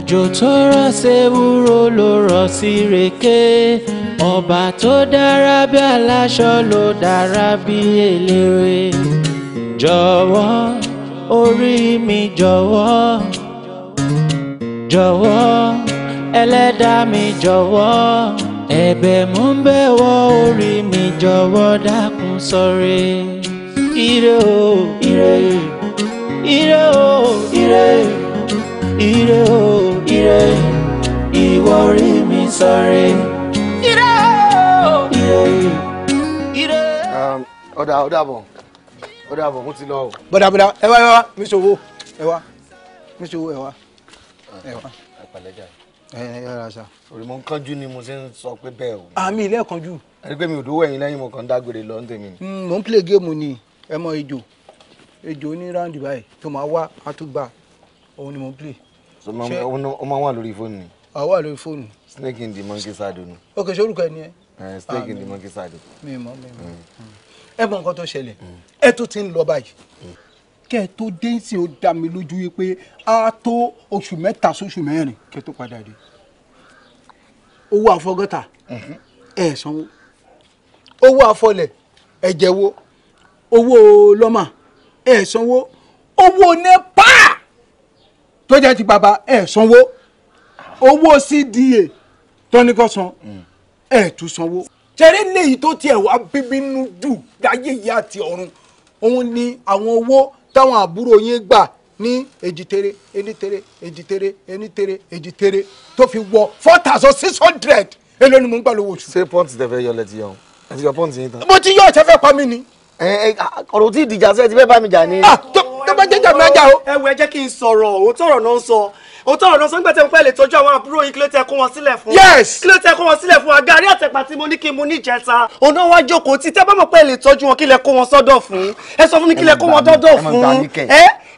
òjò tó rọ̀ sewúro ló rọ̀ sí rèké ọba tó dára bí aláṣọ ló dára bí eléré jọ̀wọ́ orí mi jọ̀wọ́ jọ̀wọ́ ẹlẹ́dàá mi jọ̀wọ́ ẹ̀bẹ̀ mú bẹ̀ wọ orí mi jọ̀wọ́ dákun sọre ire o ire ire o ire ire o ire ìwọ rí mi sọre. ire ire ire. Um, ọ̀dà ọ̀dà bọ̀ ọ̀dà bọ̀ mo ti lọ o. bọ̀dà bọ̀dà ẹ wá ẹ wá mi ṣòwò ẹ wá mi ṣòwò ẹ wá ẹ wá. ẹ pẹ̀lẹ́ jàre ẹ yára sa. orí mo ń kánjú ni mo ṣe ń sọ pé bẹ́ẹ̀ o. àmì ilé ẹni pé mi ò dówó ẹ̀yìn lẹ́yìn mo kàn ń dágbére lọ ń tèmi. Hmm, mo ń play ni ẹ mọ ejò ejò ní báyìí tó máa wá àtúgbà òun ni mo ń play so ó máa wà lórí fóònù ni. ó wà lórí fóònù. snake in the monkey side, ni. ok ṣé orúkọ ẹ ni ẹ. Eh, snake in the ah, monkey side. mi mọ mi mọ mm. ẹ mọ nǹkan tó ṣẹlẹ̀ mm. ẹ tó ti ń lọ báyìí mm. kẹ́ ẹ tó dé sí ó dá mi lójú yìí pé a tó oṣù mẹ́ta sóṣù mẹ́rin kẹ́ ẹ tó padà dé owó àfọgọ́ta mm-hmm. ẹ sanwó owó àfọlẹ̀ ẹ jẹ́wó owó lọ́mà ẹ sanwó owó nepa tó jẹ́ ti bàbá ẹ̀ sanwó owó cda tọ́nikọ́ san ẹ̀ tún sanwó. ṣeré léyìí tó tiẹ̀ wá bíbínú jù láyé ìyá àti ọ̀run òun ni àwọn owó táwọn àbúrò yín gbà ní èjìtere enítere èjìtere enítere èjìtere tó fi wọ four thousand six hundred èló gbà lówó oṣù. ṣé pọ́ǹtì tẹ fẹ́ yọ lẹ́tì yẹn o àti yọ pọ́ǹtì yẹn tán. mo ti yọ ọ̀sẹ̀ fẹ́ pa mí ni. ọ̀rọ̀ tí ìdìjà sẹ́ẹ̀ ti fẹ́ bá mi jà ni. Ah, tó bá jẹjà mẹjà o. ẹ wo ẹ jẹ́ kí n sọ̀rọ̀ òótọ́ ọ̀rọ̀ náà sọ òótọ́ ọ̀rọ̀ náà sọ́gbẹ́ tẹ́ ń pẹ́ lè tọ́jú àwọn àbúrò yìí kí ló tẹ́ kó wọn sílẹ̀ fún. yes kí ló tẹ́ kó wọn sílẹ̀ fún agari àtẹ̀pà tí mo ní kí mo ní ìjẹta. ọ̀nà wa jókòó tí tẹ́ bá mọ̀ pé lè tọ́jú wọn kí lẹ kó wọn sọ́dọ̀ fún ẹ sọ fún mi kí lẹ kó wọn dọ́dọ̀ fún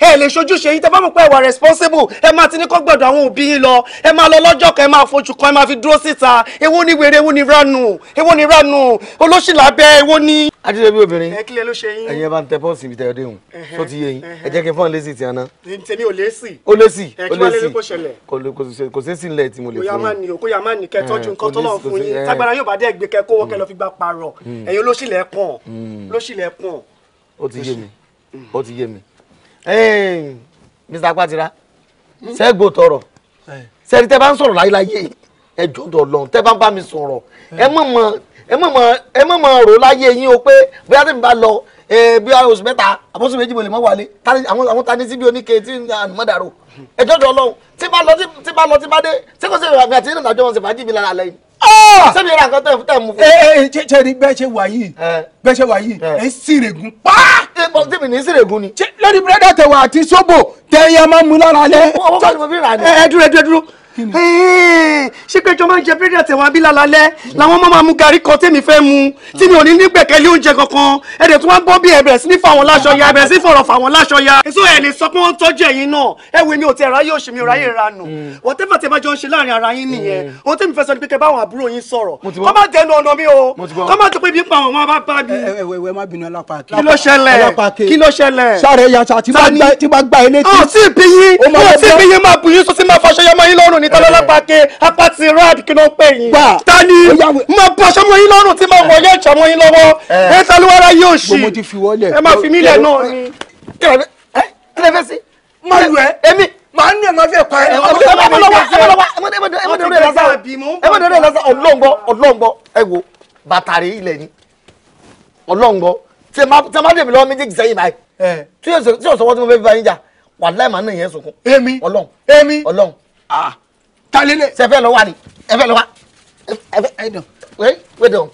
ẹ lè ṣojúṣe yín tẹ́ bá mọ̀ pé ẹ responsible ẹ máa ti ní kó gbọ́dọ̀ àwọn òbí yín lọ ẹ máa lọ lọ́jọ́ kan ẹ máa fojú kan ẹ máa fi dúró síta èwo ni wèrè èwo ni ranu èwo ni ranu olóṣìlá bẹ èwo ni adúlé bí obìnrin ẹ kílẹ̀ ló ṣe yín ẹ̀yin ẹ bá ń tẹ pọ́ọ̀sì ibi tẹ̀yọ́dé hùn tó ti yé yín ẹ jẹ́ kí n fọ́n lésì tí a ná. tèmi ò lésì ó lésì ó lésì kò sí sí ilẹ̀ tí mo lè fún yín. kó yà má ní o kó yà má ní kẹ tọ́jú nǹkan tọ́lọ̀ fún yín tágbára yóò bá dé ẹgbẹ́ hmm. kẹ kó wọ́kẹ́ lọ fi gba parọ̀ hmm. ẹ̀yin ló ṣìlẹ̀ pọ̀n hmm. ló ṣìlẹ̀ pọ̀n. ó ti yé mi ó ti yé mi Mr. Patira sẹ́gbò tọrọ sẹ́ni tẹ́ bá ń sọ̀rọ̀ láyé láyé ẹ̀jọ̀ dọ̀ lọ́n tẹ́ bá ń bá mi sọ̀rọ̀ ẹ mọ̀ mọ̀ ẹ mọ̀ mọ̀ rò láyé yín o pé bóyá tèmi bá lọ bí oṣù mẹ́ta àbọ̀sùn méjì mo lè mọ̀ wálé àwọn tani síbi oníke tí ànàmọ́dàrò ẹjọ́ jọ lọ́hùn tí bá lọ tí bá lọ tí bá dé tí kò sí ìrìn àgbà tí ìrìn àjọ wọn sì fàájì mi lára lẹ́yìn. sẹ́mi ah! ra nǹkan tẹ̀ tẹ̀ mú. ṣe ni bẹ́ẹ̀ ṣe wà yìí bẹ́ẹ̀ ṣe wà yìí ẹ̀ sírègùn pa. ipò tí mi ní sírègùn ni. lórí búrẹ́dà tẹ̀wà àti sóbò tẹ̀yẹ máa ń mu lára lẹ́. owó kọ́ni mo fi rà ní. ẹ dúró dúró dúró ṣé péjọ máa ń jẹ bírèdì àtẹ̀wà bí lálálẹ́ làwọn ọmọ máa mú gàrí kan tèmi fẹ́ mu tí mi ò ní nígbẹ̀kẹ̀lé oúnjẹ kankan ẹ̀dẹ̀ tí wọ́n bọ́ bí ẹ̀bẹ̀rẹ̀ sí ní fáwọn láṣọ ya ẹ̀bẹ̀rẹ̀ sí fọ̀rọ̀ fáwọn láṣọ ya. èso ẹ̀ lè sọ pé wọ́n ń tọ́jú ẹ̀yin náà ẹ̀wẹ̀ mi ò tẹ̀ ráyè òṣèmi ò ráyè ranù mm. wọ́tẹ́fà tẹ́ bá jọ ń ṣe láàrin ara yín nìyẹn mm. ohun tẹ́mi fẹ́ sọ ni pé kẹ́ bá àwọn àbúrò yín sọ̀rọ̀ kọ́ má dẹnu ọ̀nà mi o kọ́ má tó pé ibi ń pa àwọn ọmọ bá bá mi. ẹ ẹ ẹ má bínú alápá kí ló ṣẹlẹ̀ kí ló ṣẹlẹ̀. sáré yàtọ̀ àti bá gbá ilé tí. ọ̀ tí ì bí yín ọ̀ tí ì bí yín má bù yín sọ sí má fọṣọ yọmọ yín lọ́rùn ni tọ́lọ́lọ́pàá ke apá ti rad kí ló ń pè yín. gbà ta ni mo bọ sọmọ yín lọ́rùn tí mo mọ yóò sọmọ yín lọ́wọ́ ẹ taluwara yóò ṣì ẹ máa fi mí lẹ̀ náà ni. kílẹ̀ fẹ́ sí. má lu ẹ. èmi màá ní ẹ̀ máa fi ẹ̀kọ́ ẹ̀. ẹ má lọ́wọ́ ẹ má lọ́wọ́ ẹ má dọ̀rọ̀ ẹ̀ lásán ẹ má dọ̀rọ̀ ẹ̀ lásán ọlọ́ngbọ́ ọlọ́ngbọ́ ẹ wo bàtàrí ilẹ̀ ni ọlọ́ngbọ́ tí a má dèbí lọ́wọ́ méjèèjì sẹ́yìn báyìí tí yóò sọ wọ́n tí mo fẹ́ fi bá yín jà wàláì màá nà yẹn sunkún. èmi ọlọ́run èmi ọlọ́run ta lélẹ̀. sẹfẹ lọ wa ni ẹfẹ lọ wa ẹfẹ ẹdùn wẹ wẹ dùn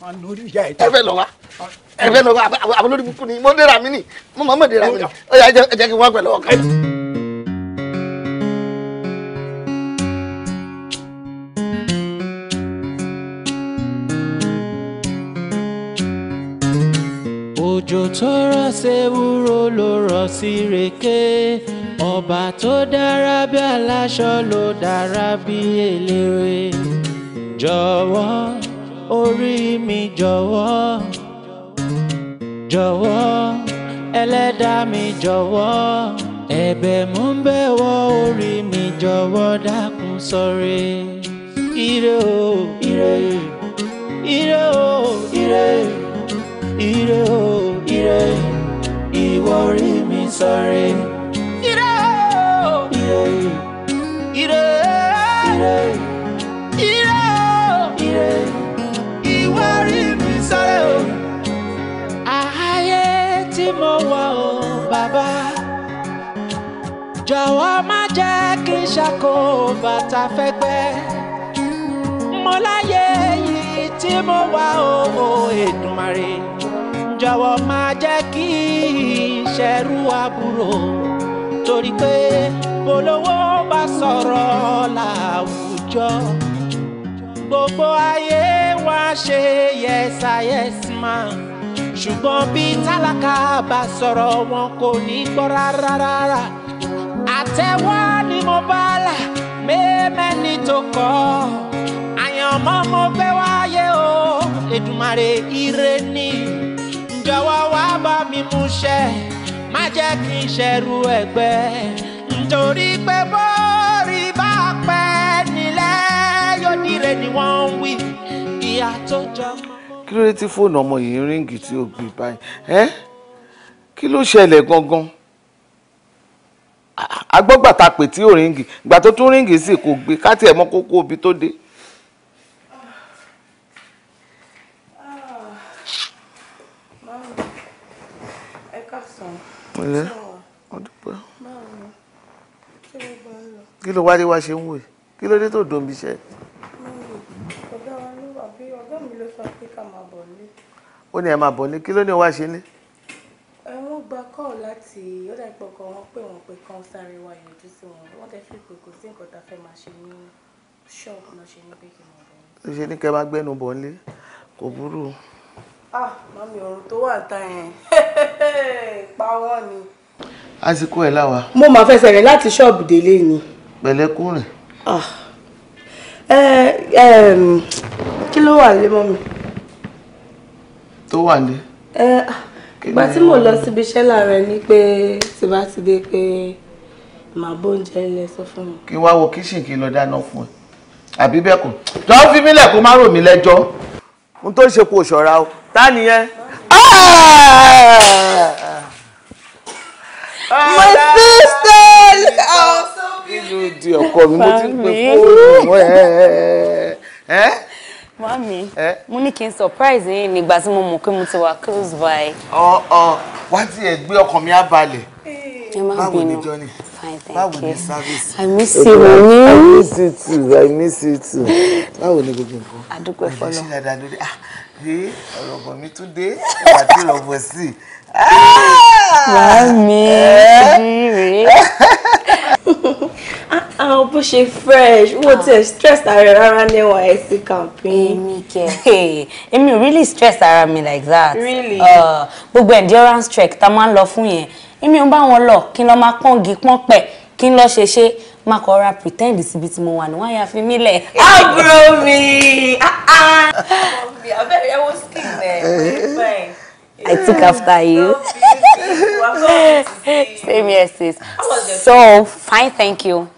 ẹfẹ wa ẹfẹ lọ wa àbúlórí bukú ni mo dèrà mí ni mo máa mọ̀ dèrà mí ni ó yà ẹ jẹ́ kí n wá pẹ̀lú òjò tó rọ̀ ṣe ló rọ̀ sí rèké ọba tó dára bí aláṣọ ló dára bí eléwé jọ̀wọ́ orí mi jọ̀wọ́ jọ̀wọ́ ẹlẹ́dà mi jọ̀wọ́ ẹ̀bẹ̀ mú bẹ̀wọ̀ orí mi jọ̀wọ́ dákun sọre ire o ire ire o ire ire o ire ìwọ orí mi sọre. wá o bàbá jọ̀wọ́ má jẹ́ kí n ṣàkó bàtà fẹ́gbẹ́ mo láyé yìí tí mo wà o Èdùmàrè jọ̀wọ́ má jẹ́ kí n ṣẹrú àbúrò torí pé polówó bá sọ̀rọ̀ láwùjọ gbogbo ayé wá ṣe yẹsà máa ṣùgbọ́n bí tálákà bá sọ̀rọ̀ wọn kò ní gbọ́ rárá rárá àtẹ̀wọ́ ni mo bá là mẹ́mẹ́ni tó kọ́ àyànmọ́ mo fẹ́ wáyé o edumare ire ni jọ̀wọ́ wá bá mi mú ṣẹ má jẹ́ kí n ṣẹ̀rù ẹ̀gbẹ́ nítorí pé bóòrí bá pẹ́ nílẹ̀ yóò dire ni wọ́n ń wí ìyá tó jọ mọ́ kí ló dé tí fóònù ọmọ yìí ń ríǹgì tí ó gbé báyìí ẹ́ kí ló ṣẹlẹ̀ gangan agbọ́gbàtà pè tí ò ríǹgì gbà tó tún ríǹgì sì kò gbé káti ẹ̀ mọ́ kókó ibi tó dé. pẹ̀lẹ́ ọdúpẹ́ kí ló wá dé wá ṣe ń wò kí ló dé tó dòun bí iṣẹ́. ó ní ẹ máa bọ̀ ní kí ló ní wá ṣe ní. wọ́n gba kọ́ọ̀ láti ọ̀dà ìpọ̀kọ̀ wọn pé wọn pé kán sáré wa ìyànjú sí wọn wọ́n tẹ́ fi pé kò sí nǹkan tá a fẹ́ máa ṣe ní ṣọ́ọ̀bù náà ṣe ní pé kí n mọ̀ bọ̀. ó ṣe ní kẹ́ máa gbẹ́nu bọ̀ nílé kò burú. ah mami ọ̀run tó wà ta yẹn pa wọ́n ni. àsìkò ẹ̀ láwa. mo máa fẹsẹ̀ rẹ̀ láti ṣọ́ọ̀bù délé ni. pẹ̀lẹ́kùnrin. ah ẹ eh, ẹ kí ló wà lé mọ́ mi tó wà ní. ìgbà tí mo lọ síbi iṣẹ́ láàárọ̀ ni pé tí bá ti dé pé màá bóúnjẹ ilé sọ fún mi. kí wá wo kíṣìn kí n lọ dáná fún ẹ àbí bẹ́ẹ̀ kọ́ jọ fi mí lẹ̀ kó má rò mí lẹ́jọ́. n tó ṣe kò ṣọ̀ra o ta nìyẹn. Ah! my sisters. kí ló di ọkọ mi mo ti ń pe fóònù ẹ Mami, eh? mo ní kí n surprise yín nígbà tí mo mọ̀ pé mo ti wà close by. Oh, oh. Wá tí ẹ gbé ọkàn mi á balẹ̀. Ẹ máa bínú. Báwo ni Johnny? Fine, thank Báwo you. ni service? I miss you, Mami. I miss you too, I miss you too. Báwo ni gbogbo nǹkan? Àdúgbò ẹ̀fọ́ lọ. Mo lè ṣe dáadáa lórí. Ah, dé ọ̀rọ̀bọ̀ mi tún dé, ìgbà tí ìrọ̀bọ̀ sí. Ah! Mami, eh? rí Ah, bó ṣe fresh wo ah. tiẹ̀ stress ara rárá níwọ̀n ẹ̀sìn campaign. èmi kẹ èmi really stress ara mi like that. really uh, gbogbo uh, endurance trek ta máa ń lọ fún yẹn èmi ò bá wọn lọ kí n lọ máa pọ́ǹgì pọ́ǹpẹ̀ kí n lọ ṣe ṣe máa kọ ra pretend síbi tí mo wà ní wọ́n yà fi mí lẹ̀. àbúrò ah, mi abẹ́rẹ́ ẹ̀wọ̀n skin eh, eh. rẹ̀ I took after you. Same here, sis. So fine, thank you.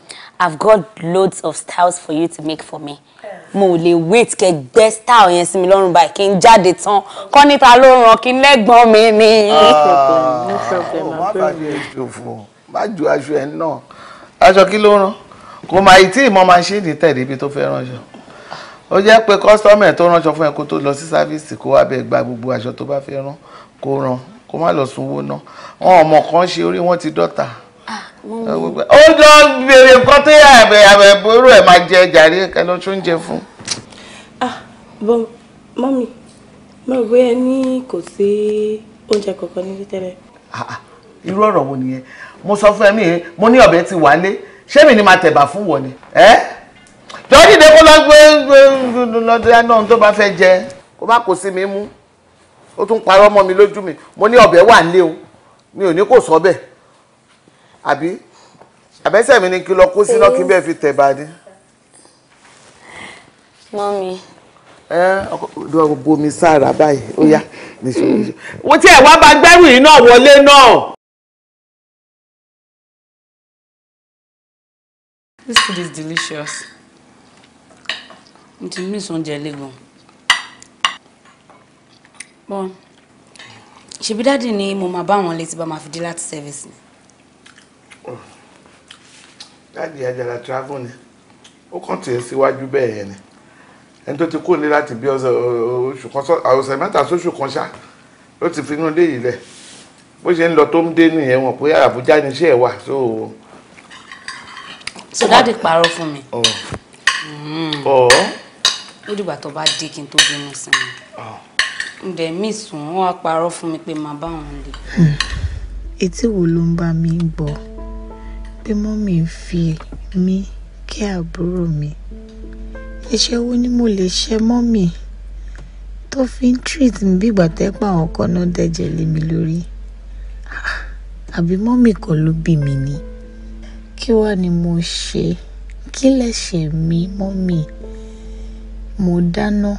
I've got loads of styles for you to make for me. Mo lè wait kẹ́ gbé style yẹn sí mi lọ́rùn báyìí kí n jáde tán. Kọ́ níta ló ràn kí n lẹ́gbọ́n mi ni. Ah, no problem, no ah, problem. Má bàa ju èso fún ọ, má ju aṣọ ẹ̀ náà. Aṣọ kí ló rán? Kò máa ì tí ìmọ̀ maṣíìnì tẹ̀lé ibi tó fẹ́ ránṣọ. Ó jẹ́ pé kọ́sítọ́mù tó ránṣọ fún ẹ kó tó lọ sí sáfíìsì kó wá bẹ́ẹ̀ gba gbogbo aṣọ tó bá fẹ́ rán kó rán kó má lọ sunwó ná. Àwọn ọmọ kan ṣe orí wọn ti dọ́ta ó lọ bèrè nǹkan tó yà àbẹ̀ àbẹ̀ ború ẹ̀ máa jẹ jàre kẹ tún jẹ fún. ah bọ mọ́mí mo rò bóyá ní kò sí oúnjẹ kankan nílé tẹ́lẹ̀. Ah, ah, irú ọ̀rọ̀ wo nìyẹn mo sọ fún ẹ̀mí yẹn mo ní ọ̀bẹ ti wà lé ṣé mi ni máa tẹ̀bà fún wọn ni. jọ́ dìde kó lọ gbé lọ́dọ̀ náà tó bá fẹ́ jẹ kó má kó sí mi mú ó tún parọ́ mọ́ mi lójú mi mo ní ọ̀bẹ wà lé o mi ò ní kó sọ bẹ́ẹ̀ àbí àbẹ́sẹ̀ mi ni kí lọ kó síná kí bẹ́ẹ̀ fi tẹ̀ bá ní. mọ́mi. ẹ ọkọ bomi sára báyìí ó yá nìṣó wọ́n ti ẹ̀ wá bá gbẹ́rù yìí náà wọlé náà. This food is delicious. Mo ti miss oúnjẹ lẹ́gàn. Bọ́n, ṣebí dáàdì ni mo máa bá àwọn létí bá máa fi dé láti service ni dáàdi Àjàlá travel ni ó kàn tiẹ̀ síwájú bẹ́ẹ̀ ni ẹni tó ti kó ní láti bí oṣù kan ọ̀sẹ̀ mẹ́ta sóṣù kan ṣá ló ti fi inú ilé yìí lẹ̀ bó ṣe ń lọ tó ń dé nìyẹn wọn pé Àbújá ni iṣẹ́ ẹ̀ wà so. so dáàdi parọ́ fún mi. Hmm. ó dìgbà tó bá dé kí n tó bínú sí mi ǹdẹ̀ mí sùn wọ́n á parọ́ fún mi pé màá bá òun lè. Hmm. etí wo ló ń bá mi gbọ́ pé mọ́mì ń fi mí kí àbúrò mi ẹ̀ṣẹ̀ wo ni mo lè ṣe mọ́mì tó fi ń treat mi bí ìgbà tẹ́ pa àwọn kan náà dẹ̀jẹ̀ lé mi lórí ah, àbí mọ́mì kan ló bí mi ni kí wàá ni mo ṣe kí lẹ̀ṣẹ̀ mi mo dáná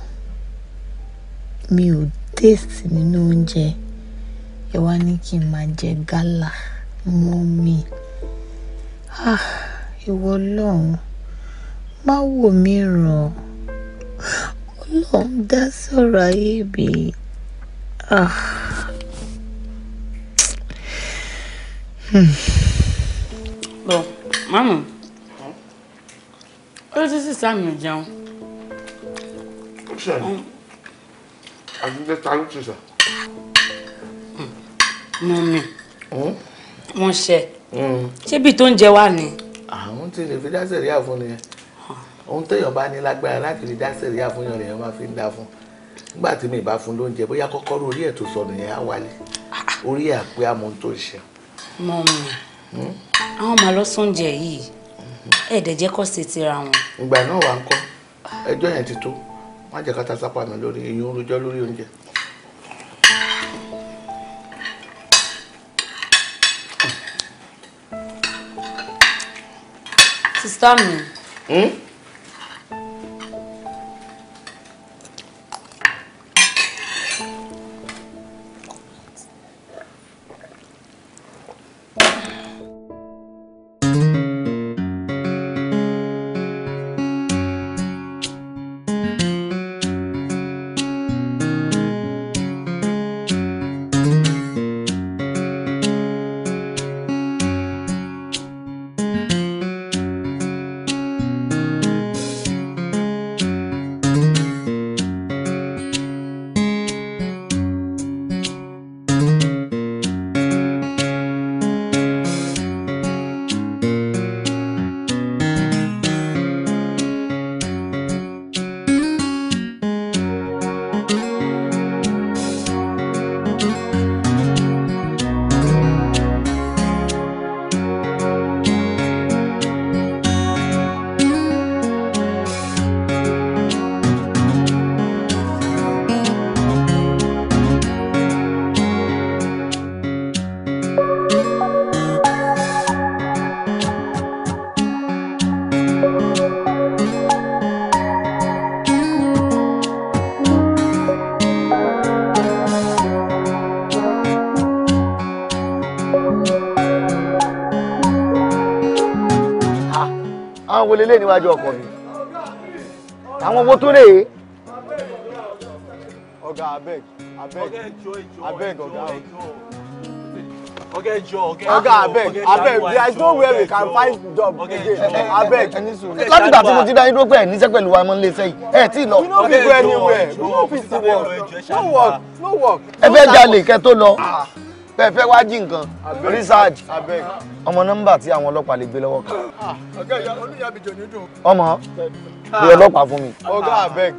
mi ò taste nínú oúnjẹ ẹ wá ní kí n máa jẹ gálà mọ́mì. Ah! Ìwọ Ọlọ́run, má wò mí ràn. Ọlọ́run dá sọ̀rọ̀ ayé mi. Ah! Hmm. Bọ̀, màmú, ó ti sísá mi ò jẹun. Ó ṣàlùyé. Àti mẹ́ta ló ti sà. Mọ̀mí, wọ́n ṣẹ́. ṣébi tó ń jẹ wá ni. àwọn tí lè fi dáṣẹ̀ rí àfún ni ohun téèyàn bá ní lágbára láti lè dáṣẹ̀ rí àfún yàn lèèyàn máa fi ń dá fún nígbà tí mi ì bá fún lóúnjẹ bóyá kọ́kọ́rọ́ orí ẹ̀ tó sọnù yẹn á wálé orí ẹ̀ àpé àmọ́ tó ń ṣe. mọ mi hmm? àwọn màá lọ sóúnjẹ yìí hmm. ẹ̀ẹ́dẹ̀ jẹ́ kó ṣe tira wọn. ìgbà náà wà ń kọ́ ẹjọ́ yẹn ti tó wọ́n á jẹ́ ká ta sápá mi lórí èyí ń rojọ́ lórí oúnjẹ. sista mi. Hmm? lé níwájú ọkọ mi àwọn owó tó lè. ọ̀gá abeg abeg abeg ọ̀gá ọ̀gá ẹjọ́ ọ̀gá abeg abeg there is no way we can find job again abeg. láti gbà tí mo ti dá yín dúró pé ẹ̀ níṣẹ́ pẹ̀lú wa mọ́ níléeṣẹ́ yìí ẹ̀ tí ì lọ. we no fit go anywhere we no fit work no work no work. ẹ fẹ́ jalè kẹ́ tó lọ. Ah bẹ́ẹ̀ fẹ́ wá jí nǹkan research ọmọ nọ́mbà tí àwọn ọlọ́pàá lè gbé lọ́wọ́ kan. Ah, ọ̀gá ìyá olùyàbíjọ ní dùn. ọmọ bí ah. ọlọ́pàá fún mi. ọ̀gá abeg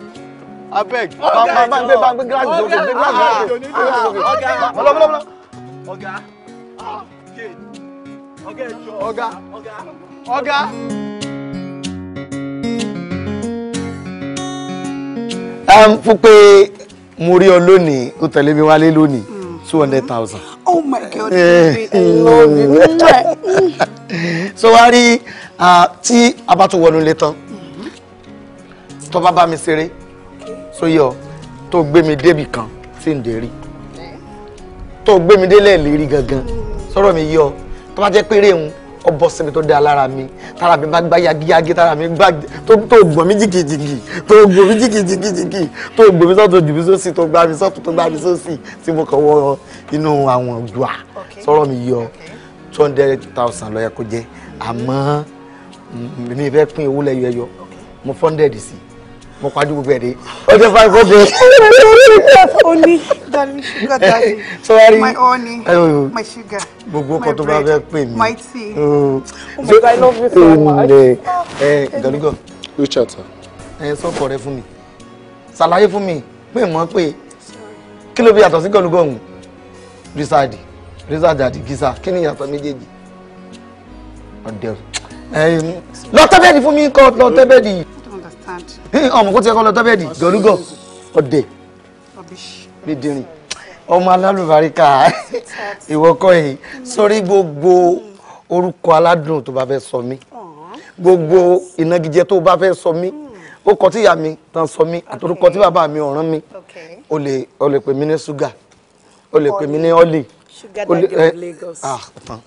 abeg. ọ̀gá ìjọ ọ̀gá ìjọ ọ̀gá ìjọ ní dùn. ọ̀gá ọ̀gá ọ̀gá ọ̀gá. ẹ ń fún pé mo rí ọ lónìí ó tẹ̀lé mi wálé lónìí two oh my god eh, eh. so wá rí tí a to tún wọnú ilé tán tó bá bá mi ṣeré so yọ tó gbé mi débì kan tí ń dé rí tó gbé mi délẹ̀ lérí gangan sọ̀rọ̀ mi yọ tó bá jẹ́ ọbọ sinmi tó dé alára mi tára mi bá gbá yagiyagi tára mi gbá tó gbọ̀n mi jìgìjìgì tó gbọ̀n mi jìgìjìgìjìgì tó gbọ̀n mi sọ́tò jù mí sósì tó gbá mi sọ́tò tó gbá mi sósì tí mo kàn wọ inú àwọn gbà sọ̀rọ̀ mi yọ two hundred thousand ló yẹ kó jẹ́ àmọ́ mi fẹ́ pín owó lẹ́yọ ẹyọ mo four hundred sí i mo pàdé gbogbo ẹ̀ dé ó jẹ́ five hundred. honey darling sugar darling. Sorry. my honey oh, oh. my sugar gbogbo ọkọ tó bá fẹ́ pè mí. my tea oh. oh my god I love you so much. Eh, ẹ gàdúgọ. richard sir. ẹ sọ́kọ̀ rẹ fún mi ṣàlàyé fún mi pé mọ́ pé kí ló fi yàtọ̀ sí gàdúgọ̀ ọ̀hún rizadi rizadi àti gisa kí ni ìyàtọ̀ méjèèjì ọ̀dẹ̀ lọ tẹ́bẹ̀dì fún mi kọ́ lọ I don't understand. Eh, ọmọ kó tiẹ̀ kọ́ lọ tọ́bẹ̀dì gọ̀rúgọ̀ ọ̀dẹ̀ gbẹdẹrin ọmọ alálùbáríkà ìwọ kọ́ yìí sórí gbogbo orúkọ aládùn tó bá fẹ́ sọ mí gbogbo ìnagijẹ tó bá fẹ́ sọ mí ó kọ tíyà mi tán sọ mí àtòrúkọ tí bàbá mi ọ̀ràn mi o lè o lè pè mí ní ṣúgà o lè pè mí ní ọ́lì o lè ẹ eh, ah, ọ̀tàn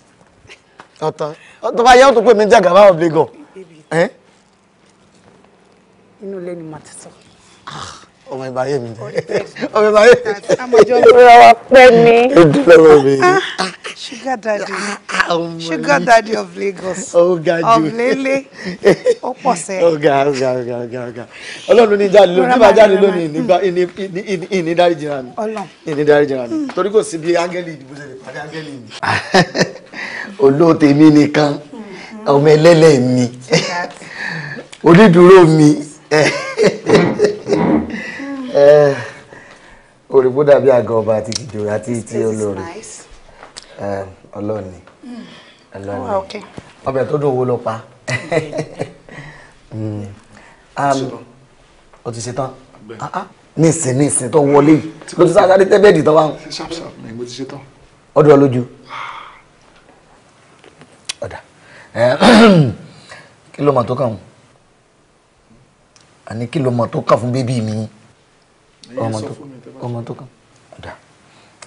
ọ̀tàn tó bá yẹ ó tó pè mí ní jàgàbá ọ̀bẹ̀gàn inú ilé ni mà ti sọ. Ah, ọmọ ìbá yé mi dẹ ọmọ ìbá yé mi dẹ. àmọ̀jọ́ ló rọwọ́ pẹ́ mi. ìdúró mi. Ah, ah, sugar daddy sugar daddy of Lagos of lele ó pọ̀ sẹ́. ọ̀gá ọ̀gá ọ̀gá ọ̀gá ọ̀gá ọlọ́run ní jáde lónìí bá jáde lónìí nígbà ìní dárí jìnnà mi ìní dárí jìnnà mi hmm. torí kò sí bí áńgẹ́lì ìdìbò ṣe lè parí áńgẹ́lì mi. olóòtú mi nìkan hmm, hmm. ọmọ ẹlẹ́lẹ̀ mi onídùúró mi òrìbó dàbí àga ọba àti ìjòyè àti ti olórí ọlọ́ọ̀ni ọlọ́ọ̀ni ọbẹ̀ tó dùn owó ló pa o ti ṣe tán nísìn nísìn tó wọlé yìí ló ti sáré tẹ́bẹ̀ẹ́dì tó wà ń. ọdún ọlójú ọ̀dà kí ló mọ̀ tó kàn wọ́n àní kí lọmọ tó kà fún bébí mi ọmọ tó kà ọ̀dà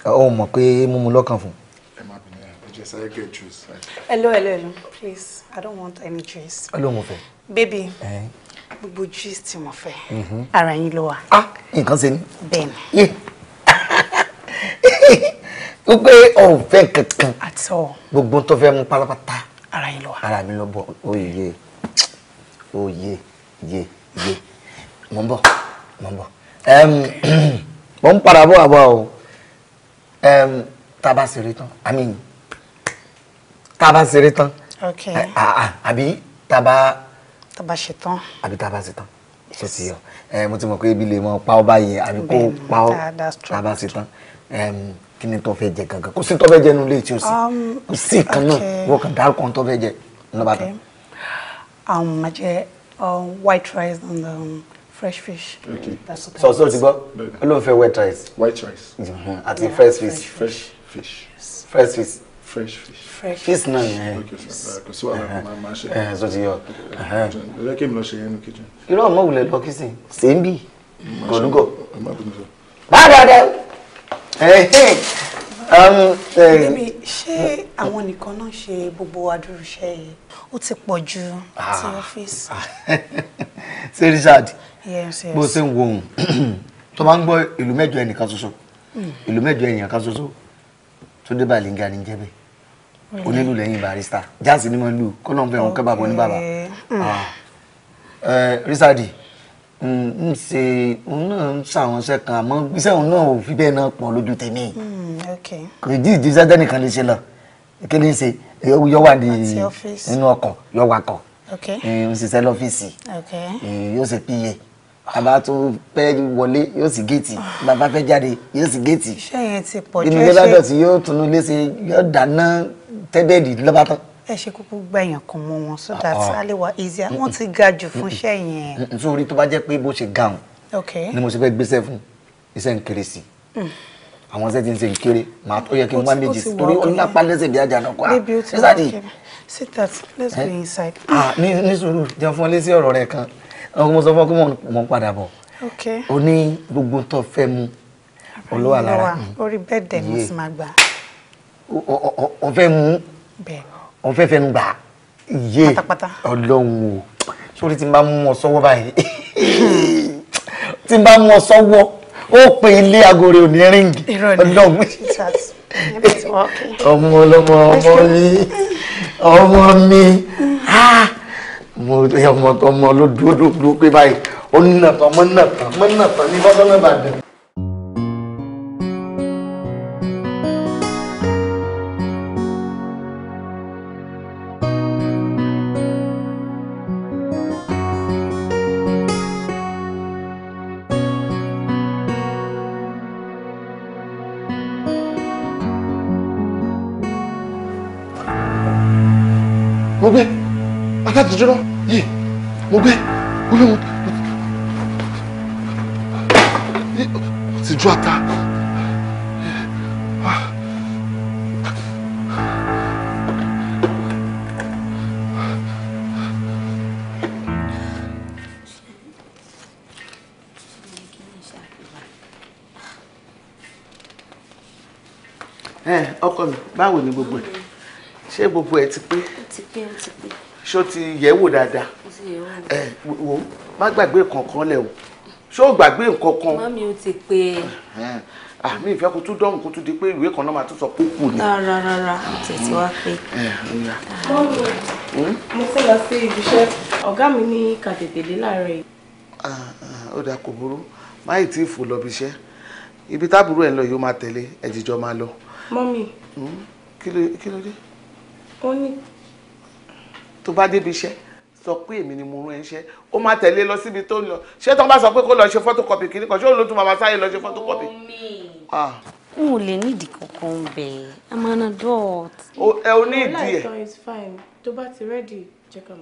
ọ mọ̀ pé mímu lọ́kàn fún. Yes, I get juice. Hello, hello, hello. Please, I don't want any juice. Hello, mo fẹ́. Baby. Eh? Gbogbo juice tí mo fẹ́. Mhm. Ara yín ló wà. Ah, nǹkan ṣe ni. Ben. Yeah. Gbogbo o fẹ́ kankan. At all. Gbogbo tó fẹ́ mú pátápátá. Ara yín ló wà. Ara mi ló bọ̀. Oye. Oye. Ye. Ye mò ń bọ̀ mò ń bọ̀ mò ń padà bọ̀ àbọ̀ o tá eh, a bá ṣeré tán i mean tá a bá ṣeré tán àbí tá a bá. tá a bá ṣe tán. àbí tá bá ṣe tán tó ti yọ mo ti mọ̀ pé ebi lè mọ pa ọ báyìí àbí kó pa ọ tá a bá ṣe tán kí ni tó fẹ́ jẹ gangan kò sí tó fẹ́ jẹ nínú ilé tí o sì kò sí kan náà wọ́n kàn dá kan tó fẹ́ jẹ nínú bàtà. àwọn máa jẹ white rice and um, fresh fish. Okay. That's so, so ti gbọ́, olóhùn fẹ́ wet rice. White rice. Mhm. Àti yeah, fresh fish. Fresh fish. Fresh fish. Fresh fish. Fresh fish náà yẹn. Okay sir, kò sí wàhálà máa uh-huh. máa ṣe. Ẹ uh-huh, so ti yọ. Uh-huh. Ẹ kí n lọ ṣe yẹn nù kitchen. Irọ́ ọmọ wulẹ̀ lọ kí sìn, ṣé ń bì? Gòdúgò. Báyọ̀ dẹ. Bébí, ṣé àwọn nìkan náà ṣe gbogbo adúrúṣẹ́ yìí? Ó ti pọ̀ ju ah. ti ọ́fíìsì. Ṣé Richard? bó ṣe ń wo òun tó máa ń gbọ́ ìlú mẹ́jọ ẹnìkan ṣoṣo ìlú mẹ́jọ ẹnìkan ṣoṣo tó dé bàlíngà ní jẹ́ bẹ́ẹ̀ onílù lẹ́yìn barista jáàsì ni mo ń lù kó lóun fẹ́ òun kẹ́ bàbá oníbàbà hmm. ah. eh, rísàdì ń ṣe òun náà ń ṣàwọn iṣẹ́ kan àmọ́ iṣẹ́ òun náà ò fi bẹ́ẹ̀ náà pọ̀ lójú tèmi hmm, kò jí ìdí iṣẹ́ tẹ́nìkan lè ṣe lọ kí ni ṣe yọ wà ní inú ọkọ̀ yọ wakọ̀ eh, ń ṣiṣẹ́ lọ́fíìsì eh, yóò ṣe píye bàbá tó fẹ́ wọlé yóò sì géètì bàbá fẹ́ jáde yóò sì géètì. iṣẹ́ yẹn ti pọ̀ jù ẹ ṣe ibi gbẹ́dọ̀ tí yóò tunu ilé ṣe yóò dáná tẹ́bẹ̀ẹ̀dì lọ́ba tán. ẹ ṣe kúkú gbẹ̀yàn kan mọ́ wọn so that ah, ah. alewa easier wọ́n ti ga jù fún iṣẹ́ yẹn. nítorí tó bá jẹ́ pé bó ṣe gàùn ni mo ṣe fẹ́ gbéṣẹ́ fún iṣẹ́ ń kéré sí mm. àwọn iṣẹ́ ti ń ṣe ń kéré màá tó yẹ kí n wá méjì torí ó lápá lẹ́sẹ̀ bí ajá náà kọ́ à sísàdì. sit that let's eh? go inside. ah ní sùúrù jẹun fún ọ lé sí ọ̀rọ̀ rẹ kan ọkọ mo sọ fún ọ mo ń padà bọ̀ o ní gbogbo tó fẹ́ mu olówà lára orí bẹ́ẹ̀dẹ̀ ni sì máa gbà. o fẹ́ mu o fẹ́ fẹnu gbà yé ọlọ́run o sórí tí n bá mú ọ sọ́wọ́ báyìí tí n bá mú ọ sọ́wọ́ ó pe ilé agore òní ríǹgì ọlọ́run ọmọ ọlọ́mọ ọmọ mi ọmọ mi. Ah! mo yẹ ọmọ tó mọ ló dúró dúró pé báyìí ó nà tán mọ́ nà tán mọ́ nà tán ní bọ́sọ́nà ìbàdàn. mo gbé akátijọ́ náà ó ti jó ata. ọkọ mi báwo ni gbogbo ẹ ṣé gbogbo ẹ ti pé ṣó ti yẹ̀wò dáadáa ẹ wo má gbàgbé kankan lẹ o ṣé o gbàgbé nǹkan kan. mọ́mí o ti pè é. àmì ah, ìfẹ́ kó tún dọ́hùn kó tún di pé ìwé kan náà máa tún sọ pé kù ni. rárá rárá tètè wá pé. Hmm? mo fẹ́ lọ sí ibiṣẹ́ ọ̀gá mi ní kàtètèdé láàárọ̀ o ah, ah, ó dáa kò burú máyì tí ìfò lọ ibiṣẹ́ ibi táàbùrú ẹ̀ ń lọ yóò máa tẹ̀lé ẹ̀jìjọ máa lọ. mọ́mí. Hmm? kí ló dé. ó ní. tó bá débi iṣẹ́ sọ pé èmi ni mo rán ẹṣẹ́ ó máa tẹ̀lé lọ síbi tó ń lọ ṣé tó ń bá sọ pé kó lọ ṣe photocopy kìíní kan ṣé òun ló tún máa sáyé lọ ṣe photocopy. n ah. ò lè nídìí kankan bẹ́ẹ̀ i'm an adult. ẹ o ní ìdí ẹ. tó bá ti rẹ́dì jẹ́ ká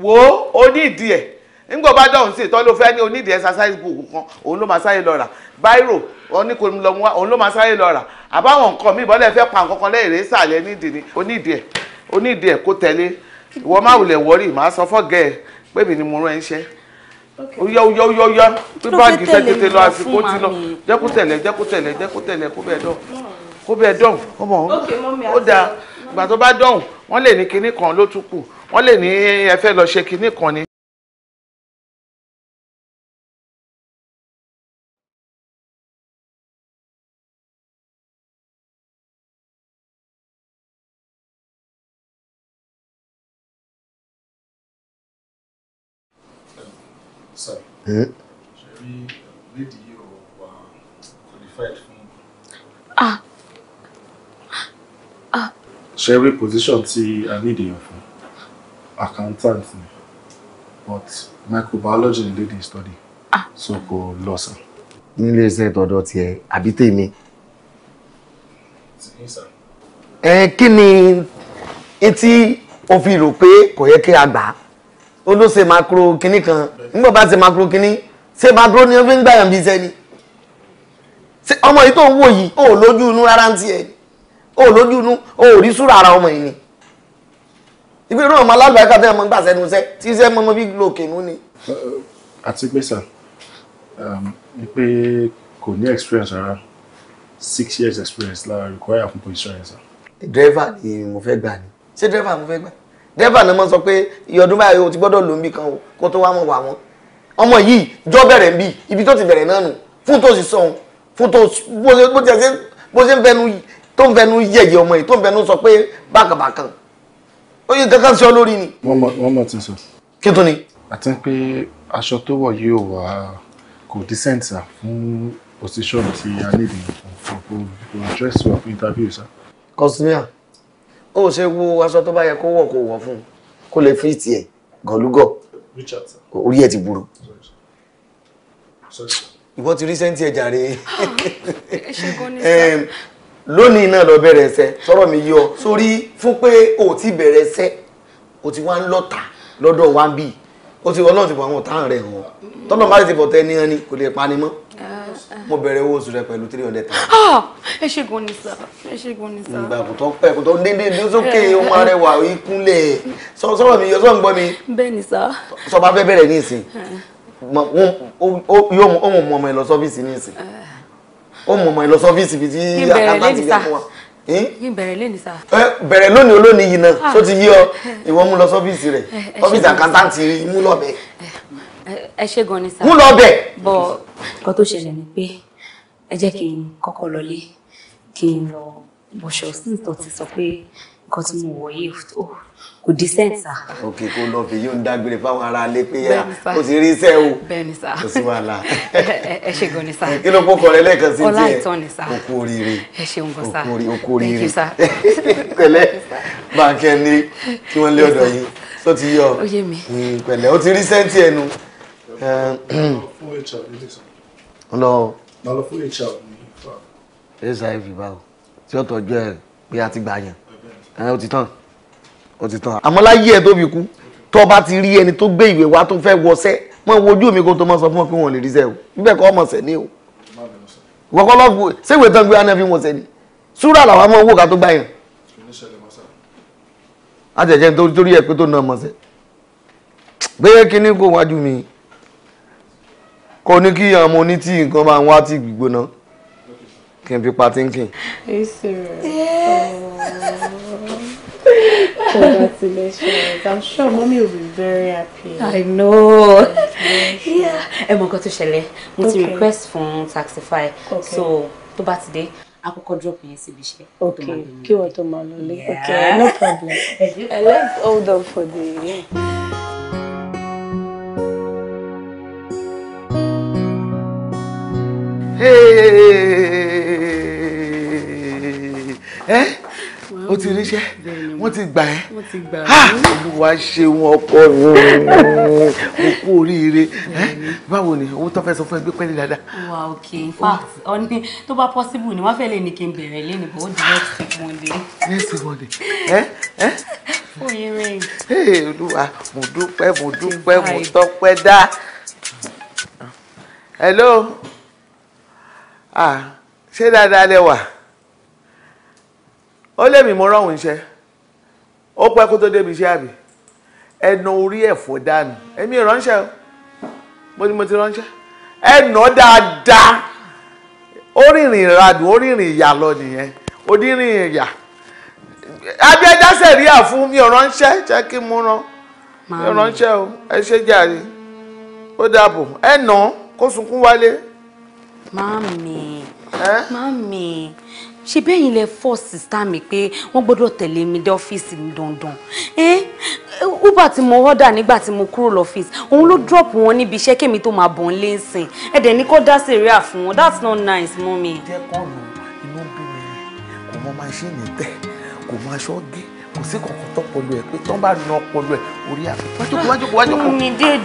wo o ní ìdí ẹ nígbà bá dọ̀hún sí ìtọ́ ló fẹ́ ní onídìí exercise book kan òun ló máa sáré lọ rà báírò oníkòlùmọ́wá òun ló máa sáré lọ rà àbáwọn nǹkan mi ìbọ́lẹ̀ fẹ́ pa nǹkan kan lẹ́yìn rẹ̀ sàlẹ̀ nídìí onídìí ẹ̀ ẹ̀ kó tẹ̀lé ìwọ máa wulẹ̀ wọ́rì màá sọ fọ́gẹ̀ ẹ̀ pé mi ni mo rán ẹ ṣẹ́ ó yá ó yá ó yá pé báàgì fẹ́ tètè lọ àsìkò ti lọ jẹ́ kó tẹ̀lé jẹ́ kó tẹ̀lé jẹ́ kó tẹ̀lé kó bẹ́ẹ̀ dán kó bẹ́ẹ̀ dán ó mọ̀ ó dáa ìgbà tó bá dán wọ́n lè ní kinní kan ló tún kù wọ́n lè ní ẹ fẹ́ lọ ṣe kinní kan ni. sorry. Eh? ṣẹ́rí uh, lady yìí ò wà qualified fún. Ah. Ah. ṣẹ́rí position tí a need èèyàn fún accountant ni but microbiology ni lady study ah. so kò lọ sàn. nílé iṣẹ́ tọ̀dọ̀ tiẹ̀ àbí tèmi. ẹ kí ni etí o fi rò pé kò yẹ kí a ó ló ṣe makro kinní kan nígbà bá se makro kinní ṣe makro ni wọ́n fi ń gbàyàn bí iṣẹ́ ni ṣe ọmọ yìí tó ń wò yìí ó lójú inú rárá ń tiẹ̀ ó lójú inú ó rí súrà ara ọmọ yìí ni ìgbé irú ọmọ alágbàáká tó yẹ mọ gbà sẹ́nu iṣẹ́ tí iṣẹ́ mọ́ mọ́ bí lòkè nú ni. àti pé sà um, ni pé kò ní experience rárá six years experience la require fún position yẹn sà. driver ni mo fẹ́ gbà ni ṣé driver mo fẹ́ gbà ni dẹ́fà náà mọ́ sọ pé ìyọdún báyìí o ti gbọ́dọ̀ lò ń bì kan o kó tó wá mọ̀ wà wọ́n ọmọ yìí jọ bẹ̀rẹ̀ ń bì ibi tó ti bẹ̀rẹ̀ náà nù fún tó sì sọ̀hún fún tó bó ṣe ń bẹnu tó ń bẹnu yẹ̀yẹ̀ ọmọ yìí tó ń bẹnu sọ pé bákàbàkàn ó yẹ kankan sí ọ lórí ni. wọ́n mọ̀ ti sọ. kí tó ni. àti pé aṣọ tó wọ̀ yìí ò wá kò decent sir fún position tí a need for for dress for interview sir. kọ́sìmíà ó ṣe wo aṣọ tó bá yẹ kó wọ̀ kó wọ̀ fún un kó lè e. tiẹ̀ gọ̀lúgọ̀ orí ẹ̀ ti burú. ìwọ ti rí sẹ́ńtì ẹ̀jà rẹ̀ ah, lónìí náà lọ bẹ̀rẹ̀ ẹsẹ̀ sọ̀rọ̀ mi yọ sórí fún pé o ti bẹ̀rẹ̀ ẹsẹ̀ o ti wá ń lọ́ta lọ́dọ̀ wa o ti ọlọ́run ti bọ̀ àwọn ọ̀tá rẹ̀ hàn tọ́lọ́ bá ti bọ̀ tẹ́ ní ẹni kò lè pani mọ́ mo bẹ̀rẹ̀ owó oṣù rẹ pẹ̀lú three hundred thousand. Ah, ẹ ṣe gan ni sá ẹ ṣe gan ni sá. ìgbà kò tó pẹ́ kò tó dédé dé sókè ohun eh. arẹwà ìkúnlẹ̀ sọ̀rọ̀ mi yọ sọ̀rọ̀ ń gbọ́ mi. bẹ́ẹ̀ni sá. sọba fẹ́ bẹ̀rẹ̀ ní ìsìn o mú ọmọ ẹ lọ sọ́fíìsì ní ìsìn o eh. mú ọmọ ẹ lọ sọ́fíìsì bíi tí àkántàntì yà fún wa hm? bẹ̀rẹ̀ lónìí sá. Eh, bẹ̀rẹ̀ lónìí olónìí yìí náà tó ah. ti yí ọ ìwọ mú lọ sọ́fíìsì rẹ̀ ọ́fíìsì àkántàntì mú lọ bẹ́ẹ̀ ẹ ṣe gan ni sá. mú lọ bẹ̀. bọ nǹkan tó ṣẹlẹ̀ ni pé ẹ jẹ́ kí n kọ́kọ́ lọlé kí n lọ bọ̀ṣọ̀ sí ìtàn ti sọ pé nǹkan tí mo wọ̀ yìí kò dí sẹ́ǹsà. òkè kó lọ fi yóò ń dágbére fáwọn ará ilé pé yà ó ti rí iṣẹ́ o bẹ́ẹ̀ni sá kò sí wàhálà. ẹ ṣe gan ni sá. kí ló kó kọrẹ lẹ́ẹ̀kan sí tiẹ̀ ọlá ìtàn ni sá òkú oríire ẹ ṣeun gan sá òkú oríire pẹ̀lẹ́ bàǹkẹ́ ni kí wọ́n lé ọ̀dọ̀ yìí sọ ti yọ pẹ̀lẹ́ ó ti rí sẹ́ǹtì ẹnu lọ. lọ fún hiv ní fa. hiv báwo tí ó tọ́jú ẹ pé a ti gbà yàn ẹ ó ti tán ó ti tán. àmọ́ láyé ẹ tó fi kú tó bá ti rí ẹni tó gbé ìwé wá tó fẹ́ wọṣẹ́ mọ wojú mi kó tó mọ sọ fún ọ pé wọn ò lè rí sẹ́ o bíbẹ̀ kọ́ ọmọ sẹ́ ni o. wọ́kọ́ lọ́gùn ṣéwèé tán gbé wọn fi wọn sẹ́ ni súrà làwọn ọmọ owó ká tó gbà yàn. àjẹjẹ nítorí ẹ pé tó ná ọmọ sẹ́ gbé kínní kó wájú mi kò ní kí ọmọ oní tí nǹkan máa ń wá tí gbígbóná kí n fi pa tínkìn. Congratulations. I'm sure mommy will be very happy. I know. yeah. Ẹ mọ̀ nǹkan tó ṣẹlẹ̀, mo ti request fún Taxify. Okay. So tó bá ti dé, a kọ́kọ́ drop yẹn síbi iṣẹ́. Okay. Kí wọ́n tó máa lọ lé. Okay, no problem. Uh, let's hold on for the. Yeah. ẹ́ ó ti ríṣẹ́ wọ́n ti gbà ẹ́ olúwa ṣeun ọkọ mi kú oríire báwo ni owó tó fẹ́ sọ fún ẹgbẹ́ pẹ́lẹ́ dáadáa. wà ok in fact ọ̀nì tó bá possible ni wọ́n fẹ́ lè ní kí n bẹ̀rẹ̀ lẹ́nu bó di next week monday. next week monday ẹ ẹ. oyin rẹ. ee olúwa mo dúpẹ́ mo dúpẹ́ mo tọ́pẹ́ dá. hello ah ṣé dáadáa lẹ wà ó lèmi mo rọrùn iṣẹ́ ó pẹ́ kó tó débi iṣẹ́ àbí ẹnu orí ẹ̀fọ́ dànù èmi ìránṣẹ́ o mo ni mo ti ránṣẹ́ ẹnu dáadáa ó rìnrìn ìradùn ó rìnrìn ìyà lọ nìyẹn ó dínrìn ìyà abẹ́dá sẹ̀ríà fún mi ìránṣẹ́ jẹ́ kí mo ràn ìránṣẹ́ o ẹ ṣe jàre ó dàbọ̀ ẹ̀nà kó sunkún wálé. Mami, mami, ṣe bẹ́ẹ̀ yín lẹ fọ́ sísá mi pé wọ́n gbọ́dọ̀ tẹ̀lé mi dé ọ́fíìsì mi dandan. Uber tí mo ọ́dà nígbà tí mo kúrò lọ́fíìsì, òun ló drop wọn níbi iṣẹ́ kémi tó máa bọ̀ ń lé ń sìn. Ẹ̀dẹ̀ ní kó dá sẹ̀ríà fún wọn, that's not nice, mọ́mi. Jẹ́kọ̀ọ́nù inú bí mi kò mọ máṣíìnì tẹ̀, kò mọ aṣọ gé kò sí kankan tọpọlọ ẹ pé tọ́ bá na ọpọlọ ẹ orí àpò wájọkọ wájọkọ wájọkọ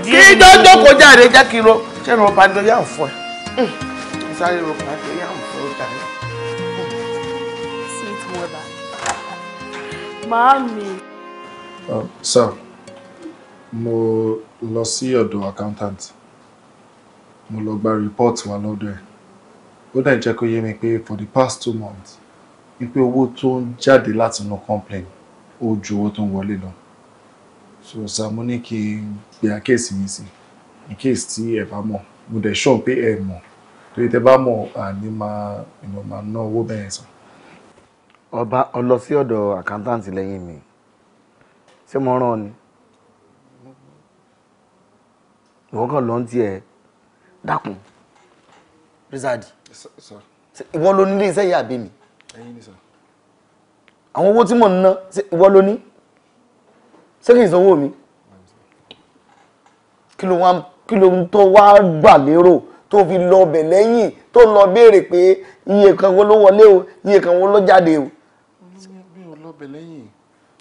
kí jọjọ kọjá rẹ jákèrò ṣẹ́nu ọba ni ó yà ń fọ ẹ. Mm sáré ro pàtó yà ń fọ́ tàyè. sweet mother màámi. Um, sir mo lọ sí ọ̀dọ̀ accountant mo lọ gba report wa lọ́dọ̀ ẹ̀ ó dẹ̀ jẹ́ kó yé mi pé for the past two months wípé owo tó ń jáde láti inú complain ó ju owó tó ń wọlé lọ so sir mo ní kí n pe àkíyèsí mi sí in case ti ẹ bá mọ̀ mo dẹ̀ sọ pé e mo torí tẹ bá mọ̀ àní máa ìmọ̀ máa ná owó bẹ́ẹ̀ sàn. ọba ọlọ sí ọ̀dọ̀ àkántàǹtì lẹ́yìn mi ṣé mo rán ọ ni ìwọ kàn lọ ń tiẹ̀ dákun rizadi ìwọ ló nílé iṣẹ́ yìí àbí mi àwọn owó tí mò ń ná ìwọ ló ní ṣé kì í sanwó mi kí ló ń tó wá gbà lérò tó fi lọ ọbẹ̀ lẹ́yìn tó lọ béèrè pé iye kan wo ló wọlé o iye kan wo ló jáde o. mi ò lọ ọbẹ̀ lẹ́yìn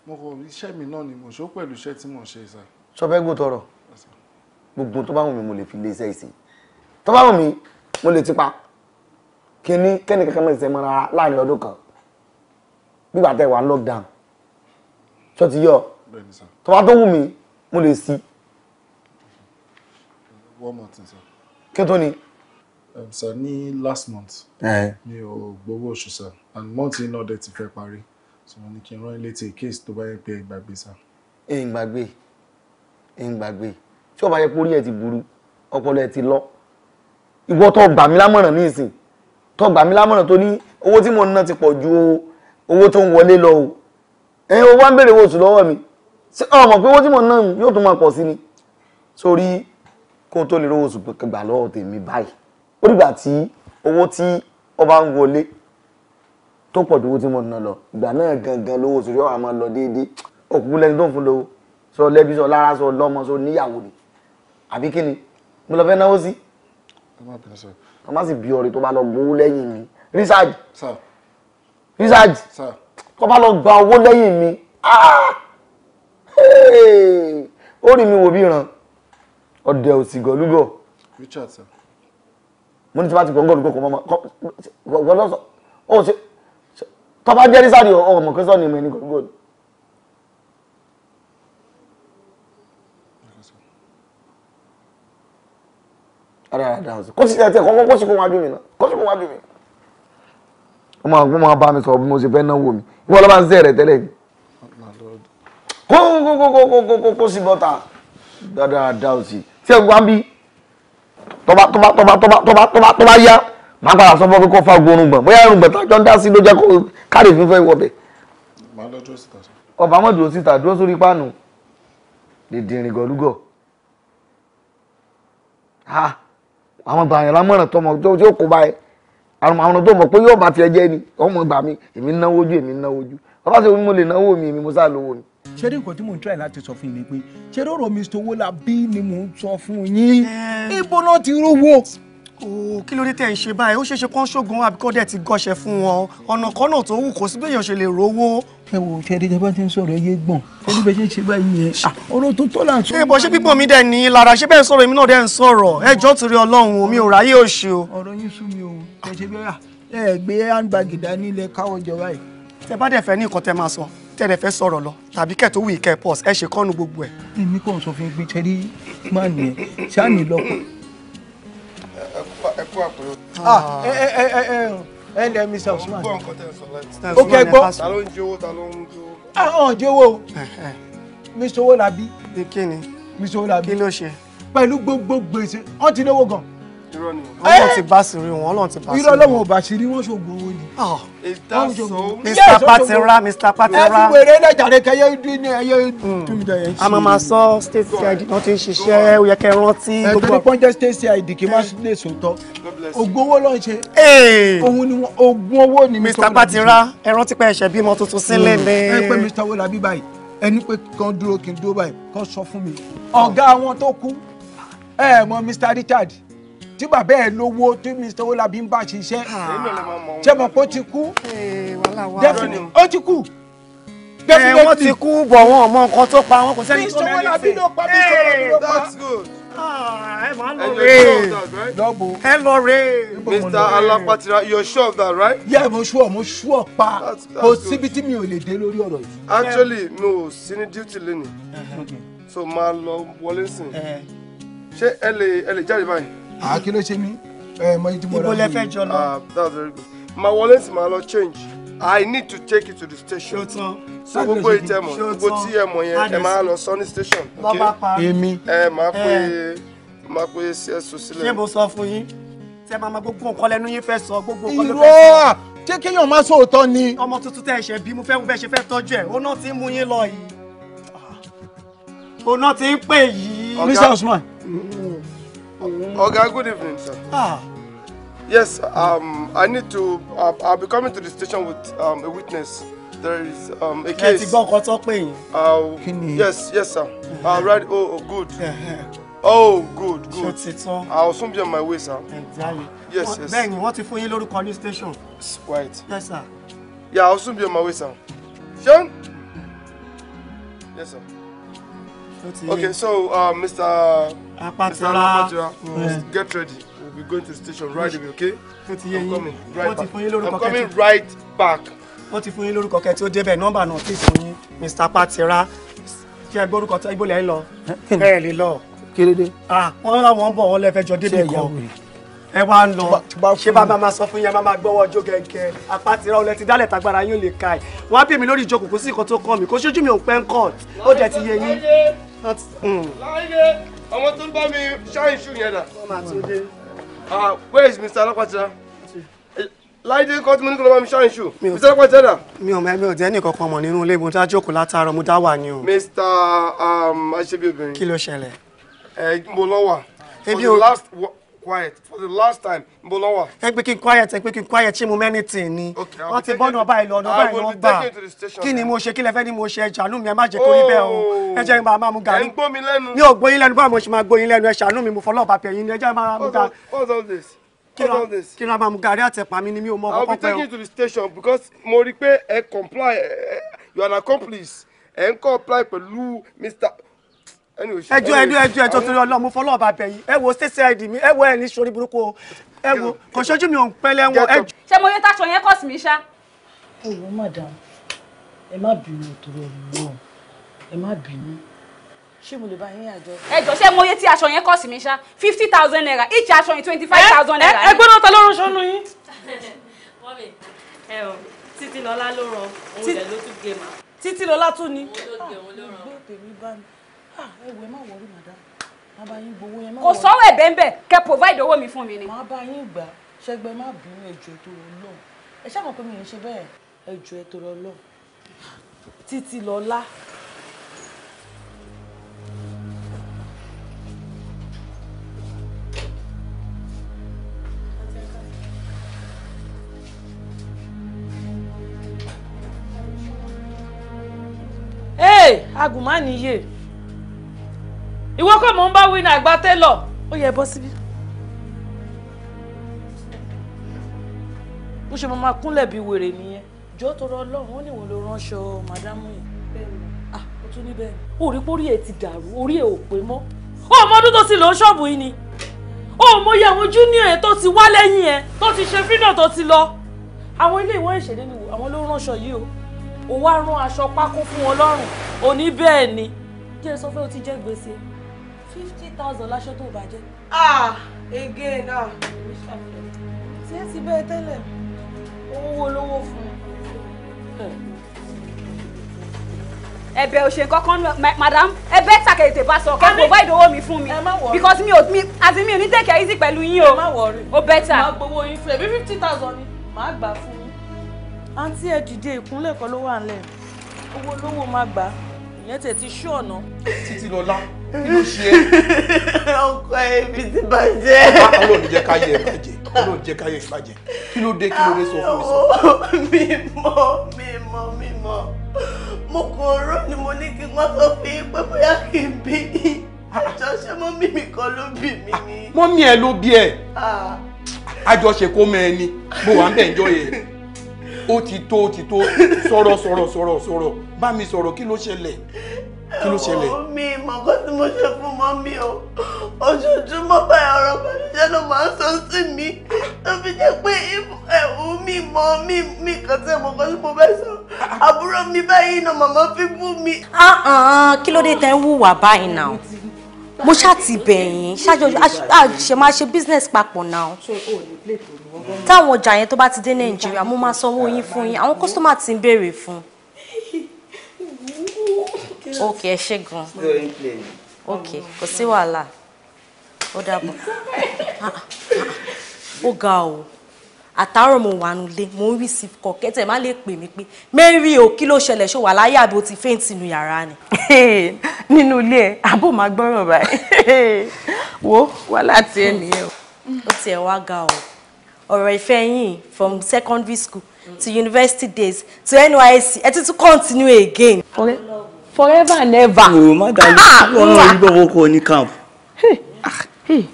mo kọ iṣẹ́ mi náà ni mo ṣó pẹ̀lú iṣẹ́ tí mo ṣe sá. sọfẹ́ gbó tọrọ gbogbo tó bá wù mí mo lè fi lé iṣẹ́ ìsìn tó bá wù mí mo lè ti pa kẹ́ni kankan mọ̀ ìṣẹ́ mọ́ra láàrin ọdún kan nígbà tẹ́ wà lockdown ṣó ti yọ tó bá tó wù mí mo lè sí. one more thing sir kí ni. Um, sir ní last month eh. mi ò gbowó oṣù sir and month iná dẹ̀ ti fẹ́ parí so mo ní kí n rán ilé tí case tó bá yẹ pé ìgbàgbé sir. ìgbàgbé ìgbàgbé tí ó bá yẹ pé orí ẹ ti burú ọpọlọ ẹ ti lọ ìwọ tó gbà mí lámọ̀ràn ní ìsìn tó gbà mí lámọ̀ràn tó ní owó tí mo ń ná ti pọ̀ ju owó tó ń wọlé lọ o ẹ owó wa ń béèrè owó oṣù lọ́wọ́ mi ọmọ pé owó tí mo ń ná yóò tún máa pọ̀ sí ni sórí kó tó lè rówó ṣùgbọ́n kan gbà lọ́wọ́ tèmi báyìí ó dìgbà tí owó tí ó bá ń wọlé tó pọ̀ tó owó tí mo ná lọ ìgbà náà gangan lówó oṣù yóò máa lọ déédéé òkú lẹni tó ń fún lówó sọ lẹ́bí sọ lára sọ lọ́mọ sọ níyàwó ni àbí kí ni mo lọ fẹ́ náwó sí. ọmọ sì bí ọ̀rẹ́ tó bá lọ gbowó lẹ́yìn mi ríṣáàjì ríṣáàjì tó bá lọ gba owó lẹ́yìn mi ah! ó rí mi wò bí ràn ọdẹ òsì gọlúgọ. Richard sir. mo ní tí wọ́n ti gbọ́ngàn olùkọ́ kò mọ́ ma ó ṣe tọ́ba jẹ́ rísàdì ọmọ kẹsàn-án ni mo ní gọlúgọ. kó sì tẹ̀ tẹ̀ kọ́kọ́ kó sì kó wájú mi náà kó sì kó wájú mi. ó máa kó máa bá mi sọ bí mo ṣe fẹ́ náwó mi ìwọ ló bá ń sẹ́ rẹ̀ tẹ́lẹ̀ mi. kó kó kó kó kó kó kó sí bọ́tà dáadáa dáa sí i tí ẹ wá ń bí tọba tọba tọba tọba tọba tọba tọba yá màá padà sọ fún kíkọ́ fagbó orungbọ̀n bóyá orungbọ̀n tó jọ ń dá sí ló jẹ́ kó káàdì fífẹ́ wọbẹ̀. ọba mọ̀dúró síta dúró sórí páànù dìndìnrín gọ̀lúgọ̀ àwọn gbàyàn lámọ̀ràn tọmọ tí ó kó báyìí àwọn àwọn tó mọ̀ pé yóò bá tiẹ̀ jẹ́ ni ọmọ gbà mí èmi náwó ju èmi náwó ju bàbá sọ pé mo lè náwó mi èmi mo sá lówó ni ṣé rí nǹkan tí mò ń try láti sọ fún yín ni pé ṣé rọrọ Mr. Owólabí ni mò ń sọ fún yín ibo náà ti rówó. o kí ló dé tẹ̀ ń ṣe báyìí ó ṣeé ṣe kán ṣoògùn àbíkọ́dẹ̀ ti gọ́ṣẹ́ fún wọn ọ̀nà kan náà tó wù kó sí bẹ́ẹ̀ ṣe lè rówó. ẹ wo ṣẹ́rí tẹ́ bá ti ń sọ̀rọ̀ ẹ yé gbọ̀n ṣẹ́rí bẹ́ẹ̀ ṣe ń ṣe báyìí yẹn ah, ọ̀rọ̀ tó tọ́ là ń sọ. ṣé bọ́ ṣé pípọ̀ mi dẹ̀ ní lára ṣé bẹ́ẹ̀ sọ̀rọ̀ èmi náà dẹ̀ ń sọ̀rọ̀ ẹ jọ́ torí ọlọ́run omi ò ráyè òṣì o. ọ̀rọ̀ yín sú mi o ẹ ṣe bẹ́ẹ̀ ah, ẹ gbé handbag dání ilẹ̀ káwọ́ jọ báyìí. tẹ bá dẹ̀ fẹ́ ní nǹkan máa sọ tẹ̀rẹ̀ fẹ́ sọ̀rọ̀ lọ tàbí kẹ̀ tó wù í kẹ́ pọ̀s ẹ ṣe kọ́nu gbogbo ẹ̀. èmi kò sọ fún gbin tẹ́rí máa nìyẹn ṣáàní lọ́kọ̀. ẹ ah, kú ah, àpérò. ẹ ẹ ẹ ẹ ẹ ẹ ẹ Mr. Usman. ó kẹ́ gbọ́. ta ló ń jówó ta ló ń jówó. ọ̀hún jówó Mr. Owólabí. kí ni Mr. Owólabí. kí ṣe. pẹ̀lú gbogbo gbèsè wọ́n ti lówó gan-an irọ́ ni. ọlọ́run eh! ti bá sí rí wọn ọlọ́run ti bá sí rí wọn. irọ́ ọlọ́run ò bá sí rí wọn ṣògùn owó ni. Ah! mr patira mr patira. ẹ fi wèrè náà jàre kẹyẹ dún ní ẹyẹ túmídọ yẹn. a máa ma sọ state cid náà ti ń ṣiṣẹ́ ó yẹ kẹ́ rántí. ẹ tó ní pọ́njẹ́ state cid kí n má lè sòótọ́ ogun owó ló ń ṣe. òun ni ogun owó ni. mr patira ẹ rántí pé ẹ̀ṣẹ̀ bímọ tuntun sílẹ̀ hmm. ni. ẹ pé mr wọlé àbí báyìí ẹni pé kan dúró kí n dúró báyìí kan sọ fún mi hmm. ọ̀gá àwọn tó kú ẹ mọ̀ mr richard tí bàbá ẹ lówó tí mr olabi ń bá ṣiṣẹ́ ṣé mo kó ti kú ó ti kú definitely. Eh, wọ́n ti kú bọ̀ wọn ọmọ nǹkan tó pa wọn kò sẹ́ni tó mẹ́rin sí. mr olabi ló ah, ẹ lọ rè ẹ mr alapatira you are sure of that right. yeah mo sure mo sure pa kò síbi tí mi ò lè dé lórí ọ̀rọ̀ yìí. actually mi ò sí ní duty lónìí eh, eh. so máa lọ wọlé sìn ṣé ẹ ẹ lè jáde báyìí àá ah, kí ló ṣe mí ẹ mọ ìdí lẹ fẹ́ jọ lọ. Ah, that's very good màá wọlé sí màá lọ change i need to take you to the station. ṣòtán so gbogbo ìtẹ̀mọ̀ gbogbo tí ẹ mọ̀ yẹn ẹ máa lọ sọ ní station. bọ́bá pa èmi. ẹ eh, máa pé eh. máa pé cso sílẹ̀. ṣé mo sọ fún yín tẹ máa ma gbogbo nǹkan lẹnu yín fẹ́ sọ gbogbo nǹkan ló fẹ́ sọ. irọ́ ṣé kéèyàn má sòótọ́ ni. ọmọ tuntun tẹ ẹ̀ṣẹ̀ bí mo fẹ́ mo fẹ́ ṣe fẹ́ tọ́jú ẹ̀ ó náà ti ń mú yín lọ yìí. ó náà ti ń pè yìí. mr usman. Mm-hmm. Mm-hmm. Okay. good evening, sir. Ah. Yes, um, I need to. Uh, I'll be coming to the station with um, a witness. There is um, a case. Ẹ ti uh, Yes, yes, sir. Mm-hmm. Uh, right, oh, oh good. oh, good, good. I'll soon be on my way, sir. Exactly. Yes, yes. Bẹ́ẹ̀ni, wọ́n ti fún yín lórúkọ ní station. Right. Yes, sir. Yeah, I'll soon be on my way, sir. Sean? Yes, sir. Okay, so uh, Mr. Apatira, mm. get ready. We'll be going to the station right away, okay? I'm coming right back. I'm coming right back. Wọ́n ti fún yín lórúkọ kẹ́ tí ó débẹ̀ nọ́mbà náà tí fún yín Mr. Apatira kí ẹ gbórúkọ tó ibo lẹ́yìn lọ. Bẹ́ẹ̀ lè lọ. Kí ló dé? Ah, wọ́n ń bọ̀ wọ́n lẹ́fẹ̀ẹ́ jọ débì ẹ wá ń lọ ṣé bàbá máa sọ fún yẹn máa gbọ́wọ́ ọjọ́ gẹ́gẹ́ apá ti ti dálẹ̀ tagbára yín ò lè ka ẹ̀ wọ́n á bí mi lórí ìjókòó kó sì kan tó kàn mí kó ṣojú mi ò pẹ́ ń ó jẹ́ ti yé yín. láyé ọmọ tó ń bá mi ṣáyìn ṣù yẹn dà. Ah, where is Mr. Alapatira? láìdé kọ́ tí mo ní kí ló bá mi ṣáyìn ṣù Mr. Alapatira dà. mi ò mẹ́mí ò jẹ́ nìkan kan mọ̀ nínú ilé mo dá jókòó látàárọ̀ mo dá wà ní o. Mr. Um, aṣebi obìnrin. kí ló ṣẹlẹ̀. ẹ eh, quiet for the last time mo lọ wà. ẹ pé kí n quiet ẹ pé kí n quiet ṣé mo mẹ́nìtì ni wọ́n ti bọ́nà ọba ìlú ọ̀nà ọba ìlú wọn gbà kí ni mo ṣe kí lẹ fẹ́ ni mo ṣe ẹ ṣàánú mi ẹ má jẹ́ kó rí bẹ́ẹ̀ o ẹ jẹ́ máa máa mu gàrí. ẹ ń gbó mi lẹ́nu. mi ò gbó yín lẹ́nu báwo mo ṣe máa gbó yín lẹ́nu ẹ ṣàánú mi mo fọlọ́ ọba pẹ̀ yín ni ẹ jẹ́ máa mu gàrí. hold on this kí n ra máa mu gàrí àtẹ̀pá mi ni mi ò mọ ọkọ pẹ́ o. I be taking you to the station because mo rí pé ẹ comply you are an accomplice ẹ ń comply pẹ̀lú Mr ẹjọ ẹjọ ẹjọ ẹjọ torí Ọlọ́run mo fọlọ ọba bẹyìn ẹ wo ṣẹṣẹ ẹdì mi ẹ wo ẹni sori burúkú o ẹ wo kò ṣojú mi ò ń pẹ lẹ́wọ̀n ẹjọ. ṣé mo yẹ táṣọ yẹn kọ́ sí mi ṣá. ẹ madam ẹ má bínú torí Ọlọ́run ẹ má bínú ṣé mo lè bá yín àjọ. ẹjọ ṣé mo yẹ tí aṣọ yẹn kọ́ sí mi ṣá fifty thousand naira each aṣọ yẹn twenty five thousand naira. ẹ gbọ́dọ̀ ta lọ́rùn ṣọ́nù yín. Títílọlá ló rọ òun rẹ̀ ló tún gé e ma. Títílọlá tún ni. òun ló gé e, òun ló rọ. Ah, Ah, ẹ wẹ má wọrí madam má bá yín gbowó yẹn má wọrí. kò sọ́wọ́ ẹ̀bẹ̀ ń bẹ̀ kẹ́ provide owó mi fún mi ni. má bá yín gbà ṣẹgbẹ́ má bínú ẹjọ́ ètò ọlọ́run ẹ ṣáà mọ̀ pé mi ò ṣe bẹ́ẹ̀ ẹjọ́ ètò ọlọ́run títí lọ́lá. agùnmánìyè ìwọ kọ́ mò ń bá wí ní àgbà tẹ́lọ̀ ó yẹ bọ́ síbí. bó ṣe mo máa kúnlẹ̀ bí wèrè nìyẹn jọ́ tó rọ ọlọ́run ó níwò ló ránṣọ màdámù yìí. ah ó tún ní bẹ́ẹ̀ ni. orí pórí ẹ̀ ti dàrú orí ẹ̀ ò pé mọ́. ó mọ ọdún tó ti lọ ṣọ́ọ̀bù yìí ni. ó mọ iye àwọn júnior ẹ̀ tó ti wá lẹ́yìn ẹ̀ tó ti ṣe fínà tó ti lọ. àwọn ilé ìwé ìṣẹ̀lẹ̀ ni àwọn ló ránṣọ yìí o. ó wá rán aṣọ pákó fún wọn òní bẹ́ẹ̀ ni. kí sọ fẹ́ o ti jẹ́ gbèsè fifty thousand láṣọ tó bàjẹ́. ah again ah. tí ẹ ti bẹ́ẹ̀ tẹ́lẹ̀ owó wo lówó fún un. ẹ̀bẹ̀ ò ṣe kankan madam ẹ̀bẹ̀ tàkètè bá sọ kẹ provide owó mi fún mi because mi ò mi àti mi ò ní take easy pẹ̀lú yín o ó better. màá gbowó yín fún ẹ bí fifty thousand ni màá gbà fún yín. àǹtí ẹ dìde ìkúnlẹ̀ kan ló wà nílẹ̀ owó lówó má gbà á ìyẹn tẹ̀ ti ṣú ọ̀nà. títí lọ kí ló ṣe é. ọkọ ẹbí ti bàjẹ́. ọlọ́run jẹ́ káyé ẹ̀ bàjẹ́ ọlọ́run jẹ́ káyé ẹ̀ bàjẹ́ kí ló dé kí ló dé sọ fún mi sọ. mi mọ mi mo kàn ọ̀rọ̀ ni mo ní kí wọ́n sọ fún yín pé bóyá kí n bí ah, ah. àjọṣe mọ́mí mi kan ló bí mi ah, ni. mọ́mí ẹ ló bí ẹ àjọṣe kó mẹ́ ẹni bó wà ń bẹ̀ ń jọ yẹn ó ti tó ó ti tó sọ̀rọ̀ sọ̀rọ̀ sọ̀rọ̀ sọ̀rọ̀ bá mi sọ̀rọ̀ kí ló ṣẹlẹ̀ kí ló ṣẹlẹ̀. ọmọ mi mọ̀kọ́ tí mo ṣe fún mọ́ mi o ojoojúmọ́ báyìí ọ̀rọ̀ bàjẹ́ ló máa ń sọ sí mi tó fi jẹ́ pé ẹ̀wù mi mọ mi mi kàn tí mo kọ́ sí mo bẹ́ẹ̀ sọ àbúrò mi báyìí náà màmá fi bú mi. kí ló dé tẹ́ ń hùwà báyìí náà mo ṣáà ti bẹ̀ yín ṣáà máa ṣe business papọ̀ náà táwọn ọjà yẹn tó bá ti dé nàìjíríà mo máa sanwó yín fún yín àwọn kọ́sítọ́mà ti ń béèrè fún. ok ẹ ṣe gan ok kò sí wàhálà ó dàbọ̀ ó ga o àtàárọ̀ mo wà nulẹ̀ mo ń receive call kẹ́tẹ̀ má lè pè mí pé mary o kí ló ṣẹlẹ̀ ṣó wà láyé àbí o ti faint inú yàrá ni. nínú ilé ẹ àbò máa gbọ́rọ̀ báyìí wo wà láti ẹ nìyẹn o. ó tiẹ̀ wá ga o ọ̀rọ̀ ìfẹ́ yín from secondary school to university days to NYSC ẹ ti tún continue again. forever and ever. o má dájú ah, wọn náà rí bọ́kọ̀ kọ ní camp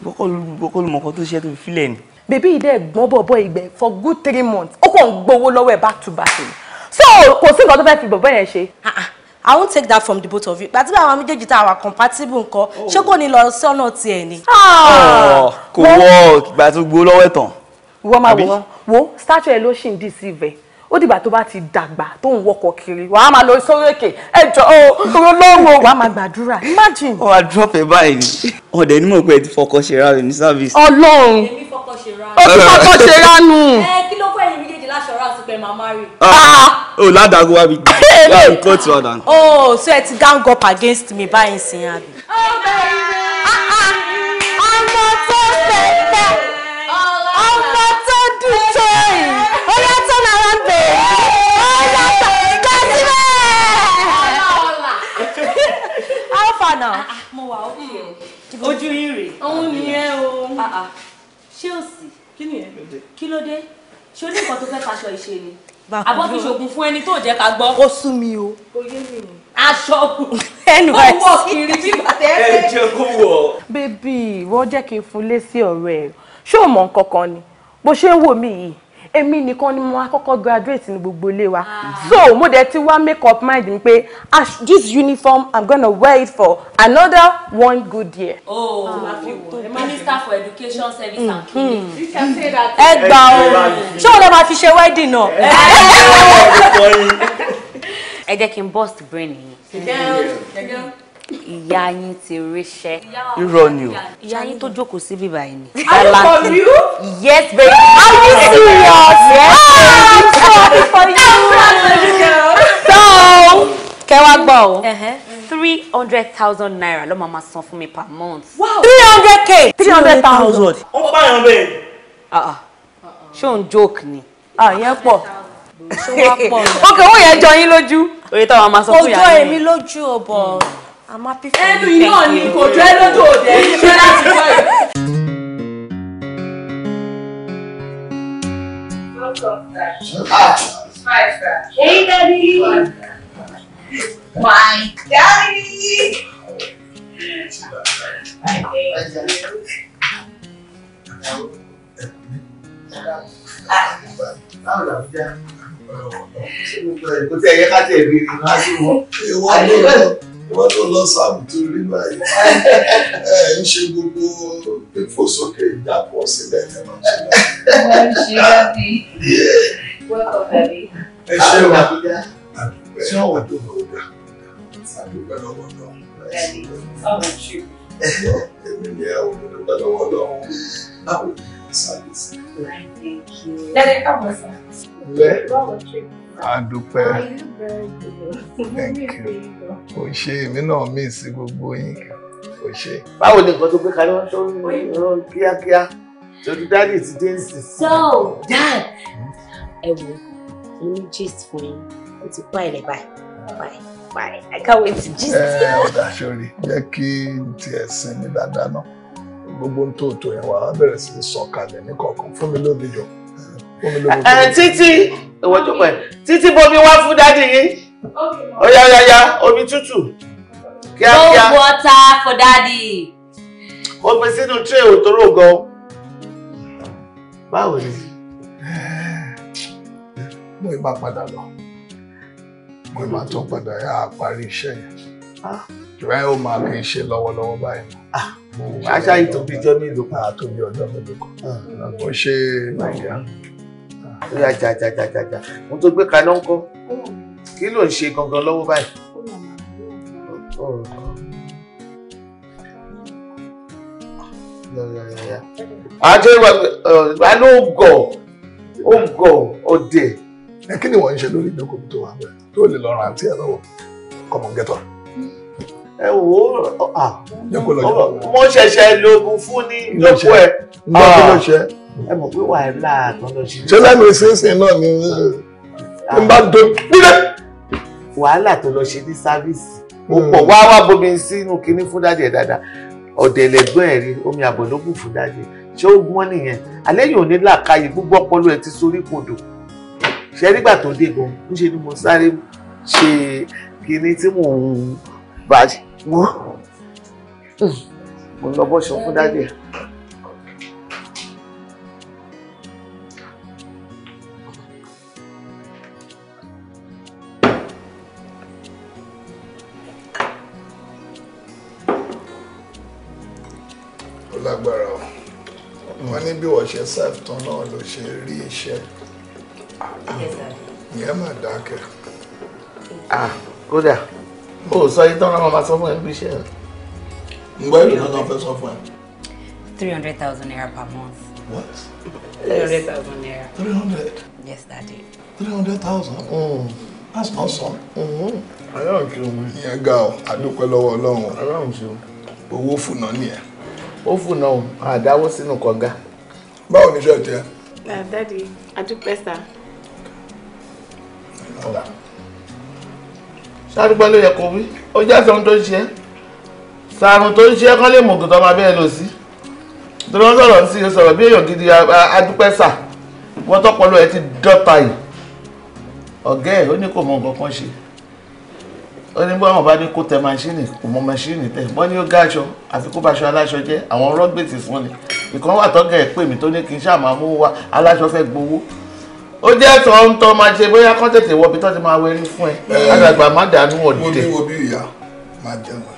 bọ́kọ̀ ló mọ̀kọ́ tó ṣe tó filẹ̀ ni. bèbí yìí dẹ̀ gbọ́n bọ̀bọ̀ ìgbẹ́ for good three months ó kàn ń gbowó lọ́wọ́ ẹ̀ back to back ni so kò sí nǹkan tó fẹ́ fi bọ̀bọ̀ yẹn ṣe. Ah, ah. I won't take that from the both of you. Gbàtí àwọn méjèèjì tá a wà compatible nǹkan, oh. ṣé kò ní lọ sọ́nà tiẹ̀ ni? Oh, kò wọ́ ìgbà tó gbó lọ́wọ́ ẹ̀ tán ìwọ máa wò wọn wo statue ẹ ló ṣì ń dì sí ibẹ̀ ó dìgbà tó bá ti dàgbà tó ń wọkọ̀ kiri wàá máa lọ sórí èkè ẹjọ olóró wàá máa gbàdúrà imagine. wọn á drop ẹ báyìí ni wọn dẹ nímọ̀ pé ẹ ti fọkọ ṣe ra ní service. Ọlọ́run ó ti fọkọ ṣe ra nù. ẹ kí ló fẹ́ yín méjèèjì láṣọra àtúpẹ̀ màmá rẹ̀. Ah. Ah. o oh, ládàgún wa mi gbà mí kóòtù ọ̀dà. oh so ẹ ti gang up against me báyìí sin abi. ó bẹ̀rẹ̀ Ah, ah. ṣé ò sí kí ni yẹn kí ló dé ṣé o ní nǹkan tó fẹ́ faṣọ ìṣe ni àbọ̀ fi ṣògùn fún ẹni tó jẹ́ ká gbọ́. ó sú mi o. kò yé mi o. aṣọ ẹnu ẹ sí. ó wọ kiri bí bàtẹ́ ẹ. ẹ jẹ́ kó wọ̀. bébì ìwọ jẹ́ kí n fún lé sí ọ̀rọ̀ ẹ̀ ṣé o mọ̀ nǹkan kan ni bó ṣe ń wò mí yìí Emi, nìkan ni mo akọ́kọ́ graduate ni gbogbo ilé wa ah. so mo dẹ̀ ti wá make up mind mi pé ah, this uniform i'm gonna wear it for another one good year. oh minister for education service and mm-hmm. clinic. Mm-hmm. ẹ gbà o ṣé wọn lè máa fi ṣe wedding náà. ẹ jẹ́ kí n burst brain yìí ìyá yín ti ríṣẹ́. irọ́ ni o. ìyá yín tó jókòó sí bíbá ni. are you for you. yes baby. are you serious. yes baby. Ah, for you. so kẹwàá gbọ́ o uh-huh. three hundred thousand naira ló máa ma san fún mi per month. wow three hundred k. three hundred thousand. ó ah, ah. ń pààyàn bẹ́ẹ̀. ṣé òun joke ni. àyẹ̀ pọ̀ ṣé wàá pọ̀ ni. ok owó yẹn jọ yín lójú. oye táwọn máa sọ fún yàrá yẹn. kò jọ lójú ọ̀bọ̀. I'm happy for you. ẹnu iná ni kò jẹ́ lójú òde ṣé láti gbọ́ ẹ̀. Hey, daddy. My daddy. Kò tí ẹ yẹ ká tẹ̀ bí rí, má sí wọn wọ́n ló lọ sábùtú rí báyìí ẹ ń ṣe gbogbo ìfòsókè ìdàpọ̀ sílẹ̀ ní wọ́n ṣe báyìí. wọ́n ń ṣe láti wọ́kọ̀ tàbí. ẹ ṣe wà àdúgbò ṣé àwọn tó lọ wà àdúgbò lọ́wọ́ náà. èmi ni ẹ ò dúpẹ́ lọ́wọ́ lọ́wọ́ báwo ni ẹ sábẹ́ sí. Dade, how was that? Bẹ́ẹ̀. Báwo ni ṣe? adúpẹ́ thank you o ṣe èmi náà mí sí gbogbo yín o ṣe. báwo ni nǹkan tó gbé kalẹ̀ wọ́n tó ń rán kíákíá lórí dáàdì ti dé sí. so dad ẹ wo mo ní gist fún yín ó ti pa ẹ̀rẹ̀ báyìí báyìí i can't wait to gist you. ẹ ọ̀dà sórí jẹ́ kí n tiẹ̀ sinmi dáadáa náà gbogbo tó tó yẹn wà á bẹ̀rẹ̀ sí í sọ̀kalẹ̀ ní kọ̀ọ̀kan fún mi lóde jọ. títí owó tó pẹ́ títí bomi wá fún dádì yín ọ̀yá ọ̀yá ọ̀yá omi tútù kíákíá. no water for daddy. ó gbé sínú tray òtóró gan. báwo ni. mo ì máa padà lọ mo ì máa tún padà yá parí iṣẹ́ yẹn ìwé ah. ó máa kì í ṣe lọ́wọ́lọ́wọ́ báyìí. aṣáájú tó bí jọ́ mélòó kan. àtòbí ọjọ́ mélòó kan. Ah. mo ṣe nàìjíríà ó yà jà jà jà jà jà ohun tó gbé kaná ń kọ́ kí ló ń ṣe gangan lọ́wọ́ báyìí. àjọ ìwà àná ó gọ̀ ó gọ̀ ọ̀dẹ̀. ẹ kí ni wọ́n ń ṣe lórí ìjókòó tó wà bẹ́ẹ̀ tó lè lọ́rùn àti ẹ̀ lọ́wọ́ kọ́mọ gẹ́tọ̀ ẹ wò ó wọ́n ah, ṣẹ̀ṣẹ̀ lo fún ní lọ́pọ̀ ẹ̀ ẹ mọ̀ pé wàhálà kan lọ sí. ṣé lẹ́nu ìsinsìn náà ni n ah. bá do nílẹ̀. wàhálà tó lọ ṣe ní sáfíìsì ó hmm. pọ̀ wá wá bomi sínú kinní fún dájẹ́ dáadáa ọ̀dẹ̀lẹ̀gbọ́n ẹ̀rí omi àbọ̀ ló kù fún dájẹ́ ṣé ó gbọ́n nìyẹn alẹ́ yìí ò ní làákàyè gbogbo ọpọlọ ẹ ti sorí kodò ṣe nígbà tó dé gan ń ṣe ni mo sáré ṣe kinní tí mò ń bá mọ́ mo lọ bọ́ṣọ fún dájẹ́. ṣe serve tán náà ló ṣe rí iṣẹ́ ìyẹn mà dákẹ́. kódà o ò sọ ìtàn náà máa sọ fún ẹ bí iṣẹ́ èrò náà náà fẹ́ sọ fún ẹ. three hundred thousand naira per month. what. three hundred thousand naira. three hundred. yes daddy. three hundred thousand. Mm. that's not some. aláwọ̀ ṣe omi. ìyẹn ga ọ àdúpẹ́ lọ́wọ́ ọlọ́run. aláwọ̀ ṣe omi. owó fúnà nìyẹn. ó fúnà o àdáwó sínú kànga báwo ni iṣẹ́ jẹ́. dadi adúpẹ́ sá. sárúgbọ́n ló yẹ kó wí ó jẹ́ àṣà tó ń ṣe é sàrùn tó ń ṣe é kán lè mọ̀ ògùn tó máa bẹ́ẹ̀ lọ sí torí wọ́n sọ̀rọ̀ sí sọ̀rọ̀ bí èèyàn gidi adúpẹ́ sà wọ́n tọ́pọ̀ lọ́ọ́ ẹ ti dọ́ta yìí ọ̀gá ẹ̀ ó ní kò mọ nǹkan kan ṣe ó ní báwọn bá ní kó tẹ maṣíìnì kò mọ maṣíìnì tẹ wọn ní ó gáṣọ àfi kó baṣọ aláṣọ jẹ àwọn rọgbẹtì fún ni ìkan wà tọgà ẹ pè mí tó ní kí n ṣáà máa mú wa aláṣọ fẹ́ gbowó ó jẹ́ tọ́ ń máa ṣe bóyá kán tètè wọbi tó ti máa wẹrí fún ẹ alàgbà má dànù ọ̀dẹ. mo ní wo bí ìyá máa jẹun.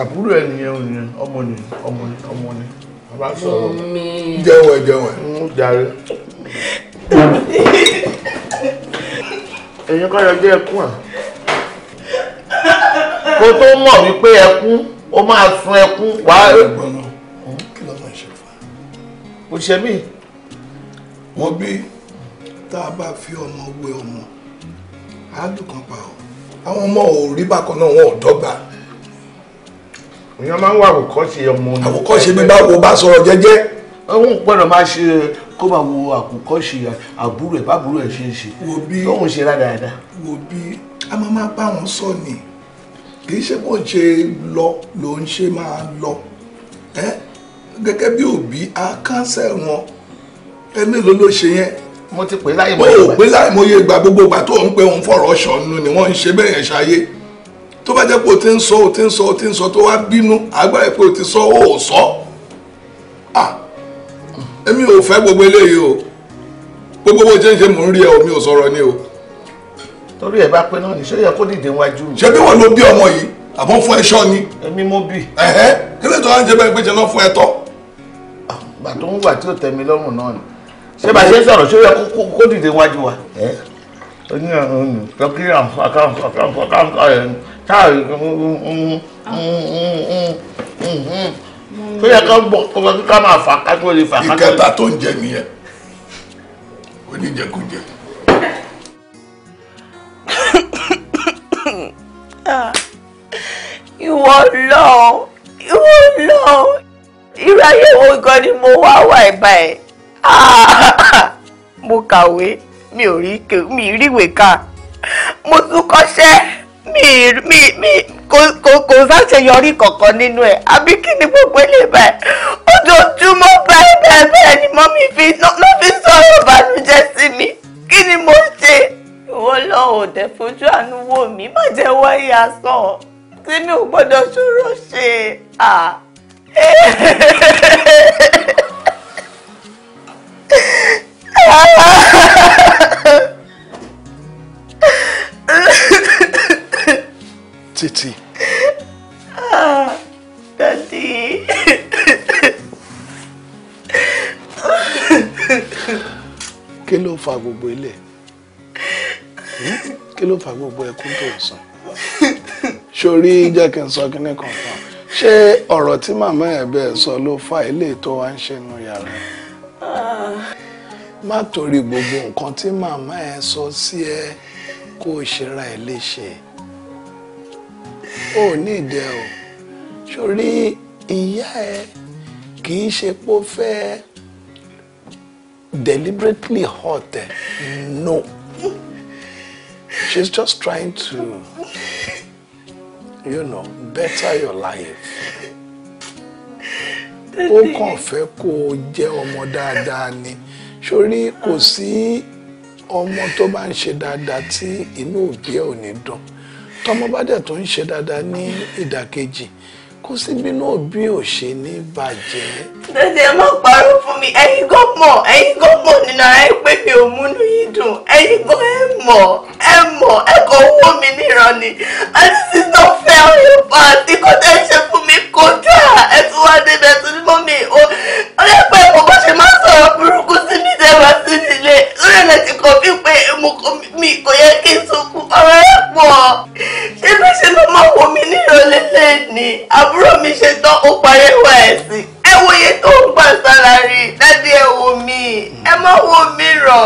àbúrò ẹ nìyẹn ò nìyẹn ọmọ ni ọmọ ni ọmọ ni bàbá sọ̀rọ̀ jẹun ẹ jẹun ẹ. ẹ̀yin kọ́ yọjọ́ ẹkún à kó tó mọ̀ wípé ẹkún ó máa sun ẹkún wá. kí ló máa o ṣe mí. wọ́n bí tá a bá fi ọmọ wé ọmọ àádùn kan pa ọ́ àwọn ọmọ ò rí bákan náà wọn ò dọ́gba èèyàn máa ń wà àwòkọ́ṣe ọmọ ní. àwòkọ́ṣe bí wo bá sọ̀rọ̀ jẹ́jẹ́. òun gbọ́dọ̀ máa ṣe kó máa wo àkùkọ́ṣe àbúrò ẹ̀ bábúrò ẹ̀ ṣe ń ṣe lóhùn ṣe rádaràda. wo bí a máa máa bá wọn sọ ni kì í ṣe bó ń ṣe lọ ló ń ṣe máa lọ gẹ́gẹ́ bí òbí a kánsẹ̀ wọn ẹ mélòó ló ṣe yẹn mo ti pè láì mọye gbà. o pè láì mọye gbà gbogbo ìgbà tó ń pè òun fọ̀rọ̀ ṣọ̀nù ni wọ́n ń ṣe bẹ́ẹ̀ yẹn ṣayé tó bá jẹ́ pé o ti ń sọ o ti ń sọ o ti ń sọ tó wá bínú àgbà ẹ̀ pé o ti sọ o ò sọ èmi ò fẹ́ gbogbo eléyìí o gbogbo owó ṣe ń ṣe mò ń rí ẹ o mi ò sọ̀rọ̀ ni o. torí ẹ bá pé náà ní ṣé yẹ kó dìde wájú mi. ṣé bí wọn ló bí ọmọ yìí àmọ́ fún ẹṣọ ni. èmi mo bì. ẹhẹ kílẹ̀ tó wá ń ṣe bẹ́ẹ̀ pé ṣe náà fún ẹ tọ́. bàtò ń wà tí ò tẹ́ mi lọ́rùn náà ni ṣé bá ṣe ń sọ̀rọ̀ ṣé yẹ kó dìde wájú wa. oní ọ̀hún ni tọ́kí tó yẹ ká bọ̀ kó sọ ká máa fà ká tó lè fà ká tó lè. ìkẹta tó ń jẹ nìyẹn oníjẹkújẹ. ìwọ lọ ìwọ lọ irú ayẹwo gan ni mo wá wà ìbá ẹ mo kàwé mi ò rí ìwé kà mo tún kọ́ṣẹ́ mi mi mi kò kò kò sáṣeyọrí kankan nínú ẹ àbí kí ni gbogbo ilé báyìí ojoojúmọ́ báyìí bẹ́ẹ̀ bẹ́ẹ̀ ni mọ́mí fi lọ́ fi sọ̀rọ̀ ìbànújẹ́ sí mi kí ni mo ṣe. ìwọ lọ ò dẹ fojú àánú wò mí má jẹ́ wáyé asán tí mi ò gbọ́dọ̀ ṣòro ṣe. Ah. Titi, Ah, Daddy. kí ló fa gbogbo ilé hmm? kí ló fa gbogbo ẹkún tó ń sàn sórí jẹ́ kí n sọ kíní kan fún ọ ṣé ọ̀rọ̀ tí màmá ẹ̀ bẹ́ẹ̀ sọ ló fa ilé tó wá ń ṣe nu yàrá ah. má torí gbogbo nǹkan tí màmá ẹ̀ sọ sí ẹ kó o ẹ léṣe ò ní ìdẹ o sórí ìyá ẹ kì í ṣe pé fẹ́ deliberately hot. ẹ no she's just trying to you know better your life ó kàn fẹ́ kó o jẹ́ ọmọ dáadáa ni sórí kò sí ọmọ tó bá ń ṣe dáadáa tí inú òbí ẹ ò ní dùn tọmọ bá dẹ̀ tó ń ṣe dáadáa ní ìdàkejì kò síbi náà bí ò ṣe ní bàjẹ́. dèdè ẹ má parọ́ fún mi ẹ̀yin gan mọ̀ ẹ̀yin gan mọ̀ nínú ara ẹ pé mi ò múnú yín dùn ẹ̀yin gan ẹ mọ̀ ẹ mọ̀ ẹ kàn wọ́ mi níran ni àti sísọ fẹ́ ọyọ pa àti kó tẹ́ ẹ ṣe fún mi kọjá ẹ tún wá débẹ̀ tún ní mọ́ mi o ọyọ pé mo bá ṣe máa sọ̀rọ̀ burúkú sí mi tẹ́ wá sí nílé lórí ẹ̀ ti kọ̀ bí pé mi kò yẹ kí n sunkún ọ̀rọ̀ ẹ̀ pọ̀ ṣé bí ni àbúrò mi ṣe tán ó parí wà ẹ̀sìn ẹ wo iye tó ń gbà sálárì dádì ẹ wo mi ẹ má wo mi rọ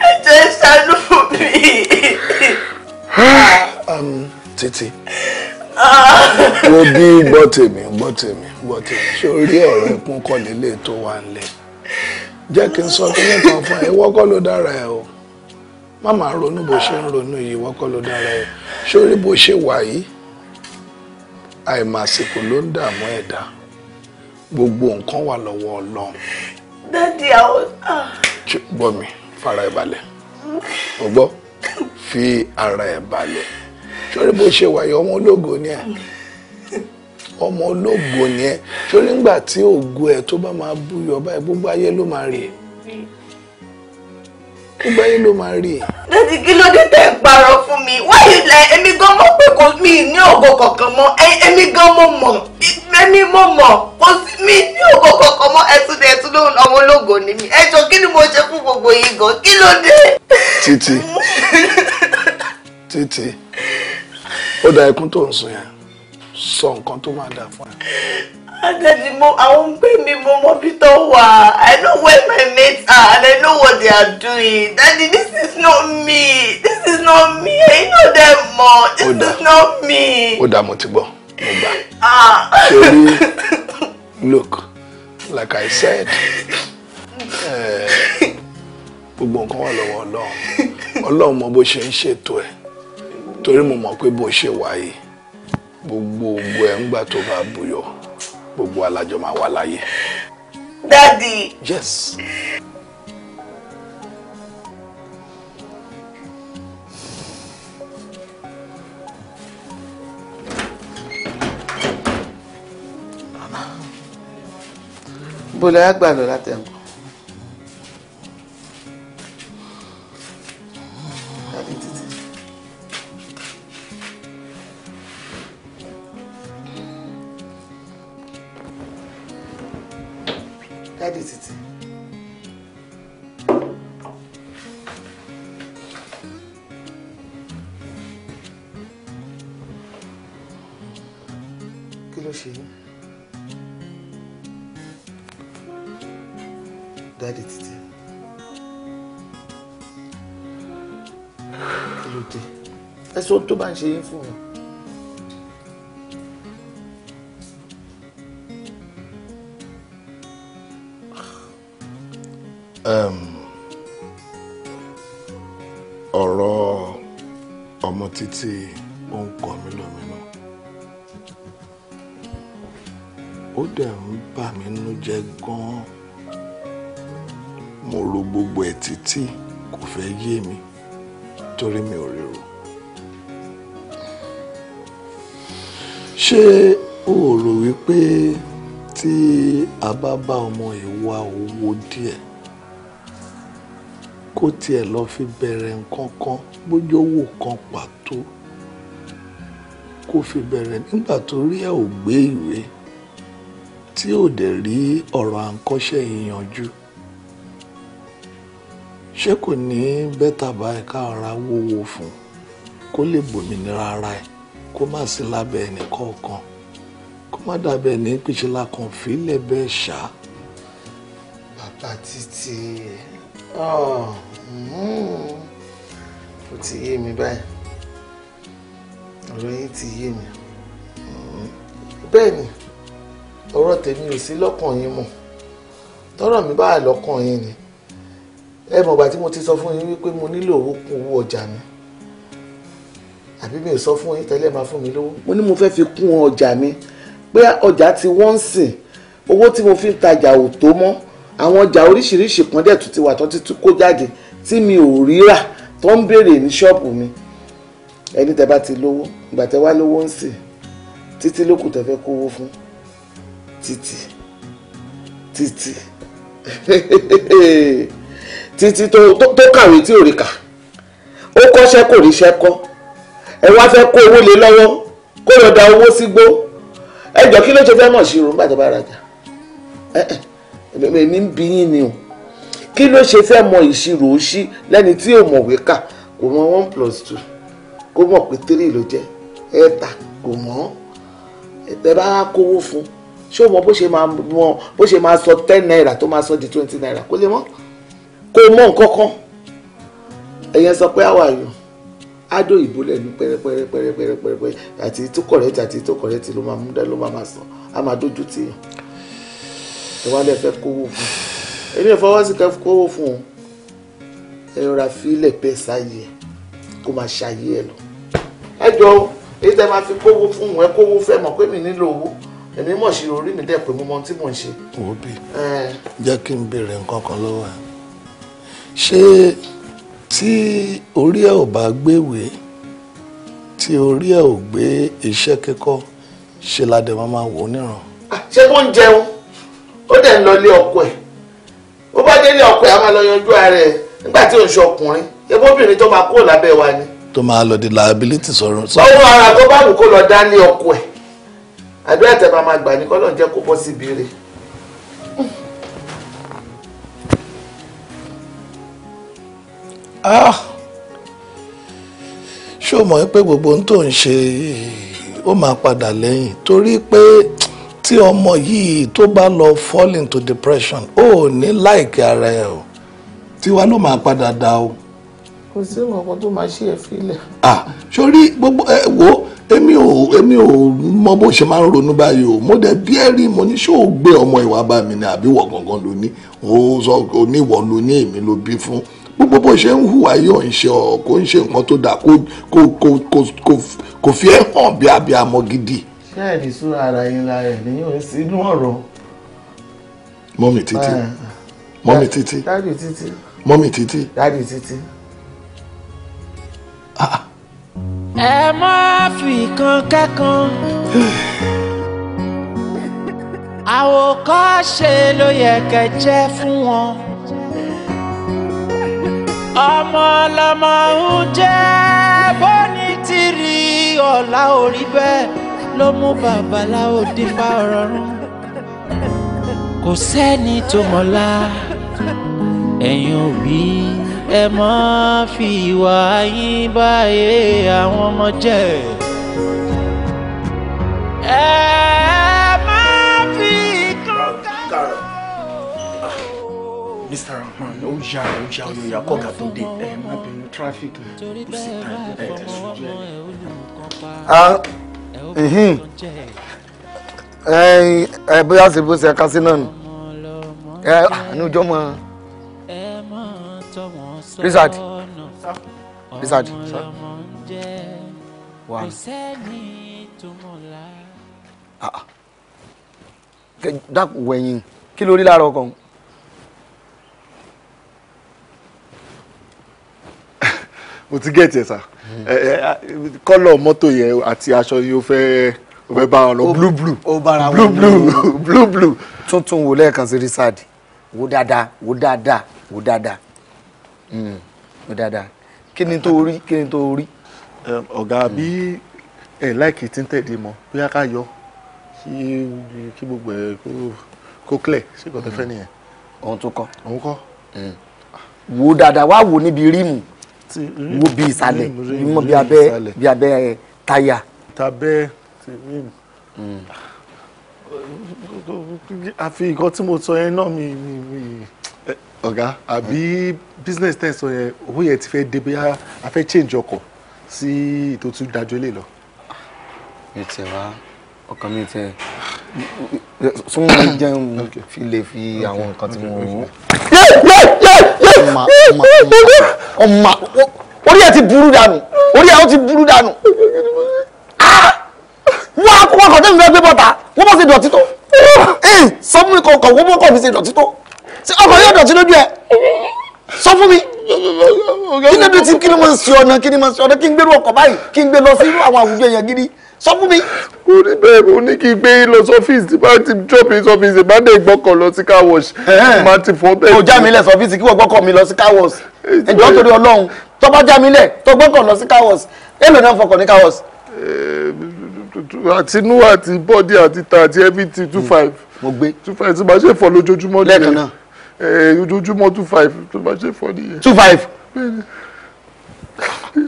ẹ jẹ́ ṣàánú mi. Um, títí wo ah. bí gbọ́ tèmi gbọ́ tèmi gbọ́ tèmi ṣé orí ọ̀rọ̀ ẹ̀kún kọ́ lélẹ̀ tó wà ńlẹ̀ jẹ́ kí n sọ kí ní fún ẹ ìwọ ló dára ẹ o má máa ronú bó ṣe ń ronú yìí ìwọ ló dára ẹ ṣé orí bó ṣe wà yìí àìmàsìkò ló ń dààmú ẹ̀dá gbogbo nǹkan wà lọ́wọ́ ọlọ́run. dáàdi àwọn. Ah. gbọ́ mi fara ẹ̀ balẹ̀ o gbọ́ fi ara ẹ̀ balẹ̀ sórí bó ṣe wàyí ọmọ ológo ni ẹ ọmọ ológo ni ẹ sórí ńgbà tí ògo ẹ tó bá máa búyọ báyìí gbogbo ayé ló máa rí ẹ gbogbo ayé ló máa rí ẹ. kí ló dé tẹ́ parọ́ fún mi why you èmi gan mọ̀ pé kò mí ní ògo kankan mọ́ èmi gan mo mọ̀ èmi mo mọ̀ kò sí mi ní ògo kankan mọ́ ẹ̀sùn ní ẹ̀sùn lóhùn ọmọ ológo ni mi ẹjọ́ kí ni mo ṣe fún gbogbo yìí gan kí ló dé. títí títí ó da ẹkún tó ń sun yẹn sọ nǹkan tó máa dà fún ẹ. Adẹ́ni mo àwọn gbé mi mo mọ bí tó wà I know where my mates are and I know what they are doing Daddy this is not me this is not me ẹ̀yin náà dẹ̀ mọ̀ this Oda. is not me. Ó dà mo ti gbọ́ mo gbà. Ah. Ṣé look like I said. Uh, gbogbo nǹkan wà lọ́wọ́ ọlọ́run ọlọ́run mọ bó ṣe ń ṣètò ẹ̀ torí mo mọ̀ pé bó ṣe wà gbogbo ògbó ẹ̀ ń gbà tó bá buyọ̀ gbogbo alájọ máa wà láyé. Daddy. Yes. bó lọ́ọ́ gbà lọ látẹ̀kùn. Daddy it Kí ló ṣe yín? Daddy Títí. Kí ló dé? Ẹ sọ tó bá ń ṣe yín fún wọn. ọ̀rọ̀ ọmọ títí ó ń kọ mí lóminú ó dẹ̀ ń bà mí nú jẹ́ gan-an mo ro gbogbo ẹ̀ títí kò fẹ́ yé mi torí mi ò ríro ṣé o rò wípé tí a bá bá ọmọ ìwà owó díẹ̀ kó tiẹ̀ lọ fi bẹ̀rẹ̀ nǹkan kan bójówó kan pàtó kó fi bẹ̀rẹ̀ nígbà tó rí ẹ̀ ò gbé ìwé tí ò dẹ̀ rí ọ̀rọ̀ à ń kọ́ṣẹ́ yìí yanjú ṣé kò ní bẹ́tà báyìí ká ara wówó fún kó lè bòmìnira ara ẹ̀ kó má sí lábẹ́ ẹnì kọ̀ọ̀kan kó má dàbẹ̀ ní pìṣẹ́lá kan bẹ́ẹ̀ ṣá. bàbá títí ẹ̀ ó ti yé mi báyìí ọ̀rọ̀ yín ti yé mi bẹ́ẹ̀ ni ọ̀rọ̀ tèmi ò sí lọ́kàn yín mọ̀ tọ́rọ̀ mi bá lọ́kàn yín ni ẹ mọ̀ gbà tí mo ti sọ fún yín wípé mo nílò owó kún owó ọjà mi àbí mi ò sọ fún yín tẹ́lẹ̀ máa fún mi lówó. mo ní mo fẹ́ fi kún ọjà mi pé ọjà ti wọ́n ń sìn owó tí mo fi ń tajà ò tó mọ́ àwọn ọjà oríṣiríṣi kan dẹ̀ tún ti wà tó ti tún kó jáde tí mi ò ríra tó ń béèrè ní ṣọ́ọ̀bù mi ẹni tẹ bá ti lówó ìgbà tẹ wá lówó ń sìn títí lókùn tẹ fẹ́ kówó fún títí títí títí tó kàwé tí ò rí kà ó kọ́ṣẹ́ kò ríṣẹ́ kọ́ ẹ wá fẹ́ kó owó lé lọ́wọ́ kó lọ da owó sígbó ẹ jọ kí ló ṣe fẹ́ mọ̀ ṣírò nígbà tó bá rajà èmi ń bí yín ni o kí ló ṣe fẹ́ mọ ìṣirò òṣì lẹ́ni tí ò mọ̀wé kà kò mọ one plus two kó mọ̀ pé three ló jẹ́ ẹ̀ta kò mọ̀ ẹ bá kówó fún ṣé o mọ bó ṣe máa mọ bó ṣe máa sọ ten naira tó máa sọ di twenty naira kó lè mọ̀ kó mọ nǹkan kan ẹ̀yẹn sọ pé àwa yòó ádò ìbò lẹ́nu pẹ́rẹ́pẹ́rẹ́pẹ́rẹ́pẹ́rẹ́ àti tó correct àti tó correct ló máa mú dá ló máa máa sọ á máa dójú tì yàn ìwádìí ẹ̀fẹ́ kówó fún èmi ò fọwọ́ sí kẹ́fù kówó fún un ẹ rọra fílẹ̀ bẹ́ẹ̀ sáyé ẹ kó máa ṣàyé ẹ lọ. ẹ jọ èyí tẹ máa fi kówó fún un ẹ kówó fẹ́ mọ̀ pé mi nílò owó èmi mọ̀ ṣe orí mi dẹ̀ pé mo mọ ohun tí mò ń ṣe. òbí jẹ́ kí n béèrè nǹkan kan lọ́wọ́ ẹ ṣé tí orí ẹ ò bá gbéwèé tí orí ẹ ò gbé iṣẹ́ kíkọ́ ṣe ládẹ́ máa máa wò ó níran. Ah, ṣé wọ́n ń jẹun ó dẹ̀ ń lọ ilé ọkọ ẹ̀ ó bá dé ilé ọkọ ẹ̀ a máa lọ yanjú ara ẹ̀ nígbà tí òun ṣe ọkùnrin ebó obìnrin tó máa kúrò lábẹ́ wa ni. tó máa lọ di liability sọ̀rọ̀. ọwọ́ ara tó bá wù kó lọ dá ní ọkọ ẹ̀ àdúrà tẹ̀bà máa gbà ní kọ́lọ́ jẹ́ kó bọ́ síbi rẹ̀. Ah! ṣé o mọ̀ pé gbogbo ohun tó ń ṣe ó máa padà lẹ́yìn torí pé. Pe tí ọmọ yìí tó bá lọ fall into depression ó ní láìkí ara ẹ o tiwa ló máa padà dá o. kò sí nǹkan tó máa ṣe é filẹ̀. ah sórí gbogbo ẹ wo èmi ò èmi ò mọ bó ṣe máa ń ronú báyìí o mo dẹ̀ bí ẹ rí mo ní ṣé o gbé ọmọ ìwà bá mi ni àbí wọ̀ gangan ló ní o sọ o ní ìwọ ló ní èmi ló bí fún gbogbo bó ṣe ń hùwà yóò ń ṣe ọ kó ń ṣe nǹkan tó dáa kó kó kó kó fi ẹ hàn bí abiyamọ gidi ṣẹ́ẹ̀dì súra ara yín lára ẹ̀ lẹ́yìn òun sínú ọ̀rọ̀. mọ́mì títí ah, mọ́mì títí dáàdì títí mọ́mì títí dáàdì títí. ẹ máa fi kan kẹ́kan àwòkọ́ṣe ló yẹ kẹ́ fún wọn ọmọ lọmọ ń jẹ́ bó ní tìrì ọ̀la orí bẹ́ẹ̀ ló mú babaláwo dífá ọ̀rọ̀rùn kò sẹ́ni tó mọ̀lá ẹ̀yin òbí ẹ mọ́ fi ìwà yín báyé àwọn ọmọ jẹ́ ẹ má fi kankan. Mr. Rahman, ó yá ó yá ó yá kọ́gà tó dé ẹ má bínú tráfíkì kò sí tàbí ẹ̀ ẹ̀ sùn jẹ́ ẹ bóyá ṣe bó ṣe ká sí náà nù ẹ àánú jọ mọ Richard Richard wà ah, ah. dákun wẹ̀yìn kí ló rí lára ọkàn. mo ti gẹ̀ẹ́tì ẹ̀ sá kọ́lọ̀ eh, eh, ah, mọ́tò yẹn àti aṣọ yìí ó fẹ́ ó fẹ́ bá wọn lọ blue blue blue blue blue blue. tuntun wò lẹ́ẹ̀kan sí Richard wò dáadáa wò dáadáa wò dáadáa hmm, wò dáadáa kí ni tó rí kí ni tó rí. Eh, ọ̀gá hmm. bí ẹ̀ láìkì tí ń tẹ̀lé mọ́ bóyá ká yọ kí gbogbo ẹ̀ kó clear ṣé kò tẹ́ fẹ́ hmm. nìyẹn. ohun tó kọ. ohun kọ. wò dáadáa wá wò níbi rímù. Mm. wo mm, bí ìsàlẹ̀ níwọ̀n bí abẹ́ bí abẹ́ táyà. tàbẹ́ tèmíìmù mm. àfi nǹkan tí mo sọ yẹn náà mi mi ọ̀gá àbí business ten sọ yẹn owó yẹn ti fẹ́ dé bí a fẹ́ change ọkọ̀ sí ìtòtú dájọ́ lè lọ. mi ti wá ọkàn mi ti súnmọ́ jẹun fi lè fi àwọn nǹkan tí mo rò ó ọmọ ọmọ ọmọ orí ẹ ti burú dànù orí ẹ ti burú dànù ah! wọ́n á kó wọn kàn tẹ́lẹ̀ fẹ́ gbé bọ́ta wọ́n bá ṣe dọ̀tí tó ee sọ fún mi kọ̀ọ̀kan wọ́n bọ́ kọ̀ mi ṣe dọ̀tí tó ọkọ̀ yóò dọ̀tí lójú ẹ sọ fún mi kí ló dé tí kí ló máa ń ṣe ọ̀nà kí ni máa ń ṣe ọ̀nà kí n gbé lọ ọkọ̀ báyìí kí n gbé lọ sí àwọn àwùjọ yẹn gidi sọ fún mi. kò ní bẹ́ẹ̀ mo ní kí n gbé lọ sọ́fíìsì tí bá ti drop in sọ́fíìsì bá dé gbọ́kọ̀ lọ sí car wash. má ti fọ́ bẹ́ẹ̀. kò já mi lẹ̀ sọ́fíìsì kí wọ́n gbọ́kọ̀ mi lọ sí car wash. ẹ̀jọ̀ torí ọlọ́run tó bá já mi lẹ̀ tó gbọ́kọ̀ lọ sí car wash èlò náà fọkàn ní car wash. àtinú àti bọ́dí àti ta àti everything two hmm. five. mo gbé two five tí ma ṣe fọ lójoojúmọ́ nìyẹn lẹ́ẹ̀kan náà ojoojúmọ́ two five tó ma ṣe fọ nìyẹn. two five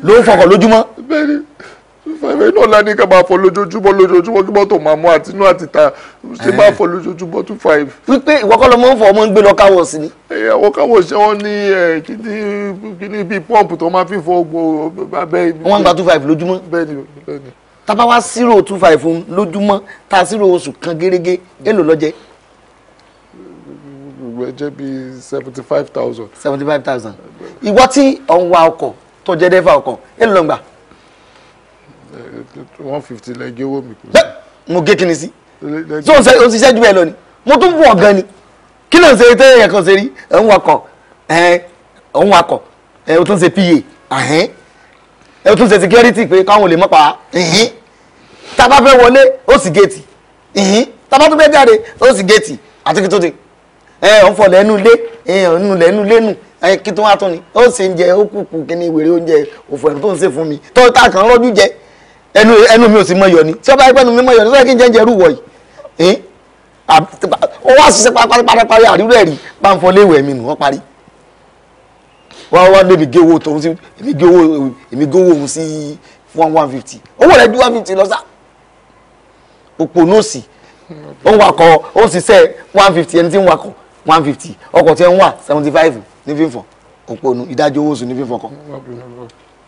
ló ń fọkàn lójúmọ́. bẹ́ẹ̀ni five ẹ̀ náà lání ká máa fọ lójoojúmọ́ lójoojúmọ́ kí mọ́tò máa mú àtinú àtìta ṣé máa fọ lójoojúmọ́ two five. wípé ìwọ́kọ́ ló máa ń fọ ọmọ ń gbé lọ káwọ̀ sí ni. àwọn káwọ̀ ṣe wọ́n ní kíní kíní bíi pọ́ǹpù tó máa fi fọ gbogbo abẹ́. wọ́n ń gba two five lójúmọ́. bẹ́ẹ̀ni bẹ́ẹ̀ni. tábà wá zero two five fún lójúmọ́ ta zero oṣù kan gẹ́gẹ́ èlò lọ́jẹ́ rẹ jẹ́ bí seventy five thousand. seventy five thousand. ìwọ tí ọ̀n wa ọkọ̀ tó jẹ́ dẹ́fà ọkọ̀ èlò ló gbà one fifty lẹ́gẹ́ owó mi kù. mo gé kíni sí so o ṣiṣẹ́ jù bẹ́ẹ̀ lọ ni mo tún fún ọ̀gán ni kí ló ń ṣe tẹ́lẹ̀ yẹn kan ṣe rí òun wakọ̀ òun wakọ̀ o tún ṣe pa o tún ṣe security pé káwọn olè mọ́ pa tá bá fẹ́ wọlé ó sì géètì tá bá tún fẹ́ jáde ó sì géètì àti kí tó ti òun fọ lẹ́nu ilé òun lẹ́nu ilé nù kí tó wá tún ni ó ṣe ń jẹ ó kúkú kí ni ìwèrè oúnjẹ òfò ẹ̀rọ tó ń ṣe fún mi tó tá a kàn rọ́jú jẹ ẹnu ẹnu mi ò sì mọ yọ ni tí ọba ẹgbẹ́ nu mi mọ yọ ni sọ́dọ̀ kí n jẹ́ ń jẹ́ rúwọ̀ yìí ó wá ṣiṣẹ́ parí àríwú ẹ̀ rí pàǹfọ̀ léèwẹ̀ mi nù wọ́n parí wọ́n wá lébi gé owó tòun sí èmi gé owó èmi gé owó òun sí one one fifty owó rẹ̀ bí one fifty lọ sá òpó nọ́ọ̀sì ó ń wakọ̀ ó ń ṣiṣẹ́ one fifty ẹni tí ń wakọ̀ one fifty ọkọ̀ tí ń wà seventy five ní fífọ̀ òpó ìdájọ́ owó oṣù ní fífọ̀ kan.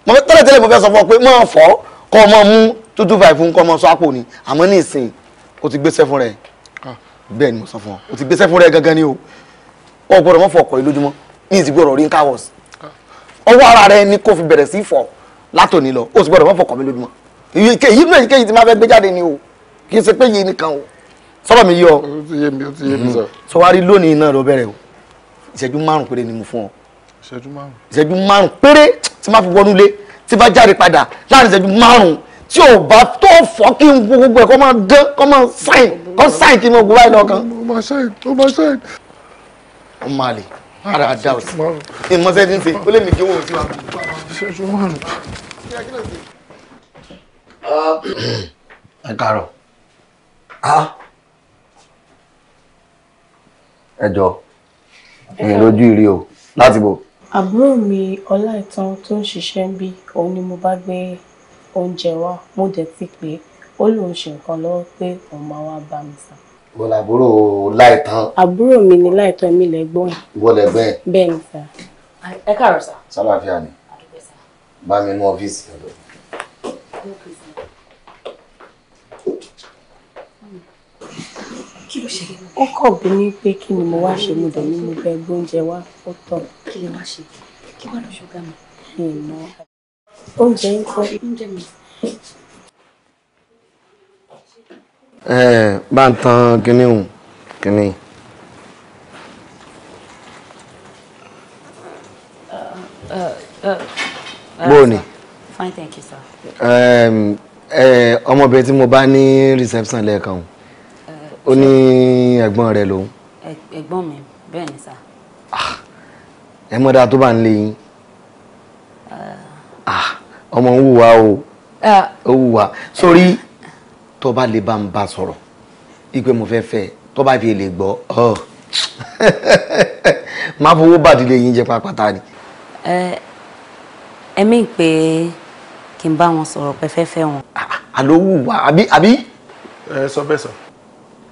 mo fẹ́ tẹ́lẹ̀ tẹ́lẹ̀ mo fẹ́ sọ fún ọ pé mo fọ́ kọ́ ọmọ mú two two five fún kọ́ ọmọ sọ àpò ni àmọ́ ní ìsìn o ti gbéṣẹ́ fún rẹ ah, bẹ́ẹ̀ ni mo sọ fún ọ o ti gbéṣẹ́ fún rẹ gangan ni o ọ gbọ́dọ̀ mọ́ fọ ọkọ̀ yìí lójúmọ́ ní ìsìn gbọ́dọ̀ rí ń káwọ́s ah. ọwọ́ ara rẹ ni kò fi bẹ̀rẹ̀ sí fọ látòní lọ o sì gbọ́dọ̀ mọ́ fọ ọkọ̀ mi lójúmọ́ èyí náà èyíkéyìí ti máa fẹ́ gbé jáde ni o kì í ṣe pé yìí nìkan o sọ́rọ̀ mi yọ hmm. sọ wá rí lónìí náà lọ bẹ̀rẹ̀ ọ ìṣẹ́jú márùn-ún péré tí má fi wọnú lé tí bá jáde padà láàrin ìṣẹ́jú márùn-ún tí ò bá tó fọ́ kí n wo gbogbo ẹ̀ kó máa dán kó máa sáìn kó sáìn kí n máa gbogbo báyìí lọ́kàn. ó máa sáìn ó máa sáìn. ó máa lè ara àdá òsì ìmọ̀sẹ́ ti ń ṣe ó lè mí kí owó òsì wa. ìṣẹ́jú márùn-ún. ẹ jọ ìrìn lójú ìrí o láti bò àbúrò mi ọláìtàn tó ń ṣiṣẹ́ ńbí òun ni mo bá gbé oúnjẹ wá mo dẹ̀ ti pè é ó lóun ṣe nǹkan lọ́wọ́ pé òun máa wá bá mi sà. ìwọ làbúrò láìtàn. àbúrò mi ni láìtàn mi lẹ́gbọ́n. ìwọ lẹ́gbẹ́ ẹ̀. bẹ́ẹ̀ ni sà. ẹ káàárọ̀ sà. sálàáfíà ni bá mi mú ọ́fíìsì ọ̀dọ̀. kí ló ṣẹlẹ̀. ó kàn bí ní pé kí ni mo wá ṣe mo dẹ̀ ní mo fẹ́ gbóúnjẹ wá ó tọ̀. kí lè wá ṣe kí wàá lọ ṣọgá mi. ìmọ̀ oúnjẹ ń kọ́. oúnjẹ mi. ẹ bá ń tan kinní hùn kinní. bóòní. fine thank you sir. ọmọbìnrin tí mo bá ní reception lẹ́ẹ̀kan o ó ní ẹ̀gbọ́n rẹ̀ lòun. ẹ̀gbọ́n mi bẹ́ẹ̀ ni sà. Ah, ẹ mọ̀ dáa tó bá ń lé yín ah. Ah, ọmọ ń wùwà o ó wùwà sórí tó bá lè bá ń bá sọ̀rọ̀ ipe mo fẹ́ fẹ́ tó bá fi lè gbọ́ ọ má fowó bàdílé yín jẹ pátá ni. ẹ mí pé kí n bá wọn sọ̀rọ̀ pẹ́fẹ́fẹ́ wọn. àlọ́ wùwà àbí. ẹ sọ bẹ́ẹ̀ sọ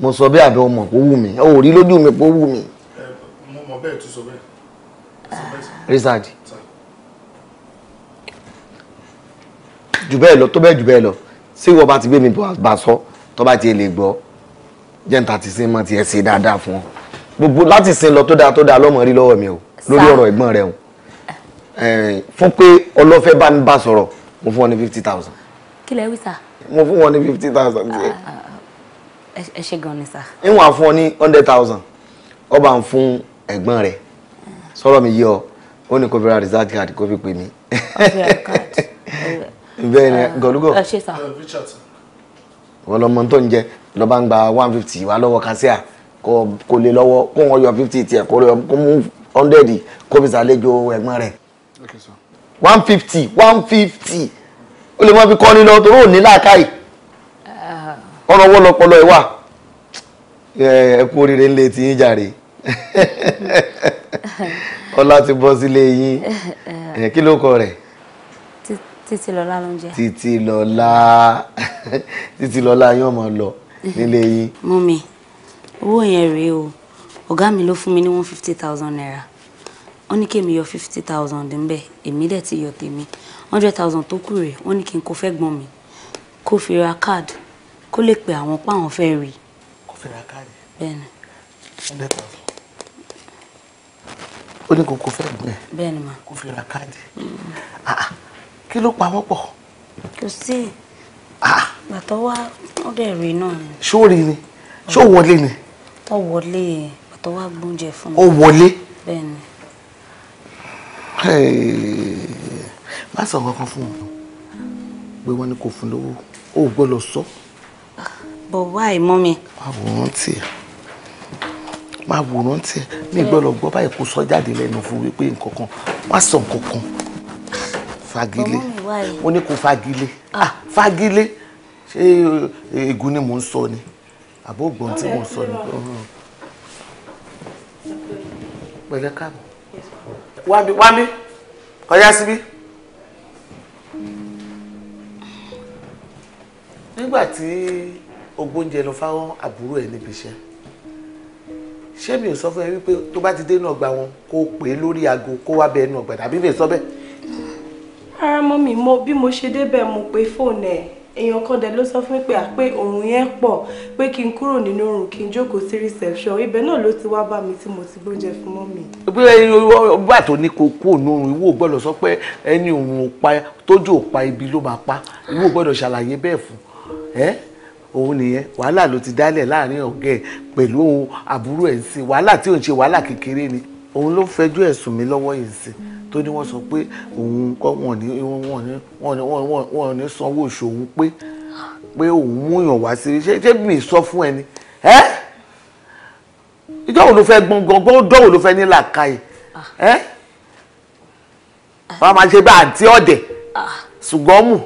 mo sọ bẹ́ẹ̀ àbẹ́ ọmọ kò wù mí ó rí lójú mi kò wù mí. mo mọ bẹ́ẹ̀ tó sọ bẹ́ẹ̀. Richard jù bẹ́ẹ̀ lọ tó bẹ́ẹ̀ jù bẹ́ẹ̀ lọ ṣé ìwọ bá ti gbé mi bá sọ tó bá ti lè gbọ́ jẹ́ǹtà ti sin mọ́ ti ẹ̀ ṣe dáadáa fún ọ gbogbo láti sin lọ tó dáa tó dáa lọ́mọ rí lọ́wọ́ mi o lórí ọ̀rọ̀ ẹ̀gbọ́n rẹ̀ o fún pé ọlọ́fẹ́ bá ń bá sọ̀rọ̀ mo fún wọn ní fifty thousand. kí lẹ wí mo fún wọn ní fifty thousand. Ah, ah, ah ẹ ṣe gan ni sá. níwọ̀n àfún ọ ní hundred thousand ọba ń fún ẹ̀gbọ́n rẹ̀ sọ̀rọ̀ mi yí ọ ó ní kó fi ra result card kó fi pè mí. bẹ́ẹ̀ ni gọ̀lúgọ̀ wọ́n lọ́mọ tó ń jẹ lọ́ba ń gba one fifty wá lọ́wọ́ kásíà kò lè lọ́wọ́ kó wọ́n yọ fifty tiẹ̀ kó mú hundred kó fi ṣàlejò ẹ̀gbọ́n rẹ̀ one fifty one fifty ó lè mọ́ fi kọ́ ni lọ torí ò ní láàkáyì ọ̀rọ̀ wọ́ lọ́pọlọ ẹ̀ wà ẹ kú oríire ńlẹ̀ tí yín jàre ọlá ti bọ́ sílé yín kí ló kọ rẹ̀. títílọlá ló ń jẹ. títílọlá títílọlá yín ọmọ lọ nílé yín. mọ́mi owó yẹn rèé o ọ̀gá mi ló fún mi ní one fifty thousand naira wọ́n ní kí èmi yọ fifty thousand ńbẹ̀ èmi dẹ̀ ti yọ tèmi hundred thousand tó kù rèé wọ́n ní kí n kó fẹ́ gbọ́n mi kó fi ra káàdì kó lè pè àwọn páwọn fẹ́ rí. kò fẹ́ ra káàdì. bẹ́ẹ̀ni. hundred thousand. ó ní kò kò fẹ́ gbẹ. bẹ́ẹ̀ni ma. kò fẹ́ ra káàdì. Mm. Ah, ah. kí ló pa wọ́n pọ̀. kò sí. Ah. bàtọ́ wá ó dẹ̀ rí náà ni. ṣó rí ni ṣó wọlé ni. tó wọlé bàtọ́ wá gbóúnjẹ fún mi. ó wọlé. bẹ́ẹ̀ni. má sọ̀rọ̀ kan fún un pé wọ́n ní kò fún lówó ó gbọ́ lọ sọ bọ̀ wáì mọ́mi. àwòrán tiẹ̀ máa wòrán tiẹ̀ ní ìgbọ́lọ̀ gbọ́ báyìí kò sọ jáde lẹ́nu fún wípé nǹkan kan má sọ nǹkan kan fagilé mo ní kò fagilé ah. ah fagilé ṣé eh, ègún ni mò ń sọ ni àbó ògbọ́n tí mò ń sọ ni. pẹ̀lẹ́ káàbọ̀ wámi wámi kọjá síbí. nígbà tí ogbóúnjẹ lọ fáwọn àbúrò ẹ níbi iṣẹ́ ṣé mi ò sọ fún ẹ wípé tó bá ti dé inú ọgbà wọn kó pè é lórí aago kó wá bẹ ẹnu ọgbà tàbí mi ò sọ bẹ́ẹ̀. ara mọ́ mi mo bí mo ṣe débẹ̀ mo pe fóònù ẹ̀ èèyàn kan dẹ̀ ló sọ fún mi pé àpé òun yẹn pọ̀ pé kí n kúrò nínú oòrùn kí n jókòó sí reception ibẹ̀ náà ló ti wá bá mi tí mo ti gbóúnjẹ fún mọ́ mi. bí ọgbà tó ní kó kúrò ní oòrùn ìwọ gbọ́dọ̀ sọ pé ẹni òun ò pa tójú ò pa ibi ló máa pa ìwọ gbọ́dọ̀ ṣàlàyé bẹ́ẹ̀ fún ẹ òun nìyẹn wàhálà ló ti dálẹ̀ láàrin ọ̀gá ẹ̀ pẹ̀lú òun àbúrò ẹ̀ sí wàhálà tí òun ṣe wàhálà kékeré ni òun ló fẹjọ́ ẹ̀sùn mi lọ́wọ́ yìí sí tó ní wọ́n sọ pé òun kọ́ wọn ní wọn ní sanwó oṣù òun pé pé òun múyàn wá sí ṣé ṣé mi sọ fún ẹni ẹ ìjọ wo ló fẹ́ gbọngàn gbọdọ wo ló fẹ́ ní làkàyè ẹ wọn máa ṣe bá àǹtí ọdẹ ah. ṣùgbọ́n mù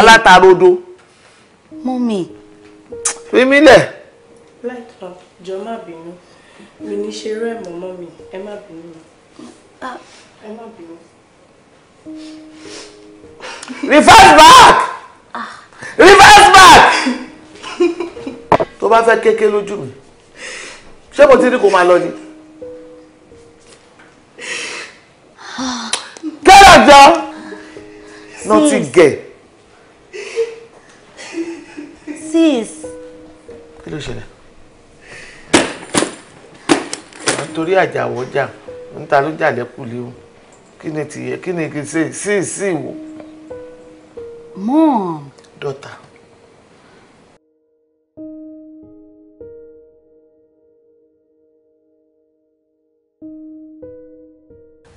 alátàrodo. mọ́mì fi mí lẹ̀. láìpẹ́ jọ má bínú mi ní ṣe rẹ́ mọ́mọ́ mi ẹ má bínú ah. ẹ má bínú. reverse back ah. reverse back tó bá fẹ́ kéke lójú mi ṣé mo ti ní kó máa lọ ni. kẹ́rọ̀ jọ nothing get. sis kí ló ṣẹlẹ̀ à ń torí àjàwọ̀ jà ń ta ló jà lẹ́kùn léwu kí ni ti yẹ kí ni kí ṣe sí sí ìwò. mom. daughter.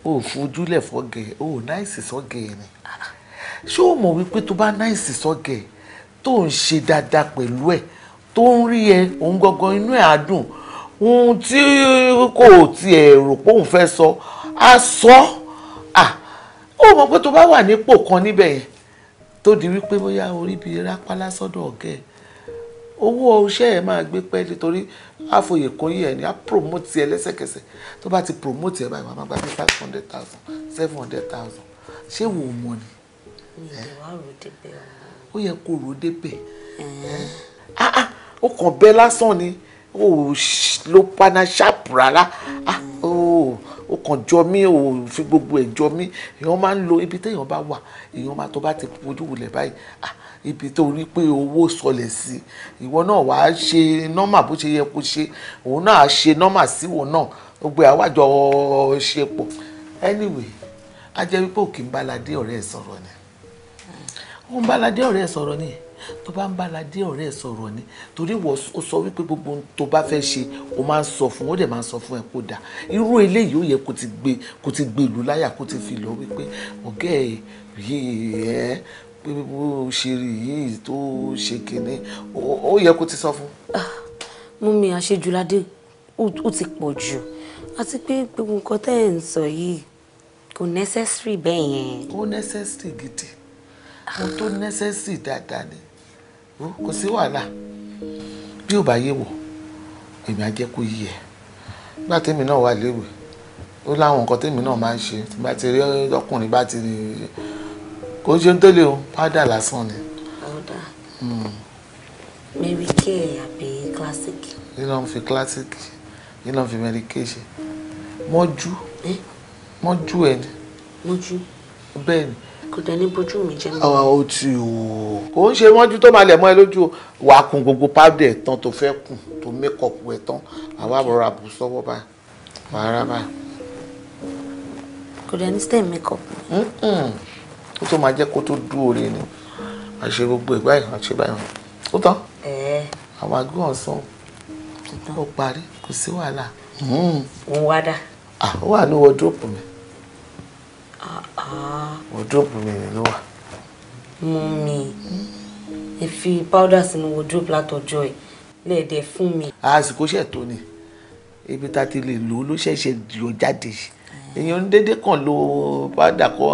o ò fojúlẹ̀ fọ́gẹ̀ o ò náìsì sọ́gẹ̀ ni ṣé o mọ̀ wípé tó bá náìsì sọ́gẹ̀ tó ń ṣe dáadáa pẹ̀lú ẹ̀ tó ń rí ẹ òun gangan inú ẹ̀ á dùn ohun tí kò tiẹ̀ rò pé òun fẹ́ sọ á sọ à ó mọ̀ pé tó bá wà nípò kan níbẹ̀ yẹn tó di wípé bóyá orí bíi rápálá sọ́dọ̀ ọ̀gá ẹ̀ owó iṣẹ́ ẹ̀ máa gbé pẹ́ nítorí àfòyè kan yìí ẹ̀ ní á promote ẹ lẹ́sẹ̀kẹsẹ̀ tó bá ti promote ẹ báyìí wàá máa gba bí five hundred thousand seven hundred thousand ṣé wò ó mọ ni. ó yẹ kó rò ó débẹ̀ ó kàn bẹ́ lásán ni ó ló paná ṣáàpù rárá ó kàn jọ mí ó fi gbogbo ẹ̀ jọ mí èèyàn máa ń lo ibi téèyàn bá wà èèyàn máa tó bá ti fojú wulẹ̀ báyìí ibi tó rí pé owó sọlẹ̀ sí ìwọ náà wàá ṣe nọ́mà bó ṣe yẹ kó ṣe òun náà ṣe nọ́mà síwọ náà gbogbo àwájọ ṣe pọ̀ anyway a jẹ́ wípé òkè ń bá ládé ọ̀rẹ́ ẹ̀ sọ̀rọ̀ ni ó ń bá ládé ọ̀rẹ́ ẹ̀ sọ̀rọ̀ ni tó bá ń bàládé ọ̀rẹ́ ẹ̀ sọ̀rọ̀ ni torí ó sọ wípé gbogbo tó bá fẹ́ ṣe ó máa ń sọ fún ó dẹ̀ máa ń sọ fún ẹ kó dà irú eléyìí ó yẹ kó ti gbé kó ti gbé ìlú láyà kó ti fi lọ wípé ọ̀gá ẹ̀ yìí ẹ̀ pé bó ṣe rí yìí tó ṣe kinní ó yẹ kó ti sọ fún. mú ah, mi àṣejùládé ó ti pọ̀ jù àti pé gbogbo nǹkan tẹ́ ẹ̀ ń sọ yìí kò necessary bẹ́ẹ̀ yẹn. ó necessary gidi mo tó necessary dáadáa ni Hm? kò sí wàhálà bí ò bá yé wọ èmi á jẹ́ kó yí ẹ nígbà tèmi náà wà léwe ó láwọn nǹkan tèmi náà máa ń ṣe tí bá ti rí ọkùnrin bá ti rí kò ṣe ń tó o pádà lásán ni. ọ̀dà hmm. mary kay àbí classic. yìí ló ń fi classic yìí ló ń fi mary kay ṣe mọ́jú eh? mọ́jú ẹ̀ ni. mọ́jú. bẹ́ẹ̀ ni kò dẹ̀ ní bójú mi jẹ́ mi. àwọn ò o kò ń ṣe mọ́jú tó máa lẹ̀ mọ́ ẹ lójú wàá kun gbogbo powder tán tó fẹ́ kùn tó mékọ̀pù ẹ̀ tán àwa rọra bù sọ́wọ́ báyìí wàá rà báyìí. kò dẹ̀ ní stay makeup. ó tó máa jẹ́ kó tó dú orí ni àṣe gbogbo ìgbà yìí àṣe báyìí ó tán àwọn àgọ́ ọ̀sán ó parí kò sí wàhálà. Mm-hmm. òun wá dá. Ah, ó wà ní wọ́dúrópù mi wọ́dúrópù mi rẹ̀ ló wà. mummy ẹ fi powder sínú wọ́dúrópù látọjọ́ ẹ̀ lẹ́ẹ̀dẹ̀ fún mi. àsìkò ṣẹ̀ tó ni ibi tá a ti lè lò ó ló ṣẹ̀ṣẹ̀ yọ jáde èèyàn ń dédé kàn ló padà kọ́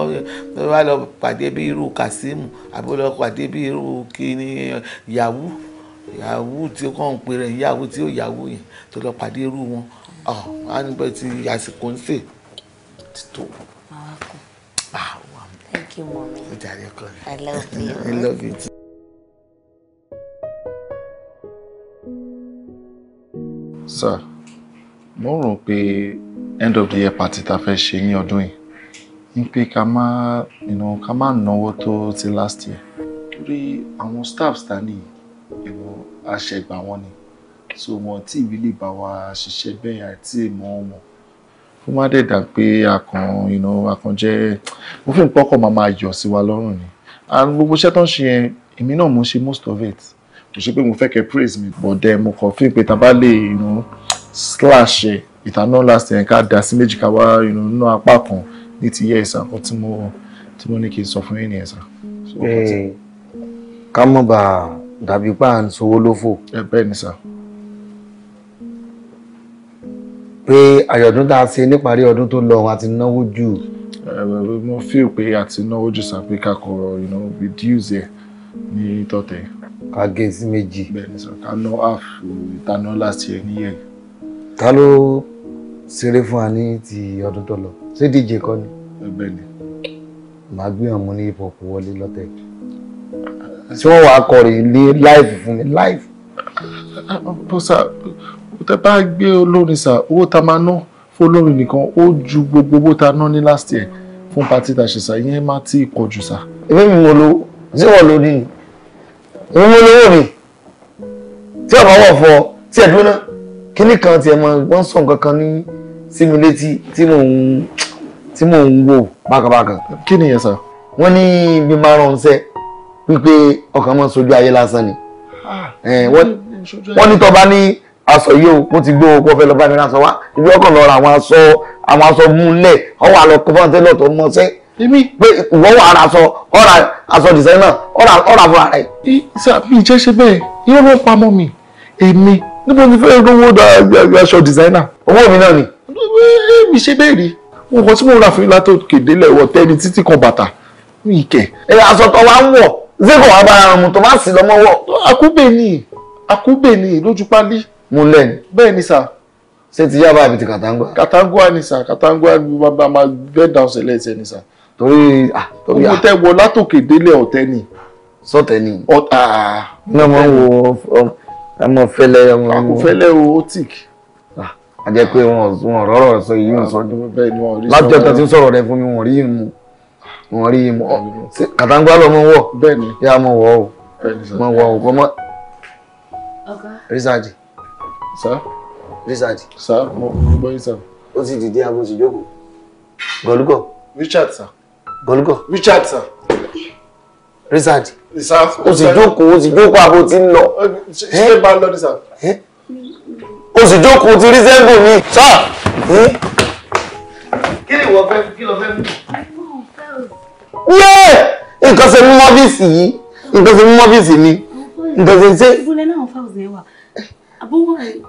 wá lọ pàdé bí irú Kazeem àbí lọ pàdé bí irú kíni yahoo yahoo tí ó kàn ń pè rẹ̀ yahoo tí ó yahoo yẹn tó lọ pàdé irú wọn ọ̀ á nígbà tí àsìkò ń sè tó. Ah, Thank you, mommy. I love you. I love you too. Sir, mo rò pé end of the year party tá fẹ́ ṣe ní ọdún yìí ń pé ká má you know ká má náwó tó ti last year torí àwọn staffs ta ní you know àṣẹgbà wọn ni so wọn tí ìrírí bá wa ṣiṣẹ́ bẹ́ẹ̀ àti ìmọ̀ ọmọ kó má dẹ̀ dà pé akàn ìnà akàn jẹ́ mo fi ń pọ́kọ̀ máa máa yọ̀ sí wa lọ́rùn ni and gbogbo iṣẹ́ tó ń ṣe yẹn èmi náà mo ṣe most of it kò ṣe pé mo fẹ́ kẹ́ praise mi but then mo kàn fi pé tàbá lè slash ẹ̀ ìtànà last yẹn ká dá sí méjì ká wá nínú apá kan ní ti yẹ ìsàn kan tí mo tí mo ní kí n sọ fún yín nìyẹn ká mọ̀ bá dàbí pàǹsowó lófò. ẹ bẹ́ẹ̀ ni sà. pé àyọ̀dún tá a ṣe níparí ọdún tó lọ àti náwó jù. mo feel pé àti náwó jù sàpé kakọrọ reduce ẹ ní tọ́tẹ̀. ká gé sí méjì. bẹ́ẹ̀ni sọ ká ná half ìtaná last year ní yẹn. ta ló ṣeré fún wa ní ti ọdún tó lọ ṣé díje kọ́ ni. bẹ́ẹ̀ni. màá gbé àwọn ọmọ ní hip hop wọlé lọ́tẹ̀. tí wọ́n wàá kọrin ní live fún mi live. bọ́sà tẹ bá gbé olórin sà owó tá a máa ná fún olórin nìkan ó ju gbogbo owó tá a ná ní last year fún pati tá a ṣe sà yẹn má ti pọ̀ jù sà. ìwé mi mo lo tí wọ́n lo ní ìwé mo lówó mi tí ọ̀bá wọ̀ fọ tí ẹ̀ dúró náà kíní kan tiẹ̀ mọ wọ́n sọ nǹkan kan ní sí mi létí tí mò ń wò bákàbákà. kí nìyẹn sà. wọ́n ní bí máa rán ṣẹ́ wípé ọkàn máa ń sojú ayé lásán ni ah. wọ́n ní tó bá ní aṣọ yìí o mo ti gbọ́ owó fẹ́ lọ bá mi ra aṣọ wa ibi ọkàn lọ ra àwọn aṣọ àwọn aṣọ múlẹ̀ ọwọ́ àlọ́ kó fún àtẹ́lọ̀ tó mọ́ṣẹ́ pé ìwọ wà ra aṣọ ọ̀ra aṣọ dìsẹ́nà ọ̀ra ọ̀ra fúnra rẹ̀. mi jẹ́ ṣe bẹ́ẹ̀ yóò rọ pamọ́ mi èmi níbo ni fẹ́ẹ́ rówó da aṣọ dìsẹ́nà. owó mi náà ni. mi ṣe bẹ́ẹ̀ rí nǹkan tí mo rà fún yín látò kéde lẹ́wọ̀ tẹ́ni títí kan bàtà ní ìkẹ́. ẹ aṣọ tó wá ń wọ̀ zéèkọ̀ wá bára mu tó bá sì lọ́mọ́wọ́. àkúbẹ̀ ni àkúbẹ̀ ni lójú pálí múlẹ̀ ni. bẹ́ẹ̀ ni sà. ṣé ti yaba àbí ti kàtàngó. kàtàngó à ní sà kàtàngó à ní bàbá máa bẹ́ẹ̀ dáhùn sílẹ̀ ẹ̀sẹ̀ ni sà. torí à torí à. òun tẹ wọ látòkè délé ọ̀tẹ́ ni. sọ̀tẹ̀ ni. ọ̀tà. ní ọmọ wo ọmọ fẹlẹ ọmọ. àkófẹlẹ o tic. a jẹ pé wọn wọn rọrọ sọ yìí ń sọ lájọ tó ti ń sọ̀rọ̀ rẹ fún mi wọn rí ìmú wọn rí ìmú kàtàngó àlọ mọ wọ. bẹ́ẹ̀ ni. yà á mọ wọ o mọ wọ o kọ mọ. ọgá sá. Richard. sá mo gbọ́ yín sá. ó ti dìde àmọ́ sì jókòó. gọlúgọ. Richard sá. gọlúgọ. Richard sá. Richard. sá ó ti jókòó ó ti jókòó àbò tí ń lọ. ṣé bá lọ ní sá. ó sì jókòó ti rí sẹ́ńgò mi. sá. kí ni ìwọ fẹ́ kí lọ fẹ́ mú. yẹ́ẹ̀ nǹkan ṣe mú mọ́fíìsì yìí nǹkan ṣe mú mọ́fíìsì mi nǹkan ṣe ṣe. ìbúlẹ̀ náà fáwọn ọ̀sẹ̀ wà àbúrò rẹ̀.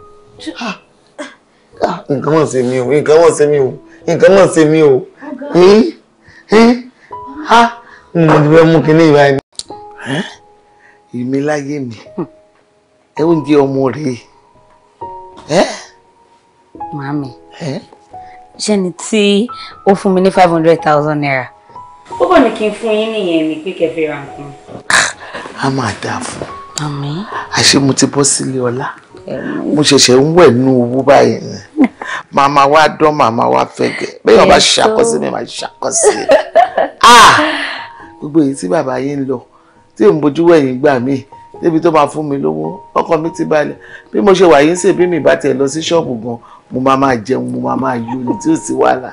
nǹkan mọ̀ sí mi o nǹkan mọ̀ sí mi o nǹkan mọ̀ sí mi o mo ti fẹ́ mú kinní ìwà ẹni. èmi láyé mi ẹ oúnjẹ ọmọ rèé. màámi ṣé ni tí ó fún mi ní five hundred thousand naira. ó bọ̀ ní kí n fún yín nìyẹn ni pé kẹfì ra nǹkan. Ah! a máa dáa fún un. àṣé mo ti bọ́ sílé ọlá mo ṣẹ̀ṣẹ̀ ń wẹ̀ nú owó báyìí ni màmá wa dán màmá wa fẹ́gẹ̀ bẹ́ẹ̀ bá ṣàkọsí mi máa ṣàkọsí ah! gbogbo èyí tí bàbá yìí ń lọ tí èmi bojú wẹ̀yìn gbà mí débi tó máa fún mi lówó ọkàn mi ti balẹ̀ bí mo ṣe wà yìí ń sè bí mi bá tiẹ̀ lọ sí ṣọ́ọ̀bù gan mo máa máa jẹun mo máa máa yó ni tí ò sí wàhálà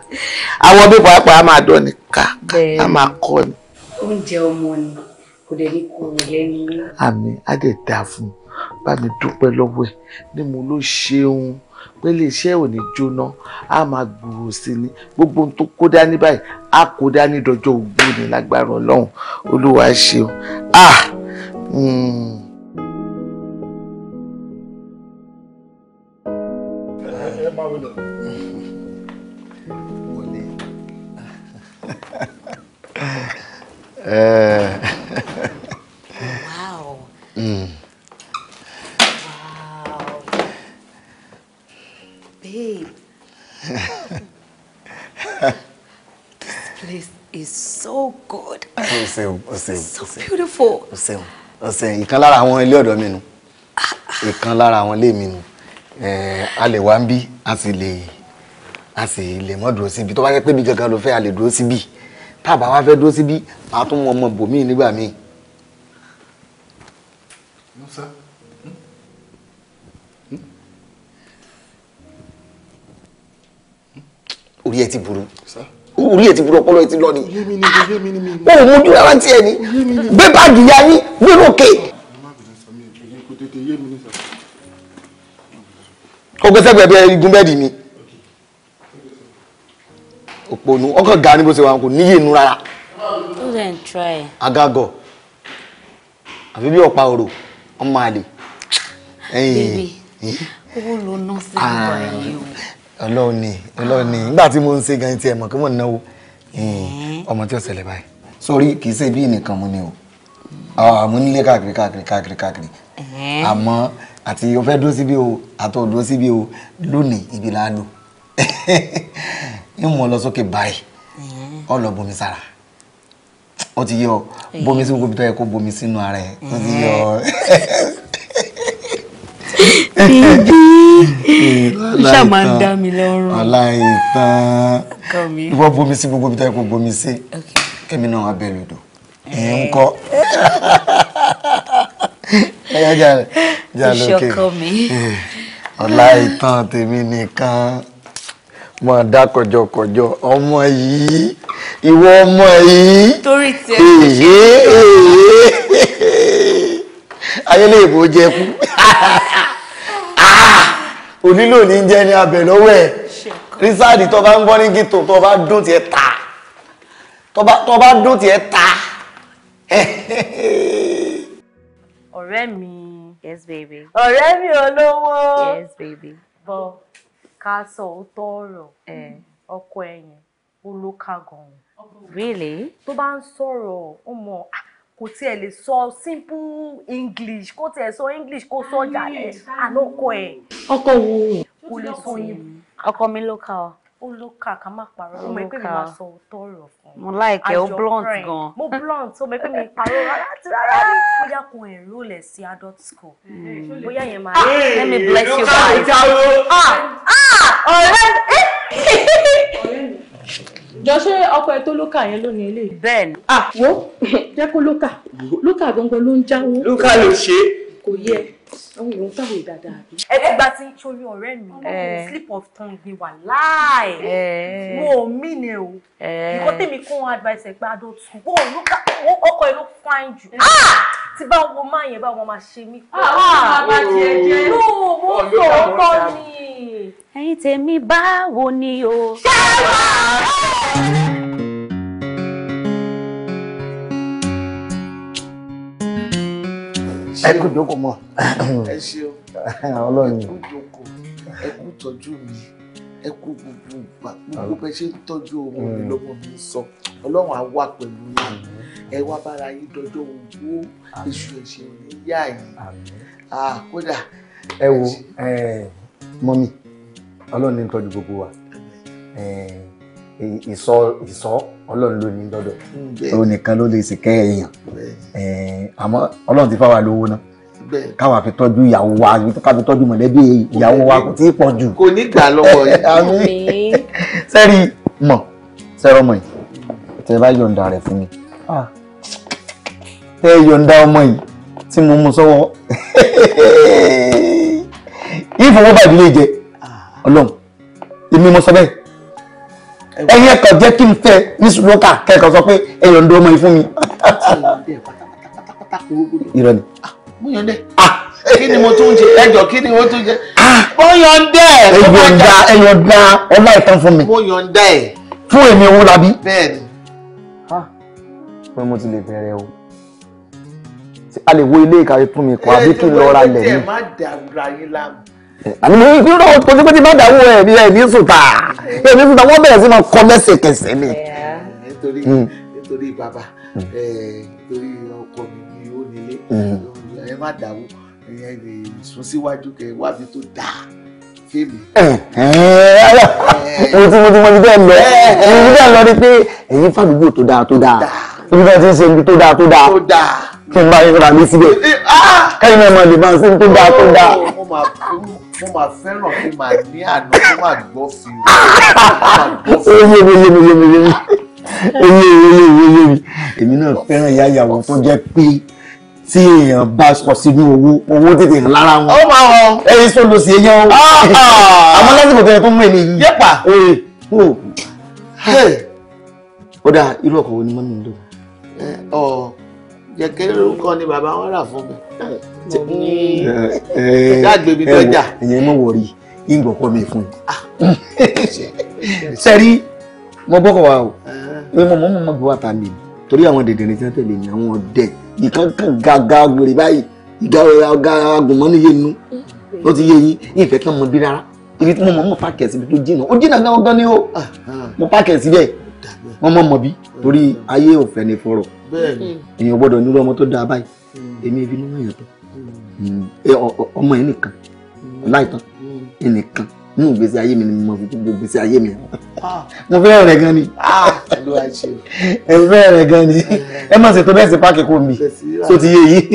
àwọn bí pàápàá máa dán ni kàkà á máa kọ́ ni. oúnjẹ ọmọ ni kò dẹ̀ ní kúrò lẹ́nu. àmì á dẹ̀ dáa fún un bá mi dúpẹ́ lọ́wọ́ ẹ̀ ní mo ló ṣeun pé iléeṣẹ́ ò ní jóná á máa gbòòrò sí ni gbogbo ohun tó kó dání báyìí á kó dání dọjọ́ ògbó ni lágbára ọlọ́run olúwa ṣeun ah. Hmm. wow. Mm. is so good. o ṣeun o ṣeun so beautiful. o ṣeun o ṣeun ìkan lára àwọn ilé ọ̀dọ́ mi nu ìkan lára àwọn ilé mi nu a lè wá ń bí a sì lè a sì lè mọ́ dúró síbi tó bá jẹ́ pé bí gangan ló fẹ́ a lè dúró síbi tá a bá wá fẹ́ dúró síbi a tún mọ ọmọ bòmíì nígbà míì. Hmm? Hmm? orí ẹ ti burú orí ẹ̀ ti burú ọpọlọ ẹ̀ ti lọ ni ó ò mójú ara tiẹ̀ ni bẹ́ẹ̀ bá dìyà yín gbérò òkè. ọgbẹ́ sẹ́gbẹ̀ẹ́ bẹ́ẹ̀ igun bẹ́ẹ̀ dì mí òpònú ọkọ̀ ga ni bó ṣe wà kò níyè nu rárá. agagọ àbí bí ọ̀pá òrò ọmọ àlè. bébì owó ló ná sí ìgbà ah. yìí o ọlọ́run ni ọlọ́run ni nígbà tí mo ń ṣe gan tiẹ̀ mọ̀ kí mò ń náwó mm-hmm. ọmọ tí ó ṣẹlẹ̀ báyìí sórí kì í ṣe bí nìkan mo ni o àmọ́ nílé káàkiri káàkiri káàkiri káàkiri mm-hmm. àmọ́ àti o fẹ́ dúró síbi o àtọ̀ dúró síbi o lónìí ibi là á lò ń mọ̀ lọ sókè báyìí ọ mm-hmm. lọ bomi sára ó ti yọ bomi sí gbogbo ibi tó yẹ kó bomi sínú ara ẹ ó ti yọ. bíbí ṣàmà ń dá mi lọ́rùn. aláìtàn ìwọ bomi sí gbogbo ibi tí kò bomi sí kẹ́mi náà wà bẹ́ẹ̀ lòdò ẹ̀ ń kọ́ ẹ̀yà jàre jàre òkè ọláìtàn tèmi nìkan mọ dákọjọkọjọ ọmọ yìí ìwọ ọmọ yìí torí tiẹ̀ ṣe ayé lè bó jẹ kú. onílò ní jẹ́ ní abẹ lọ́wọ́ ẹ̀ rísáàdì tó bá ń gbọ́ ní gítò tó bá dùn ta tó bá dùn ta. ọ̀rẹ́ mi yes baby ọ̀rẹ́ mi olówó yes baby bọ́ ká sọ òótọ́ ọkọ ẹ̀yìn really tó bá ń sọ̀rọ̀ ó ah, kò tiẹ̀ lè sọ simple english kò tiẹ̀ sọ english kó sọ jàlẹ̀ àlọ́kọ ẹ̀. ọkọ wo kò lè sọ yìí. ọkọ mi ló kà ọ. ó ló kà ká má parọ́ ọmọ ẹgbẹ́ mi máa sọ òótọ́ ọ̀rọ̀ fún mo láìpẹ́ ó blunt gan. mo blunt ọmọ ẹgbẹ́ mi parọ́ rárá rárá ni bóyá kò enroll ẹ̀ sí adult school mm. bóyá yẹn máa. Ah! let me bless you guys. Ah! Ah! ọ̀rẹ́ mi. jọ ṣé ọkọ ẹ tó lókà yẹn ló ní ilé. ah wo jẹ kó lókà lókà gangan ló ń jáwó. lókà ló ṣe. kò yẹ àwọn èèyàn táwọn ìdàdà àbí. ẹ ti gba ti sórí ọ̀rẹ́ mi eh. slip of tongue ni wà láì eh. mo mí ni o ìkọ́ eh. tèmi kún advice ẹ̀ pé adótú wo olùkà oh, oh, ọkọ̀ ẹ̀ ló fine jù ah! tí bá wo máa yẹn bá wọn máa ṣe mí. àwọn ah, bàbá jẹ jẹ ló mo oh, sọ ọkọ ni. ẹ̀yin tèmi báwo ni o. ṣé wàá. ẹ kú jókòó mọ́. ẹ ṣeun ọlọ́run ẹ kú jókòó ẹ kú tọ́jú mi ẹ kú gbogbo ìgbà gbogbo bẹ ṣe ń tọ́jú ọmọ mi mm. lọ́mọ mi sọ ọlọ́run á wà pẹ̀lú yín ẹ wá bára yín dọjọ́ owó èṣù ẹ̀ṣẹ̀ òní yá yìí kódà. ẹ wo mọ́mí ọlọ́run ní tọ́jú gbogbo wa. Eh, ìsọ ìsọ ọlọ́run ló ní lọ́dọ̀ tó nìkan ló lè ṣìkẹ́ èèyàn àmọ́ ọlọ́run ti fáwa lówó náà káwa fi tọ́jú ìyàwó wa ká fi tọ́jú mọ̀lẹ́bí ìyàwó wa kò tí ì pọ̀ jù. kò ní gbà lọ́wọ́ yìí. sẹ́rí mọ̀ sẹ́rọ mọ̀ yìí tẹ́ bá yọ̀ǹda rẹ̀ fún mi ah. ah. tẹ́ yọ̀ǹda ọmọ yìí tí mo mú sọ́wọ́ ìfowópamọ́ ìdílé jẹ ah. ọlọ́run èmi mo sọ bẹ́ẹ̀ ẹ̀yin ẹ̀kọ́ jẹ́ kí n fẹ́ ní ṣùgbọ́kà kẹ́kọ̀ọ́ sọ pé ẹ̀yọ̀ ń dúró mọ́ ìfún mi. irọ́ ni. Ah, mo yàn ah. kí ni mo tún jẹ ẹjọ́ kí ni mo tún jẹ. Ah. mo yàn dẹ́. ẹyọ̀ da ẹyọ̀ da ọlá ìtàn fún mi. mo yàn dẹ́. fún èmi owó labi. bẹ́ẹ̀ni. pé mo ti lè bẹ̀rẹ̀ o a lè wo ilé ìkàwé fún mi kọ àbí kí n lọ ra lẹ̀ ní. ẹ àmì ní ìgbìrò kojúkojú bá dàwọ ẹ ní ẹni sùtà ẹni sùtà wọn bẹ̀rẹ̀ sí máa kọ lẹ́sẹ̀kẹsẹ̀ ni. nítorí hmm. nítorí bàbá nítorí ọkọ mi ni ó nílé hmm. ẹ má dàwọ ẹ lè sún síwájú kẹ wábi tó dáa fèmí. mo ti mo ti mo ti bẹ́ẹ̀ lọ mo ti bẹ́ẹ̀ lọ ni pé ẹ̀yin fàdúgbò tó dáa tó dáa ibi tí wọ́n ti ń ṣe ibi tó dáa tó dáa kí n bá yín ra mi síbẹ̀ kẹ́yìn náà mo lè máa ṣe ibi tó dáa tó dáa mo máa fẹ́ràn kí màá ní àná kó máa gbọ́ fi o. oyè mi oyè mi oyè mi oyè mi oyè mi oyè mi èmi náà fẹ́ràn ìyá ìyàwó tó jẹ́ pé tí èèyàn bá sọ sínú owó owó tètè hàn lára wọn. ó máa wọn. ẹyin sọ lọ sí eyín ọwọ́. Ah, ah. àmọ́ lásìkò tó yẹ kó mú ẹni yìí. yẹ́pà. ó dáa irú ọkọ̀ wo ni mọ́mí ń lò jẹ̀kẹ́ lórúkọ ni bàbá wọn rà fún mi. dáàgbé mi tọ́jà. ẹ̀yẹ́ mọ̀ wọ̀rí ìgbọ̀kọ́ mi fún un. Ah. sẹ́rí mo bọ́kọ̀ wa o eh. pé mo mọ̀ mọ̀ bí wà ta lè torí àwọn dèdèrè tí wọ́n tẹ̀lé ní àwọn ọdẹ ìkankan gàgà wèrè báyìí ìgá ọ̀gá agùnmọ́nú yé nu ó ti yé yín ìfẹ́ kan mọ̀ bí rárá ibi tí mo mọ̀ mọ̀ pàkẹ́ síbi tó jìnnà ó jìnnà gan-an gan ni ó ah, ah. mo pàkẹ́ síbẹ̀ wọ́n mọ̀ mọ̀ bí torí ayé òfẹ́ ni fọ̀rọ̀ èèyàn gbọ́dọ̀ nílò ọmọ tó dáa báyìí èmi ibi nínú èèyàn tó ọmọ yẹn nìkan láìtàn ẹnìkan nínú ìgbésí ayé mi ni mo fi gbogbo ìgbésí ayé mi mo fẹ́ rẹ̀ gan ni ẹ fẹ́ rẹ̀ gan ni ẹ má ṣètò bẹ́ẹ̀ sí páàkì kò mi tó ti yé yìí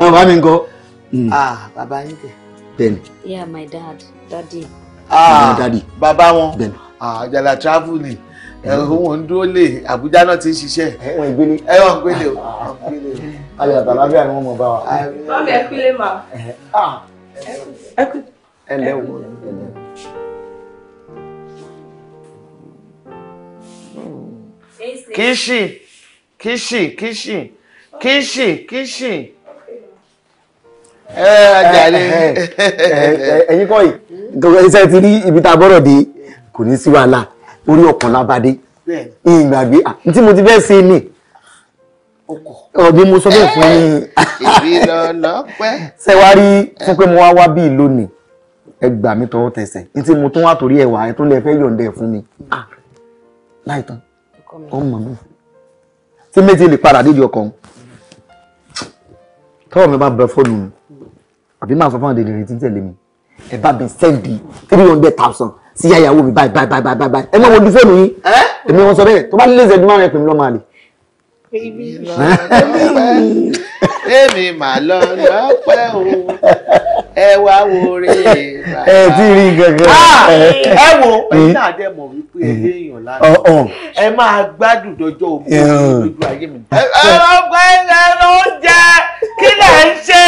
àwọn bá mi ń kọ́. Hmm. bàbá yín kẹ. bẹ́ẹ̀ni. yeah my dad daddy. ah daddy. bàbá ah, àjàlá traveling ẹ̀rọ wọn dúró lè Àbújá náà ti ń ṣiṣẹ́. ẹ̀wọ̀n ìgbélé. ẹ̀wọ̀n ìgbélé o. a alẹ́ àtàlábíà ni wọ́n mọ̀ bá wa. mọ́mí ẹ kúlé mà. ẹ lẹ́ o. kíṣì kíṣì kíṣì kíṣì kíṣì ẹ ajálẹ ẹyin kọ́ yìí iṣẹ́ ti rí ibi tá a bọ́rọ̀ dé kò ní sí wàhálà orí ọkàn lábàdé ìgbàgbé tí mo ti fẹ́ ṣe ni ọdún mo sọ bẹ́ẹ̀ fún yín ṣẹwárí fún pé mo wá wá bíi lónìí ẹ gbà mí tọwọ́ tẹsẹ̀ ní tí mo tún wá torí ẹwà ẹ tún lè fẹ́ yọ̀ǹdẹ̀ fún mi láìtàn ọmọ mi tí méjì lè padà déjọ kan tọwọ́ mi bá bẹ fóònù àbí máa sọ fún àwọn dèdè rẹ tí ń tẹ̀lé mi ẹ bá bẹ sẹ́ẹ̀dì three hundred thousand sí yàyàwó mi báyìí báyìí báyìí báyìí báyìí ẹ má wojú fóònù yín èmi wọn sọ bẹ́ẹ̀ tó bá lé zẹdùn márùn ẹ pè mí lọ máa lè. èmi mà lọ lọ́pẹ́ o ẹ wá wo re. ẹ ti rí gangan. Ah! ẹ wo ẹyin náà dẹ mọ̀ wípé ẹgbẹ́ èèyàn lánàá ẹ máa gbádùn dọjọ́ omi lójú ayé mi. ẹ ọgbẹ́ ẹ ló ń jẹ kí lẹ ṣe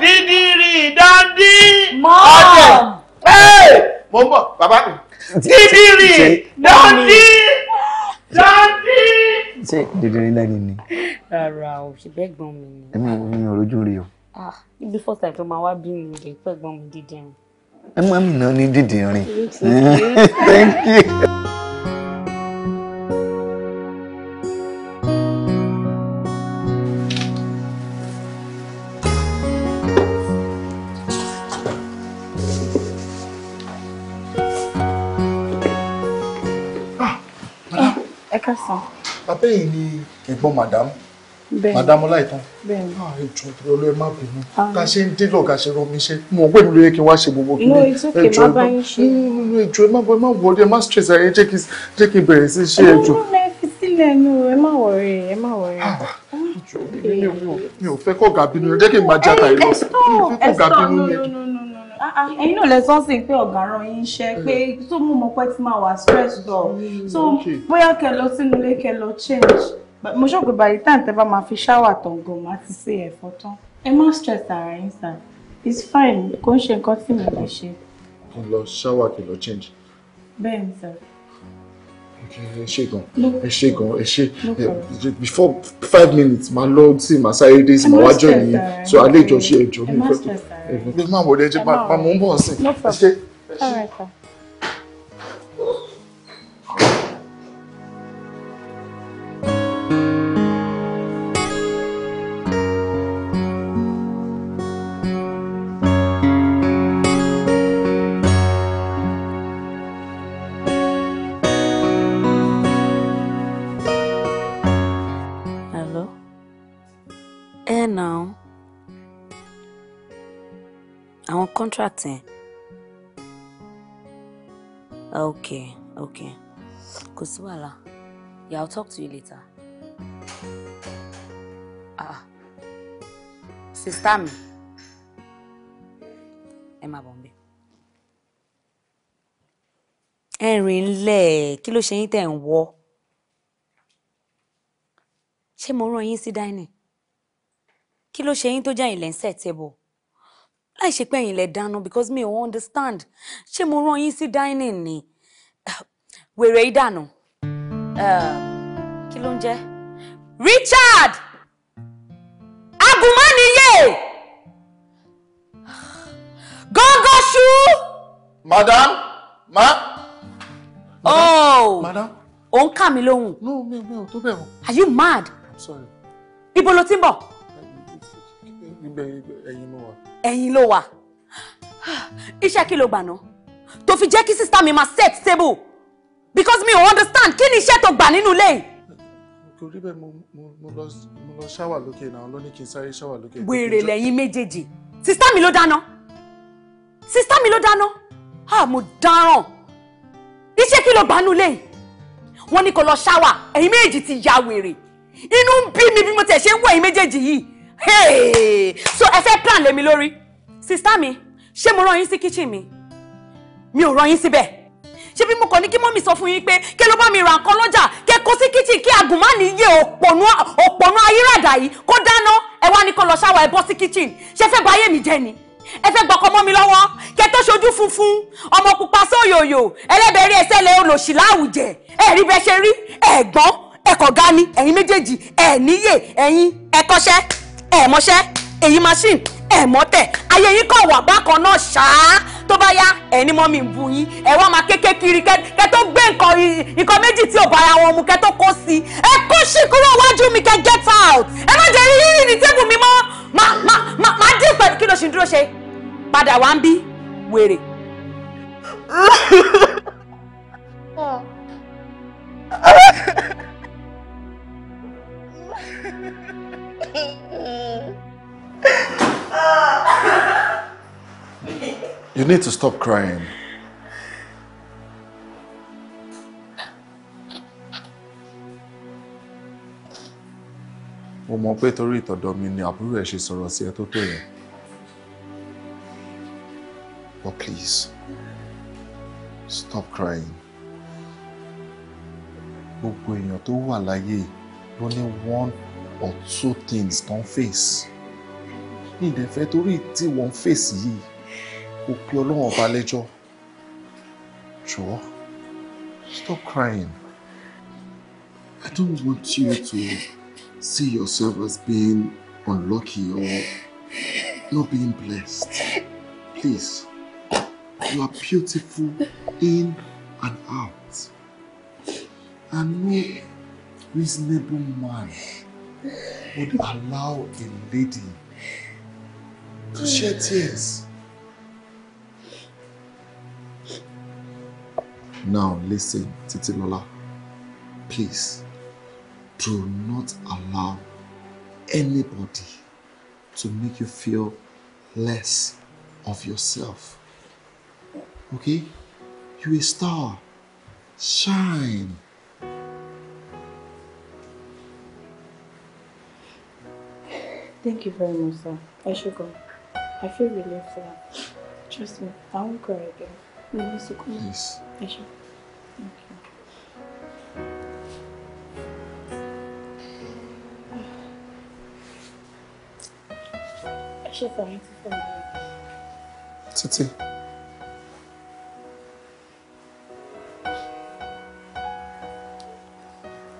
dídí rí dáńdí. mọ́ọ̀ mo ń bọ̀ bàbá mi. dídìrì dọ́ndí dọ́ndí. ṣé dídìrì lẹ́ni ni. rárá o ṣe bẹ́ẹ̀ gbọ́n mi ni. èmi ò ní òrojú rí o. ibi ah, first time tó máa wá bí mi kì pẹ́ gbọ́n mi dídìrín. ẹ má mi náà ní dídìrín. thank you. kásán. bàbá yìí ni Madame. madam madam ọláìtàn ah, ìjọ ìpínlẹ̀ olóyè má bínú ah. ká ṣe ń dílọ̀ ká ṣe rọmi ṣe mo gbé mi lóye kí n wá ṣe gbogbo kí ni mm, ẹjọ ẹ má bọ ẹ má wọlé ẹ má stress ẹ jẹ́ kí n bẹ̀rẹ̀ sí ṣe ẹjọ. ẹ fi sílẹ̀ ẹnu ẹ má wọrí ẹ má wọrí ah, mi ò fẹ́ kọ́ gàbínú ẹ̀yin náà lẹ sọ́n sí pé ọ̀gá rán yín iṣẹ́ pé tó mú mọ pé tí máa wà stressed mm, up so bóyá kẹ lọ sínú ilé kẹ lọ change mo sọ pé by the time tẹ bá máa fi ṣáwà tán gan ma ti ṣe ẹ̀fọ́ tán ẹ má stress ara yín sir it's fine kò ń ṣe nǹkan tí mo lè ṣe. lọ ṣáwà kí lọ change. bẹ́ẹ̀ sir ẹ ṣe gan ẹ ṣe gan before five minutes máa lọ sí máa sáré dé sí máa wájọ yìí so alẹ́ ìjọ ṣe ẹjọ́ mi fẹ́ tó ẹ má wọlé ẹ máa mú bọ̀ sí ẹ contract yẹn. okay. ok kò sí wàhálà yeah i'll talk to you later. ah, ah. sista mi ẹ máa bọ̀ nbẹ. ẹ rìn ńlẹ̀ kí ló ṣe yín tẹ̀ ń wọ́ ṣé mo rán yín sí dining kí ló ṣe yín tó jẹ́ ilẹ̀ tẹ́bọ̀ láì ṣe pé ẹ̀yin lẹ dáná because me, ò understand ṣé mo rán yín sí dining ni wèrè ìdànù eh, kí ló ń jẹ́ Richard agumaniye gọ́ngọ́ṣú. madam ma. oh madam. ò ń kà mí lóhùn. no mi ò mi ò tó bẹ̀rù. are you mad. i'm sorry. ibo lo ti ń bọ̀ níbẹ̀ ẹ̀yìn ló wà. ẹ̀yìn ló wà iṣẹ́ kí ló gbà tó fi jẹ́ kí sísá mi máa set table because mi ò understand kí ni iṣẹ́ tó gbà nínú ilé yìí. torí bẹ́ẹ̀ mo lọ ṣáwà lókè náà ló ní kí n sáré ṣáwà lókè. wèrè lẹ́yìn méjèèjì sísá mi ló dáná sísá mi ló dáná ah mo dáràn iṣẹ́ kí ló gbà nínú ilé wọ́n ní kó lọ ṣáwà ẹ̀yin méjèèjì ti ya wèrè inú ń bí mi bí mo tẹ̀ ṣe ń wọ ẹ̀yin méjèèjì yìí so ẹ fẹ́ plan lèmi lórí sista mi ṣé mo rán yín sí kitchen mi mi ò rán yín síbẹ̀ ṣé bí mo kàn ní kí mọ́mí sọ fún yín pé kí ló bá mi ra nǹkan lọ́jà kẹ́ kó sí kitchen kí àgùnmánìyé òpònú ayírádà yìí kó dáná ẹ wá ní kó lọ ṣáwà ẹ bọ́ sí kitchen ṣé fẹ́ bà ayé mi jẹ́ ni ẹ fẹ́ gbọ́kọ mọ́ mi lọ́wọ́ kẹ́ tó ṣojú funfun ọmọ pupa sóyòyò ẹlẹ́bẹ̀rẹ̀ ẹsẹ̀ lẹ olòṣì láwùjẹ ẹ rí bẹ́ ṣe rí ẹ̀gbọ́n ẹ̀kọ̀gá ni ẹ̀yin méjèèjì ẹ̀ níyè ẹ̀yin ẹ̀kọ́ṣẹ́ ẹ̀ mọṣẹ́ èyí machine ẹ̀ mọ́tẹ̀ ayé yín kàn wà bákan náà ṣáá tó bá yá ẹ̀ ní mọ́ mi bu yín ẹ̀ wá máa kéké kiri kẹ tó gbé nǹkan nǹkan méjì tí ò bára wọn mu kẹ tó kó sí ẹ kó sí kúrò wájú mi kẹ get out ẹ má jẹ́ yíyí ní tébù mi mọ́ má má má má dín pẹ̀lú kí ló ṣì dúró ṣe padà wá ń bí wèrè. Oh. You need to stop crying. Mo mọ̀ pé torí ìtọ̀dọ̀ mi ni àbúrò ẹ̀ ṣe sọ̀rọ̀ sí ẹ tó tó yẹn. But please, stop crying. Gbogbo èèyàn tó wà láyé ló ní one or two things tó face In the torí tí wọ́n ń face yìí kò pe ọlọ́run ọba lẹ́jọ́ jọ̀ọ́ stop crying. I don't want you to see yourself as being unlucky or not being blessed. Please, you are beautiful in and out. And no reasonable man would allow a lady to shed tears. Now listen, Titi Lola. please do not allow anybody to make you feel less of yourself. Okay? you a star. Shine. Thank you very much, sir. I should go. I feel relieved, sir. Trust me, I won't cry again. No, Mr. Kuma. Please. I should. Thank you. I should thank you for my Titi.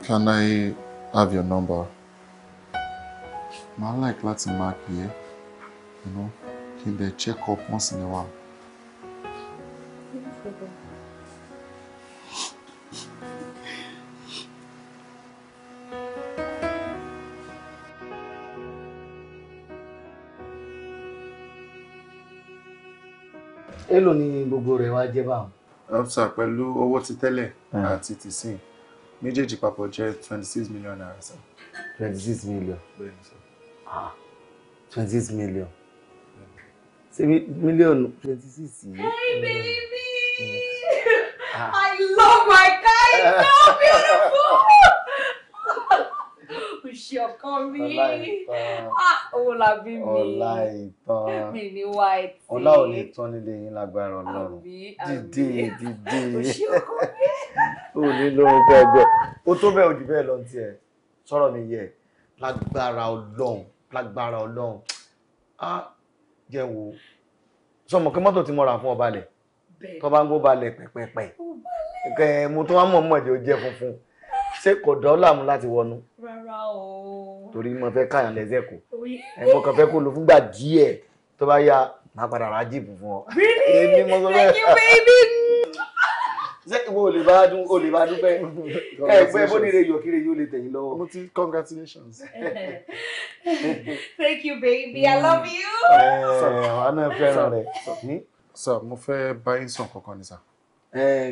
Can I have your number? máa like láti máa pè ẹ́ you know kí n check up once in a while. Hello, ni gbogbo wa je jẹ́ báwọn. Um, sir. Pelu owó ti tele ati ah. ti sìn méjèèjì papo je twenty six million naira. twenty six million. bẹ́ẹ̀ ni Ah. twenty six million ṣe mílíọ̀nù twenty six yìí. Hey baby! Ah. I love my guy. it's so beautiful! Ṣé ọkọ mi? Ọlá ah, bí mi. Ọlá ìtàn. Mi ni white. Ọlá ò lè tán nílé yín lágbára Ọlọ́run. Dìde dìde. Ṣé ọkọ mi? O ní lórúkọ ẹgbẹ́. O tó bẹ́ẹ̀ o jù bẹ́ẹ̀ lọ ní tiẹ̀. Sọ̀rọ̀ mi yẹ lágbára Ọlọ́run lágbára ọlọ́run á jẹ́ wo sọmọ kí mọ́tò tí mo rà fún ọba lẹ̀ tó bá ń gbó balẹ̀ pẹ̀pẹ̀pẹ̀ mo tún wá mọ̀ mọ̀ jẹ́ ó jẹ́ funfun ṣé kò dọ́là mu láti wọnú. o. torí mo fẹ́ káyàn lẹ́sẹ̀ kù ẹ mo kàn fẹ́ kó lo fúngbà díẹ̀ tó bá yá máa padà rà jíìpù fún ọ. really thank you baby ṣé ò lè bá dún ò lè bá dúpẹ́ ẹgbẹ́ bónire yòókìrì yóò lè tẹ̀yìn lọ́wọ́. mo ti congratulations. thank you baby i love you. àwọn náà fẹ́ràn rẹ̀. sọ mo fẹ́ bá yín sàn kankan ni sà.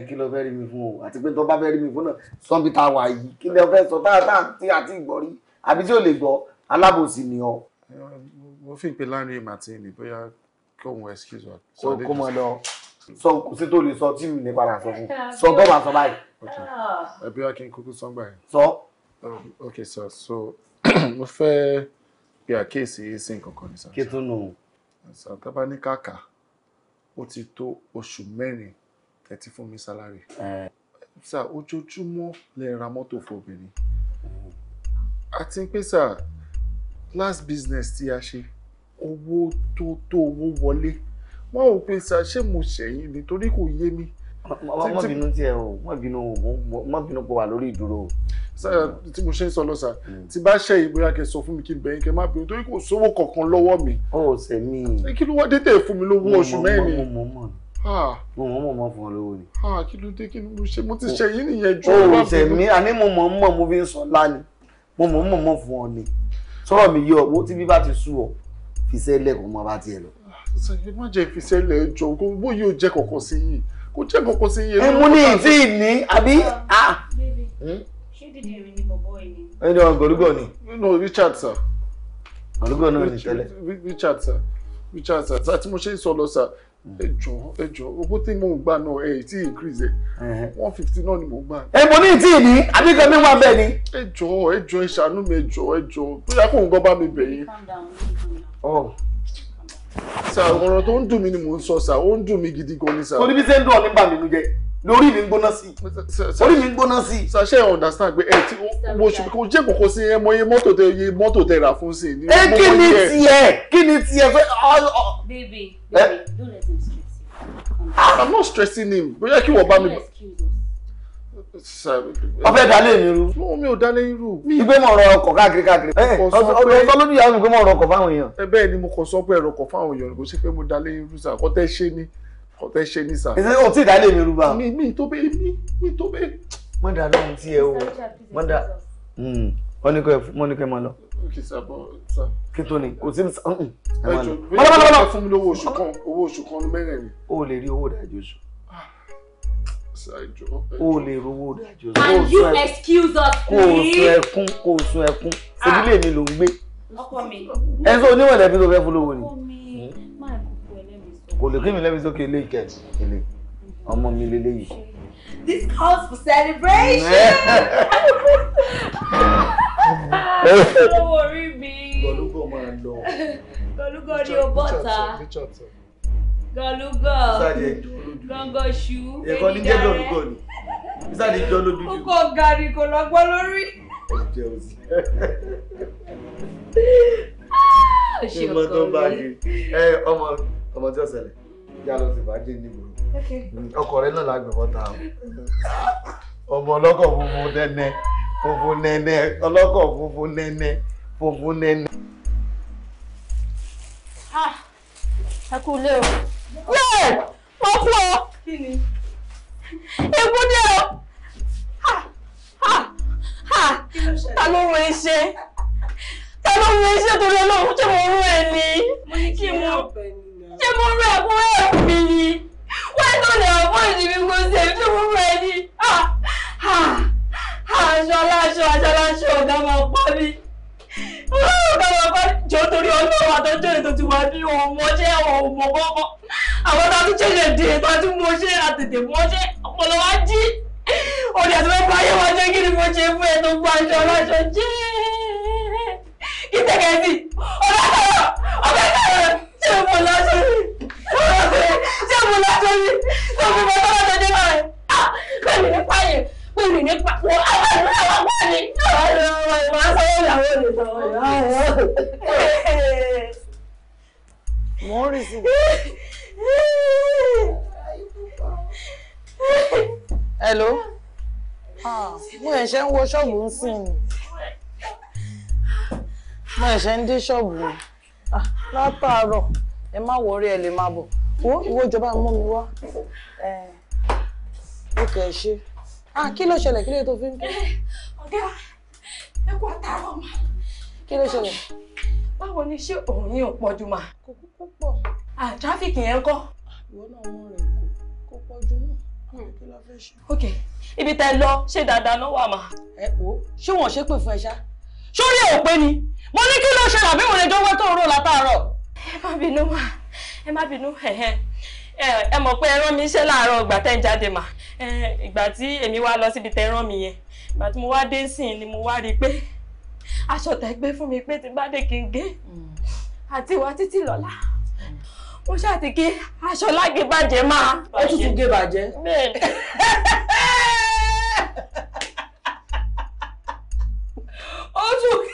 kí ló fẹ́ rí mi fún o àti pé tó bá fẹ́ rí mi fún náà sọ́bi tá a wà yìí kí ló fẹ́ sọ táà táà tí àti ìgbọ́rí àbí tí ò lè gbọ́ alábòsí ni ọ. mo fi ń pe láàrin màtí ni bóyá kí òun excuse wa. kó mọ lọ sọ kò sí tó lè sọ tí mi ní padà sọ fún sọ tó bá sọ báyìí. Ah. ẹbí wa kí n kúkú sọ́ngbà yẹn. sọ. Um, ok sir so mo fẹ́ pe àkíyèsí sí nǹkan kan ní sàṣà. kí tó nù. Ah, sàṣà bá ní kàkà ó ti tó oṣù mẹ́rin tẹ́tí fún mi sálárì. Eh. sà ojoojúmọ́ lè ra mọ́tò fún obìnrin àti pé sà last business tí a ṣe owó tó tó owó wọlé wọn ò pe sa ṣé mo ṣẹ̀yìn nítorí kò yé mi. má bínú tiẹ̀ o má bínú o má bínú pọ̀ wà lórí ìdúró o. tí mo ṣe ń sọ lọ sà hmm. tí bá ṣẹ̀yìn bóyá kẹ́ sọ fún mi kí n bẹ̀yìn kẹ́ má bínú torí kò sówó kankan lọ́wọ́ mi. ó ṣe mí. kí ló wá dé tẹ̀ fún mi lówó oṣù mẹ́rin. mo mọ̀ mọ̀ mọ̀ mo mọ̀ mọ̀ mọ̀ fún ọ lówó ni. kí ló dé kí ló ṣe mo ti ṣe yín nìyẹn jù. o ò sẹ̀mí àní mo mọ̀ mọ̀ mo fi ń sọ lánìí mo mọ̀ mọ̀ mọ̀ fún ọ ni sọ̀rọ̀ mi yọ owó tí ẹ má jẹ́ ìfisẹ́lẹ̀ ẹjọ́ kó bóyá o jẹ́ kọ̀ọ̀kan sí yìí kò jẹ́ kọ̀ọ̀kan sí yìí. ẹ mú ní ìtí ìní àbí. Ah. Hmm? ṣé dídì rí ni bọ̀bọ̀ ẹni. ẹni wọn gòlúgò ni. no Richard sir. gòlúgò náà ní tẹ́lẹ̀. Richard sir Richard sir àti mo ṣe ń sọ lọ sir hmm. ẹjọ ẹjọ owó tí mò ń gbà náà ẹ tí increase ẹ one fifty náà ni mò ń gbà. ẹ mo ní ìtì ní àbíkọ mi wà bẹ́ẹ̀ ni. ẹjọ ẹjọ ìṣàánú mi ẹjọ ẹjọ bóyá kò ń gbọ́ bá mi bẹ̀ yín. calm down sà ọ̀rọ̀ tó ń dùn mí ni mò ń sọ sà ó ń dùn mí gidi gan ni sà. torí bí ṣe ń dùn ọ nígbà mi nu jẹ lórí mi ń gbóná sí i orí mi ń gbóná sí i. sà ṣe ẹ understand pé ẹ ti mo ṣe kò jẹ́ kókó sí ẹ mọ iye mọ́tò tẹ iye mọ́tò tẹ rà fún sí i. ẹ kí ni tiẹ̀ kí ni tiẹ̀ fẹ́. baby baby eh? don't let him stress you. I'm not stressing him bóyá kí wọ́n bá mi ọfẹ dalẹ mi ru. lóhùn mi ò dalẹ yín ru. ìgbé mọ̀ ọ̀rọ̀ ọkọ̀ káàkiri káàkiri. ọ̀sán ló ní ìyá mi pé mọ̀ ọ̀rọ̀ ọkọ̀ fáwọn èèyàn. ẹ bẹ́ẹ̀ ni mo kàn sọ ẹ̀rọ ọkọ̀ fáwọn èèyàn kò sí pé mo dalẹ yín ru sà tẹ́ ṣe ni kọ́ tẹ́ ṣe ni sà. ìṣe o ti dalẹ mi ru mi mi tó bẹ́ẹ̀ mi mi tó bẹ́ẹ̀. mọ̀ dà lóhun tí ẹ o mọ̀ dà mọ̀ ní kẹ́ máa lọ. kí tó ni kò sí mi sà. ẹ jọ bí ẹ fún mi lówó oṣù kan owó oṣù kan mẹ́rin o lè rí owó ìdájọ́ oṣù o lè rówó orí àjò sọ. you excuse us please. kó o sun ẹkún kó sun ẹkún ìdílé ah. mi ló ń gbé. ọkọ mi. ẹ sọ oníwọ̀n ẹbí ni. kò lè kí mi lẹ́mi sókè ilé ìkẹ́ ilé ọmọ mi lélẹ́ yìí. this calls for celebration. Ah, owó orí mi. gọlúgọ máa lọ. gọlúgọ ni o bọ́ta gọlúgọ gọngọṣù èkó ní jẹ́ gọlúgọ ni sísàdé jọ lójú jù. kókó gàrí kò lọ́gbọ́n lórí. ìmọ̀ ah, tó ń bá a gbé ọmọ ọmọ tí ó ṣẹlẹ̀ yá lọ sí fàájì nígboro ọkọ rẹ náà lágbèbọn ta ọmọ ọlọ́kọ̀ funfun nẹ́nẹ́ funfun nẹ́nẹ́ ọlọ́kọ̀ funfun nẹ́nẹ́ funfun nẹ́nẹ́. Ah, ẹ kú lé o yẹ mo kú ọ ikú dé o ta ló rún ẹ ṣe ta ló rún ẹ ṣe torí Ọlọ́run ṣé mo rún ẹ ní kí mo ṣé mo rún ẹ fún ẹ mi ni wọ́n tó lè ọ̀pọ̀ ìdìbò kò ṣe ṣé mo rún ẹ ní aṣọ aláṣọ aṣọ aláṣọ ọ̀gá máa pa mí ọ̀gá máa jọ torí ọlọ́run àtọ́jọ́ ètò ti wà ní òmọṣẹ́ òmọkọ́kọ́ àwọn tá a tún ṣẹlẹ̀ dé tá a tún mọṣẹ́ àtètè mọṣẹ́ ọpọlọ wa jí òní àti mẹ́fà ayé wa jẹ́ kí ni mo ṣe fún ẹ tó gba aṣọ aláṣọ jẹ́ ìtẹ̀kẹ́sì ọlọ́run ọ̀bẹ̀kẹ́rẹ́ ṣé mo lọ́ṣọ rí ṣé mo lọ́ṣọ rí ṣé mo mọ̀ tọ́lá tó dé báyìí ah bẹ́ẹ̀ ni pààyàn pèrè nípa pọ̀ àwọn ìlú àwọn pọ̀ ní. ọ̀rọ̀ ìwà sọ́wọ́ ìyàwó lè sọ ọ̀rọ̀. mo ń rìn sí i. hello ah, mo ẹ̀ ṣe wo ṣọ́ọ̀bù ń mo ẹ̀ ṣe ń dé ṣọ́ọ̀bù ni ah, látàárọ̀ ẹ má wọrí ẹ lè máa bọ̀ wo ìwọ ìjọba mú mi wá eh, ok ẹ ṣe. Ah, kí ló ṣẹlẹ̀? Kí ló tó fi ń kú? Eh, ọ̀gá, ẹ kú àtàrọ̀ mà. Kí ló ṣẹlẹ̀? Báwo ni ṣé òun yìí ò pọ̀ jù mà? Kò kúkú pọ̀. À tráfíkì yẹn kọ́. Ah, ìwọ náà mú rẹ̀ kò pọ̀ jù náà. Hmm. Kí la fẹ́ ṣe? Ok, ibi tẹ lọ ṣé dáadáa náà wà mà? Ẹ wo, ṣé wọ́n ṣépè fún ẹ ṣá? Sórí ẹ̀ ò pé ni, mo ní kí ló ṣẹlẹ̀ àbí wọ́n lè jọ́wọ́ tó rò látàárọ̀. Ẹ má bínú mà, ẹ má bínú ẹ̀hẹ́n ẹ mọ̀ pé ẹ rán mi iṣẹ́ láàárọ̀ ìgbà tẹ́ ń jáde mà ìgbà tí èmi wá lọ síbi tẹ́ rán mi yẹn ìgbà tí mo wá dé sìn ni mo wá rí i pé aṣọ tẹ́ gbé fún mi pé tí bá dé kí n gé àti ìwà títí lọ́la ó ṣàti kí aṣọ lágé bàjẹ́ máa. ó tún tún gé bàjẹ́. ó tún.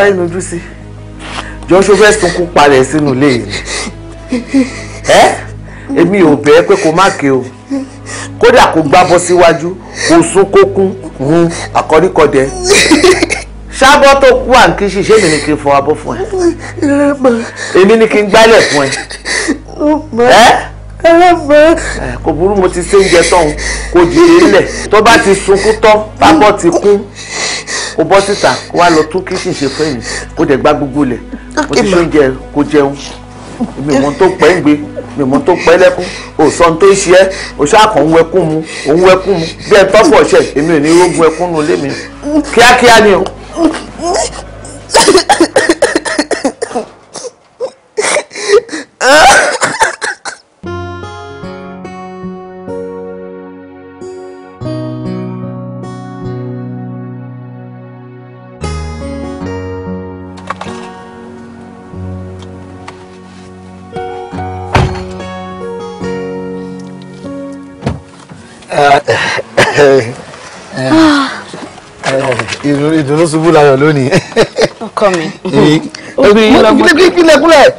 sáré nojú sí jọ́sọ fẹ́ sunkún palẹ̀ sínú ilé yìí ẹ́ èmi ò bẹ́ẹ̀ pé kó má ké o kódà kó gbábọ́ síwájú kó sún kó kún hun àkọ́ríkọ́dẹ ṣábọ́ tó kú à ń kí ṣiṣẹ́ mi ni kí n fọ abọ́ fún ẹ èmi ni kí n gbálẹ̀ fún ẹ ẹ kò burú mo ti ṣe oúnjẹ tán kò jìnnà lẹ̀ tó bá ti sunkún tán tábọ̀ ti kún o bọ́ síta kó wá lọ tún kíṣìn ṣe fún èmi kó dẹ̀ gbá gbogbo lẹ̀ ah, mo ti ṣe oúnjẹ kó jẹun mi mọ tó pẹ́ ń gbé mi mọ tó pẹ́ lẹ́kún òsọ tó ń ṣe ẹ́ òṣà kan ń wẹkún mu òun wẹkún mu bí ẹ tọ́ fọ̀ ṣẹ̀ èmi ò ní rógun ẹkún nu lé mi kíákíá ni o. Ah! lónìí. ọkọ mi obìnrin lọgbọ́n. kílẹ̀ kílẹ̀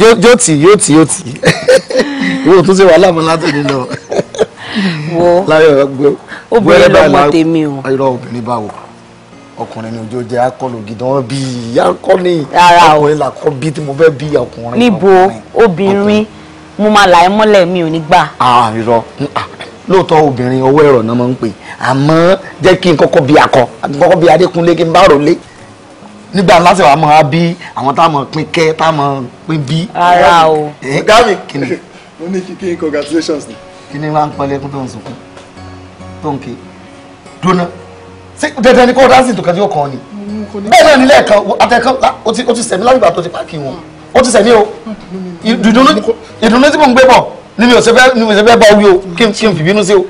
yóò tì yóò tì yóò tì ìwọ tó ṣe wàhálà mọ́ látòní lọ. wo obìnrin lọgbọ́n tèmi o. irọ́ obìnrin báwo ọkùnrin ni ojú jẹ akọlù gidi wọn bí akọni ọkùnrin làkọ bí tí mo fẹ́ bí ọkùnrin. níbo obìnrin mo máa là ẹ́ mọ́lẹ̀ mi ò ní gbà. Ah, irọ́ ah, lóòótọ́ obìnrin ọwọ́ ẹ̀rọ náà máa ń pè àmọ́ jẹ́ kí n kọ́kọ́ bí akọ àti kọ́kọ́ bí adékúnlé kí n bá rọlé nígbà láti wàá máa bí àwọn táwọn máa pín kẹ́ táwọn máa pín bí. ara o. gami kini. mo ní kí kí n congratulations ni. kí ni wàá ń pọn lẹ́kún tó ń sunkún tó ń ké dúná ṣé dandan ni kó dáńsì tó kẹjọ kan ni. Mm, bẹ́ẹ̀ náà nílẹ̀ kan atẹ́kọ́ o ti sẹ̀mí lágbàá tó ti pààkì wọn ó ti sẹ̀mí o mm, mm, ìdùnnú tí mò ń gbé bọ̀ ni mi ò ṣe fẹ́ ni mi ò ṣe bá wí o kí n fi bínú sí o.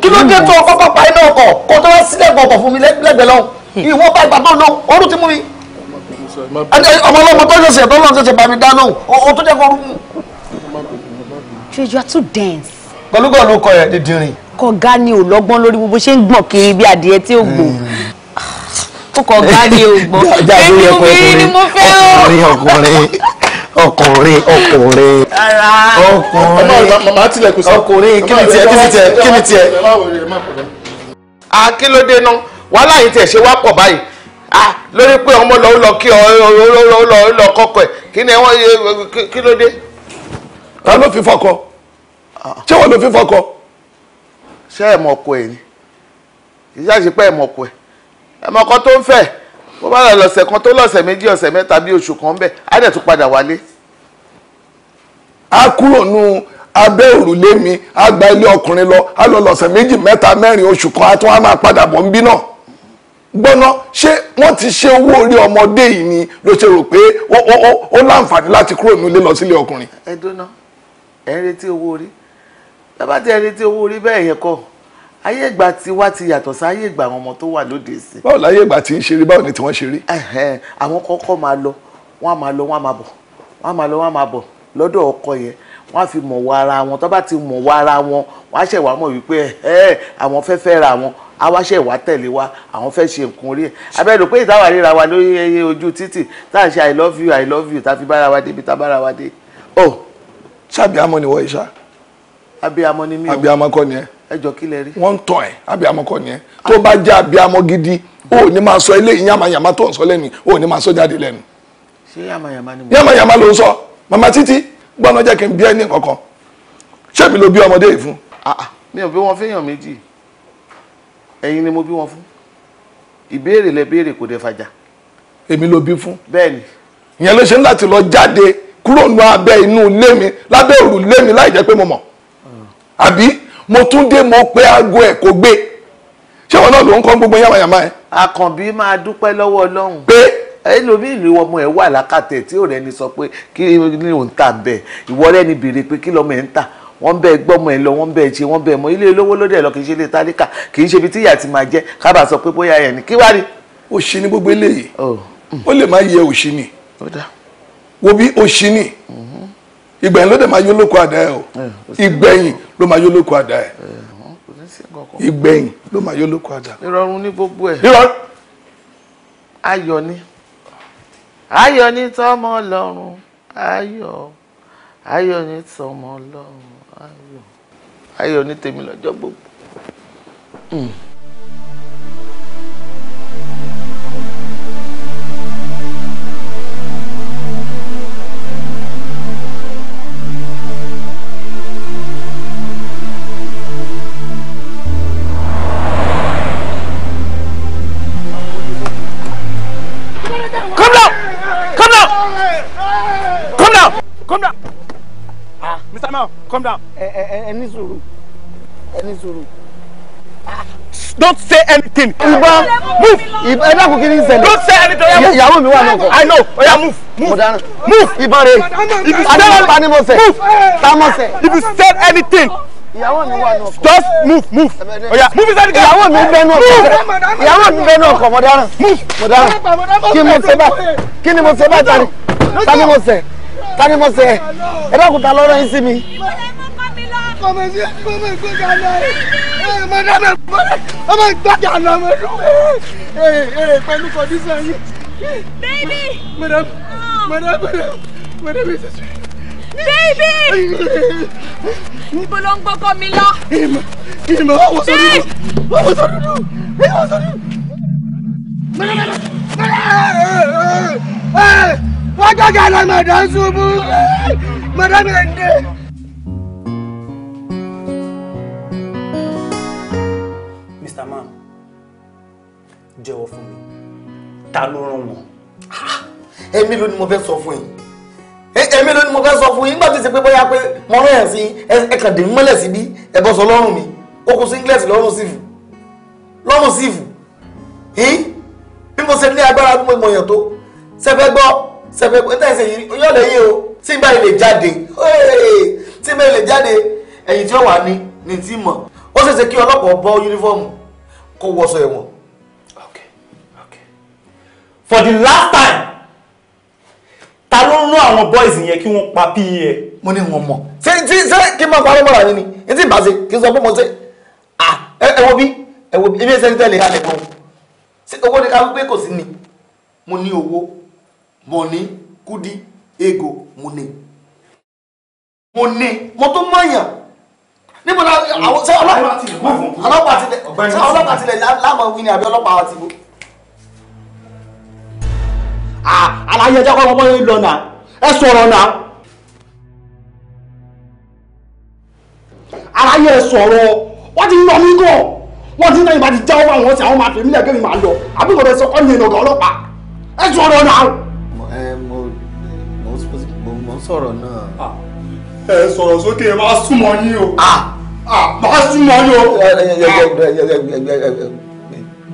kí ló dé tó ọkọ pápá iná ọkọ kó tó wá sílẹ̀ ọkọ̀ fún mi lẹ́gbẹ̀ẹ́ lọ́hùn ìwọ bá ìgbà náà náà orú ti mú mi. ọmọ ọlọ́mọ tó ṣẹ̀ṣẹ̀ tó lọ́n ṣẹ̀ṣẹ̀ bá mi dáná o tó jẹ́ kó rúmù. Trey, you are too dense. pẹ̀lú gọ́ọ̀lù kọ ẹ̀ dídìrín. kọ̀gá ni ò lọ́gbọ́n lórí gbogbo ṣé ń gbọ̀n kiri bí adìẹ tí ó gbò hmm. ó kọ̀gá ni ò gbọ̀n èmi ò bí ni mo fẹ́ o. ọkùnrin ọkùnrin ọkùnrin ọkùnrin ọkùnrin ọkùnrin kíni tiẹ̀ kíni tiẹ̀ kíni tiẹ̀. akílódé náà wàhálà yìí tẹ̀ ṣe wá pọ̀ báyìí lórí pé ọmọ lọ lọ kí ọ lọ kọkọ ẹ kí ni wọn kí ló dé. ta ló fi fọkọ ṣé wọn ló fi fọkọ. ṣé ẹ̀ mọ̀ ọkọ ẹ̀ ni ìyá ṣe pé ẹ̀ ẹ̀ ẹ̀ tó ń fẹ́ ẹ̀ bó bá lọ lọ́sẹ̀ kan tó lọ́sẹ̀ méjì ọ̀sẹ̀ mẹ́ta bí oṣù kan bẹ́ẹ̀ á dẹ̀ tún padà wálé. a kúrò nu abẹ́ òrùlé mi a gba ilé ọkùnrin lọ a lọ lọ́sẹ̀ méjì mẹ́ta mẹ́rin oṣù kan a tún á máa padà bọ̀ ń bí náà gbọ́nà ṣé wọ́n ti ṣe owó orí ọmọdé yìí ni ló ṣe rò pé ó láǹfààní láti kúrò nílé lọ sílé ọkùnrin. ẹ dúná ẹ ń retí owó orí bàbá tí ẹ retí owó orí bẹ́ẹ̀ yẹn kọ́ ayé ìgbà tí wá ti yàtọ̀ sí ayé ìgbà àwọn ọmọ tó wà lóde sí. báwo láyé ìgbà tí ń ṣeré báwo ni tí wọ́n ṣeré. àwọn kọ́kọ́ máa lọ wọ́n á máa lọ wọ́n á máa bọ̀ wọ́n á máa lọ wọ́n á máa bọ̀ lọ́dọ̀ ọkọ yẹn wọ́n á fi mọ̀ wá ara wọn tó bá ti mọ̀ wá ara wọn wọ́n á ṣẹ̀ wá mọ̀ wípé àwọn fẹ́ fẹ́ ra wọn á wá ṣẹ̀ wá tẹ̀lé wa àwọn fẹ́ ṣe nǹkan orí ẹ̀ abẹ́rẹ́ pé ìtawà ríra wa lórí ẹyẹ ojú títì tá à ń ṣe i love you i love you tá a fi bára wa dé ibi tá a bára wa dé. ọ oh, ṣàbíamọ ni wọ́n ṣá. abiyamọ ni mí o abiyamọ kọ́ ni ẹ ẹ jọ kí lẹ rí. wọ́n ń tàn ẹ́ abiyamọ kọ́ nìyẹn tó bá jẹ́ abiyamọ gidi o ò ní máa sọ eléyìí yamayama tó ń sọ lẹ́nu o ò ní máa sọ jáde lẹ́nu. ṣé yamayama ni mo. yamayama ló ń sọ mama títí gbọ́dọ̀ jẹ́ kí n bí ẹ ní kankan ṣé mi ló bí ọmọdé yìí fún. mi ò bí wọn fẹ́yàn méjì ẹ̀yin ni mo bí wọn fún ìbéèrè lẹ béèrè kò dé fàjà. èmi ló bí fún. bẹ́ẹ̀ni. ìyẹn ló ṣe ń láti lọ jáde kúrò nù abẹ́ inú ilé mi lábẹ́ òrùlé mi láì jẹ́ pé mo mọ̀ àbí mo tún dé mo pé aago ẹ̀ kò gbé ṣé wọn náà ló ń kọ́ gbogbo yàmàyàmà ẹ. àkànbí máa dúpẹ́ lọ́wọ́ ọlọ́run. pé ẹlòmíì ìlú ọmọ ẹ wà lákàtẹ tí ọ̀rẹ́ ni sọ pé kí ni òun tà bẹ́ẹ̀ ìwọ rẹ ni béèrè pé kí lọmọ ẹ ń tà wọ́n bẹ́ẹ̀ gbọ́mọ ẹ lọ wọ́n bẹ́ẹ̀ ṣe wọ́n bẹ́ẹ̀ mọ ilé olówó lóde ẹ lọ kì í ṣe ilé tálíkà kì í ṣe ibi tí ìyá ti máa jẹ kábà sọ pé bóyá ẹ kí wá rí. òṣì ni gbogbo eléyìí oh. ó lè má yẹ òṣì wo bí òṣì ìgbẹ̀yìn ló dẹ̀ máa yó lóko àdá ẹ̀ o eh, ìgbẹ̀yìn ló máa yó lóko àdá ẹ̀ eh, ìgbẹ̀yìn ló máa yó lóko àdá. ìrọ̀rùn ní gbogbo ẹ̀. ìrọ̀rùn. ayọ̀ ni ayọ̀ ni tọmọ ọlọ́run ayọ̀ ayọ̀ ni tọmọ ọlọ́run ayọ̀ ayọ̀ ni tèmi lọ́jọ́ gbogbo. Mm. come down come down ah mr Mao, come down. ẹ ẹ ẹ ní sùúrù ẹ ní sùúrù. Ah, don't say anything. Iba, move. Iba, ẹ dákun kí ni ṣẹlẹ̀. Don't say anything. Ìyàwó mi wà lọ́kọ̀. I know. Oya move. Move. Move. Iba re. Adéwọ́pá ni mo sẹ̀. Tamọ́sẹ̀. If you say anything. Ìyàwó mi wà lọ́kọ̀. Just move move. Oya move inside the car. Ìyàwó mi bẹ́ẹ̀ náà kọ̀. Ìyàwó mi bẹ́ẹ̀ náà kọ̀ mọ̀dáràn. Move. Mọ̀dáràn. Kí ni mo ṣe bá? Kí ni mo ṣe bá tani? Tani mo sẹ̀ ta ni mo ṣe ẹ ẹ dákun ta lọ́rọ̀ yín sí mi. ọmọ baby. madam madam madam is a sweet. Baby! Níbo ló ń gbọ́kọ́ mi lọ? Ìmọ̀ ìmọ̀ ọwọ́ sọ dúdú. Ọwọ́ sọ dúdú. Ìmọ̀ sọ dúdú. Mẹ́rẹ́mẹ́rẹ́. Mẹ́rẹ́ wọ́n tó jà lọ mọ̀dọ́ ṣubú mọ̀dọ́ mi Mr. Man jẹ́wọ́ fún mi ta ló rán wọn. Ah, èmi ló ni mo fẹ́ sọ fún yín èmi ló ni mo fẹ́ sọ fún yín nígbà tó ṣe pé bóyá pé mo rán yàn sí ẹ kàn dé mọ́lẹ̀ síbí ẹ bọ́ sọ lọ́rùn mi ó kù singlet lọ́rùn sífù lọ́rùn sífù bí mo ṣe ní agbára bí mo mọ̀ yàn tó ṣe fẹ́ gbọ́ sẹfẹ pé tẹsán yìí yóò lè o tí bá lè jáde tí bá lè jáde ẹ̀yìn tí ó wà ní ní tí mọ ó ṣeéṣe kí ọlọ́pàá bọ́ yúnífọ́ọ̀mù kó wọṣọ ẹ̀wọ̀n. for the last time ta ló ń rán àwọn boys yẹn kí wọ́n pa pí ẹ. mo ní wọn mọ ṣé ṣé ṣé kí n máa parọ́ mọ́ra mi ni n tí ì bá ṣe kí n sọ pé mo ṣe ẹ wo bí ẹ wo bí ebi ẹsẹ ní tẹ́lẹ̀ halẹ̀ gan owó ni ká wípé kò sí ni mo ní owó. money kudi ego money money mo tún mọ̀yàn níbo la àwọn ṣe ọlọ́pàá tilẹ̀ ṣe ọlọ́pàá tilẹ̀ láàmú wí ni àbí ọlọ́pàá ti bò. àlàyé ẹjọ́ kọ́ ọmọ yẹn lọ nà ẹ sọ̀rọ̀ nà àlàyé ẹ sọ̀rọ̀ wọ́n ti yọ mí gọ̀ ti náà ìbá àwọn àwọn máa fi mi máa lọ àbí kò tẹ̀ sọ ẹ mo mo mo sọ̀rọ̀ náà. ẹ sọ̀rọ̀ sókè máa súnmọ́ yín o. máa súnmọ́ yín o.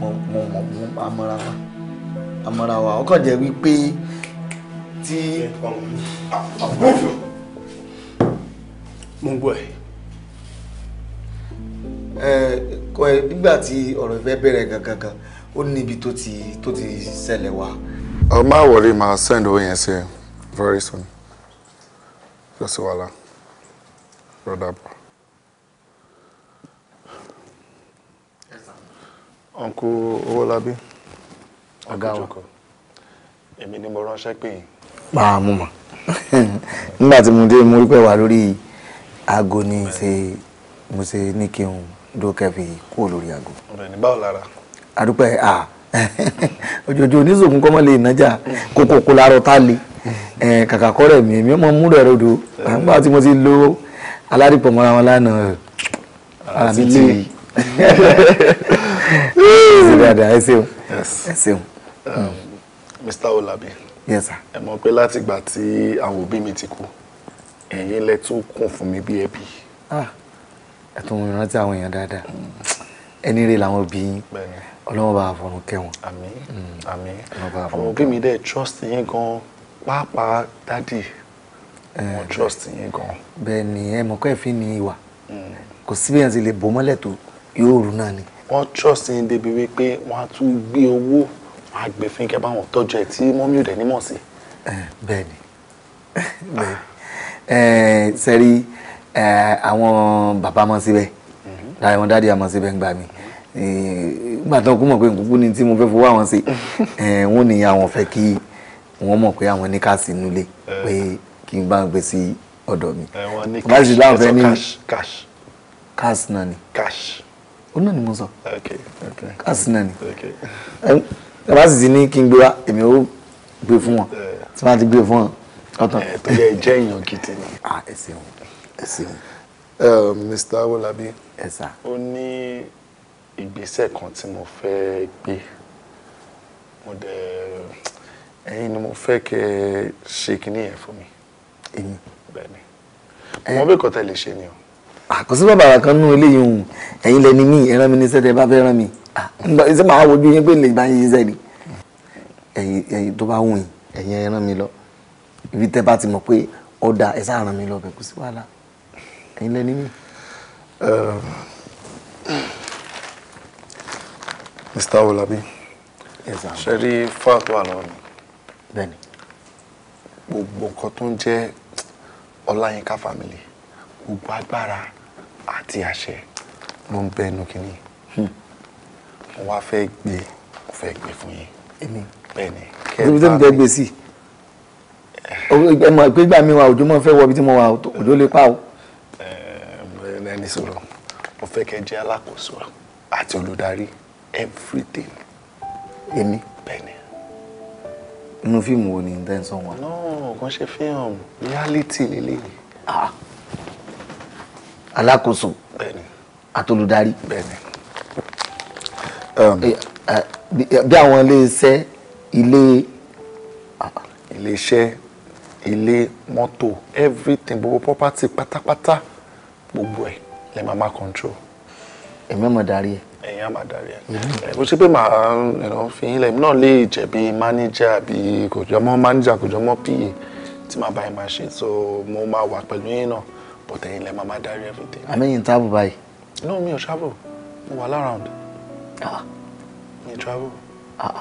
mo mo mo amọ̀ra wa amọ̀ra wa ọkọ̀ jẹ́ wípé tí. mo ń gbọ́ ẹ̀ nígbà tí ọ̀rọ̀ ìfẹ́ bẹ̀rẹ̀ gangan ó níbi tó ti ṣẹlẹ̀ wá I'm ma worried, ma send away and say very soon. Just voila. Brother. Uncle Owolabi. aga wa. emi ni mo ránṣẹ́ pè yín. Pa mọ̀. Nígbà tí mo mo rí wà lórí aago ni ṣe mo ṣe ní kí n dókẹ́ fi kúrò lórí aago. Ọ̀rẹ́ ní báwo òjòjò oníṣògùn kọ́mọ́ lè nájà kókó kó láàárọ̀ tá a lè kàkà kọ́rẹ̀ mi èmi ọmọ múrẹ̀ rodo nígbà tí mo ti lo aládìpọ̀ mọ́ra wọn lánàá àmì tí ṣe dáadáa ẹ ṣeun ẹ ṣeun. Mr. Um, Olabi yes sir ẹ mọ̀ pé láti ìgbà tí àwọn òbí mi ti kú ẹ̀yin lẹ tún kún fún mi bí ẹbí. Ah, ẹ tún rántí àwọn èèyàn dáadáa ẹni rè làwọn òbí yín ọlọ́wọ́ bá fọ̀run kẹwọn. àmín mm. àmín àwọn òbí mi dẹ̀ trust yín gan pàápàá dádì eh, wọn trust yín gan. bẹ́ẹ̀ ni ẹ mọ̀ kọ́ ẹ̀ fi ní ìwà mm. kò síbi yẹn ti lè bò mọ́lẹ̀ tó yóò rú náà ni. wọ́n trust yín débi wípé wọ́n á tún gbé owó wọ́n á gbé fún kẹ́ bá wọn tí mọ́mí ò dẹ̀ nímọ̀ sí. Eh, bẹ́ẹ̀ ni bẹ́ẹ̀ ni eh, àwọn bàbá mọ̀ síbẹ̀ lára mm-hmm. wọn dádì àmọ̀ síbẹ̀ ń gbà mí. Eh, gbà tó kú mọ̀ pé nkúkú ni tí mo fẹ́ fowó àwọn ṣe eh, wọ́n ní àwọn fẹ́ kí wọ́n mọ̀ pé àwọn ní nulẹ̀ eh. pé kí n bá gbé sí ọ̀dọ̀ mi. bá ṣe láwọn fẹ́ ní cash náà ni. cash. ó náà ni mo sọ. cash náà ni. ẹ bá sì ti ní kí n gbé wá èmi ó gbé fún wọn tí wọ́n ti gbé fún wọn ọ̀tọ̀. tó yẹ jẹ́ èèyàn gidi ni. Ah, ẹ ṣeun ẹ ṣeun. Mr. Wolabi. ẹ sà. ó ní ìgbésẹ̀ kan tí mo fẹ́ gbé mo dẹ̀ ẹ̀yin ni mo fẹ́ kẹ́ ẹ ṣe kinní yẹn fún mi. èmi bẹ́ẹ̀ ni mo bẹ́ẹ̀ kọ́ tẹ́ lè ṣe ni o. àkọsí bàbàrà kan nú eléyìí ohun ẹ̀yin lẹni mí ẹran mi ní sẹ́tẹ̀ bá fẹ́ ràn mí ṣé màá wojú yín pé lè bá yín ṣiṣẹ́ ni. ẹ̀yin ẹ̀yin tó bá wùn yín ẹ̀yin ẹran mi lọ ibi tẹ́ bá ti mọ̀ pé ọ̀dà ẹ̀ sáà ràn mí lọ bẹ̀ kò sí wàhálà ẹ̀yin lẹni mí. Mr. Olabi Bi, rí fáàtì wà lọ́wọ́ mi bẹ́ẹ̀ni gbogbo nǹkan tó ń jẹ́ Ọláyínká family gbogbo agbára àti àṣẹ ló ń bẹ́nu kínní hmm. mo wá fẹ́ gbé mo fẹ́ gbé fún yín bẹ́ẹ̀ni kẹ́ẹ̀ta mi. ibi tó ń jẹ́ gbèsè ẹ mọ̀ pé gbà mí wa òjò mọ̀ fẹ́ wọ ibi tí mo wà òjò lè pa o. ẹni sọ̀rọ̀ mo fẹ́ kẹ́ jẹ́ alákòóso àti olùdarí everything èmi. bẹ́ẹ̀ni. inú fíìmù wo ni n tẹ́ ń sọ wọn. náà kàn ṣe fíìmù reality lélẹ́yìn. Ah. alákòóso. bẹ́ẹ̀ni. atolúdarí. bẹ́ẹ̀ni. Um, eh, eh, eh, bí àwọn ilé iṣẹ́ ilé. Ah, ah. ilé iṣẹ́ ilé mọ́tò everything gbogbo property pátápátá gbogbo ẹ̀ lè máa máa control. èmi mọ̀ darí ẹ̀ ẹ̀yin á máa darí ẹ̀ kò sí pé màá fi yín lẹ́yìn náà lè jẹ́ bí mánéjà bí kò jọ mọ́ mánéjà kò jọ tí màá bá máa ṣe so mo máa wà pẹ̀lú yín náà but ẹ̀yin lẹ́ẹ̀ máa máa darí everything. àmẹ́yìn travel báyìí. no mi ò travel mo wà láràùnd. Ah. mi ò travel. Ah,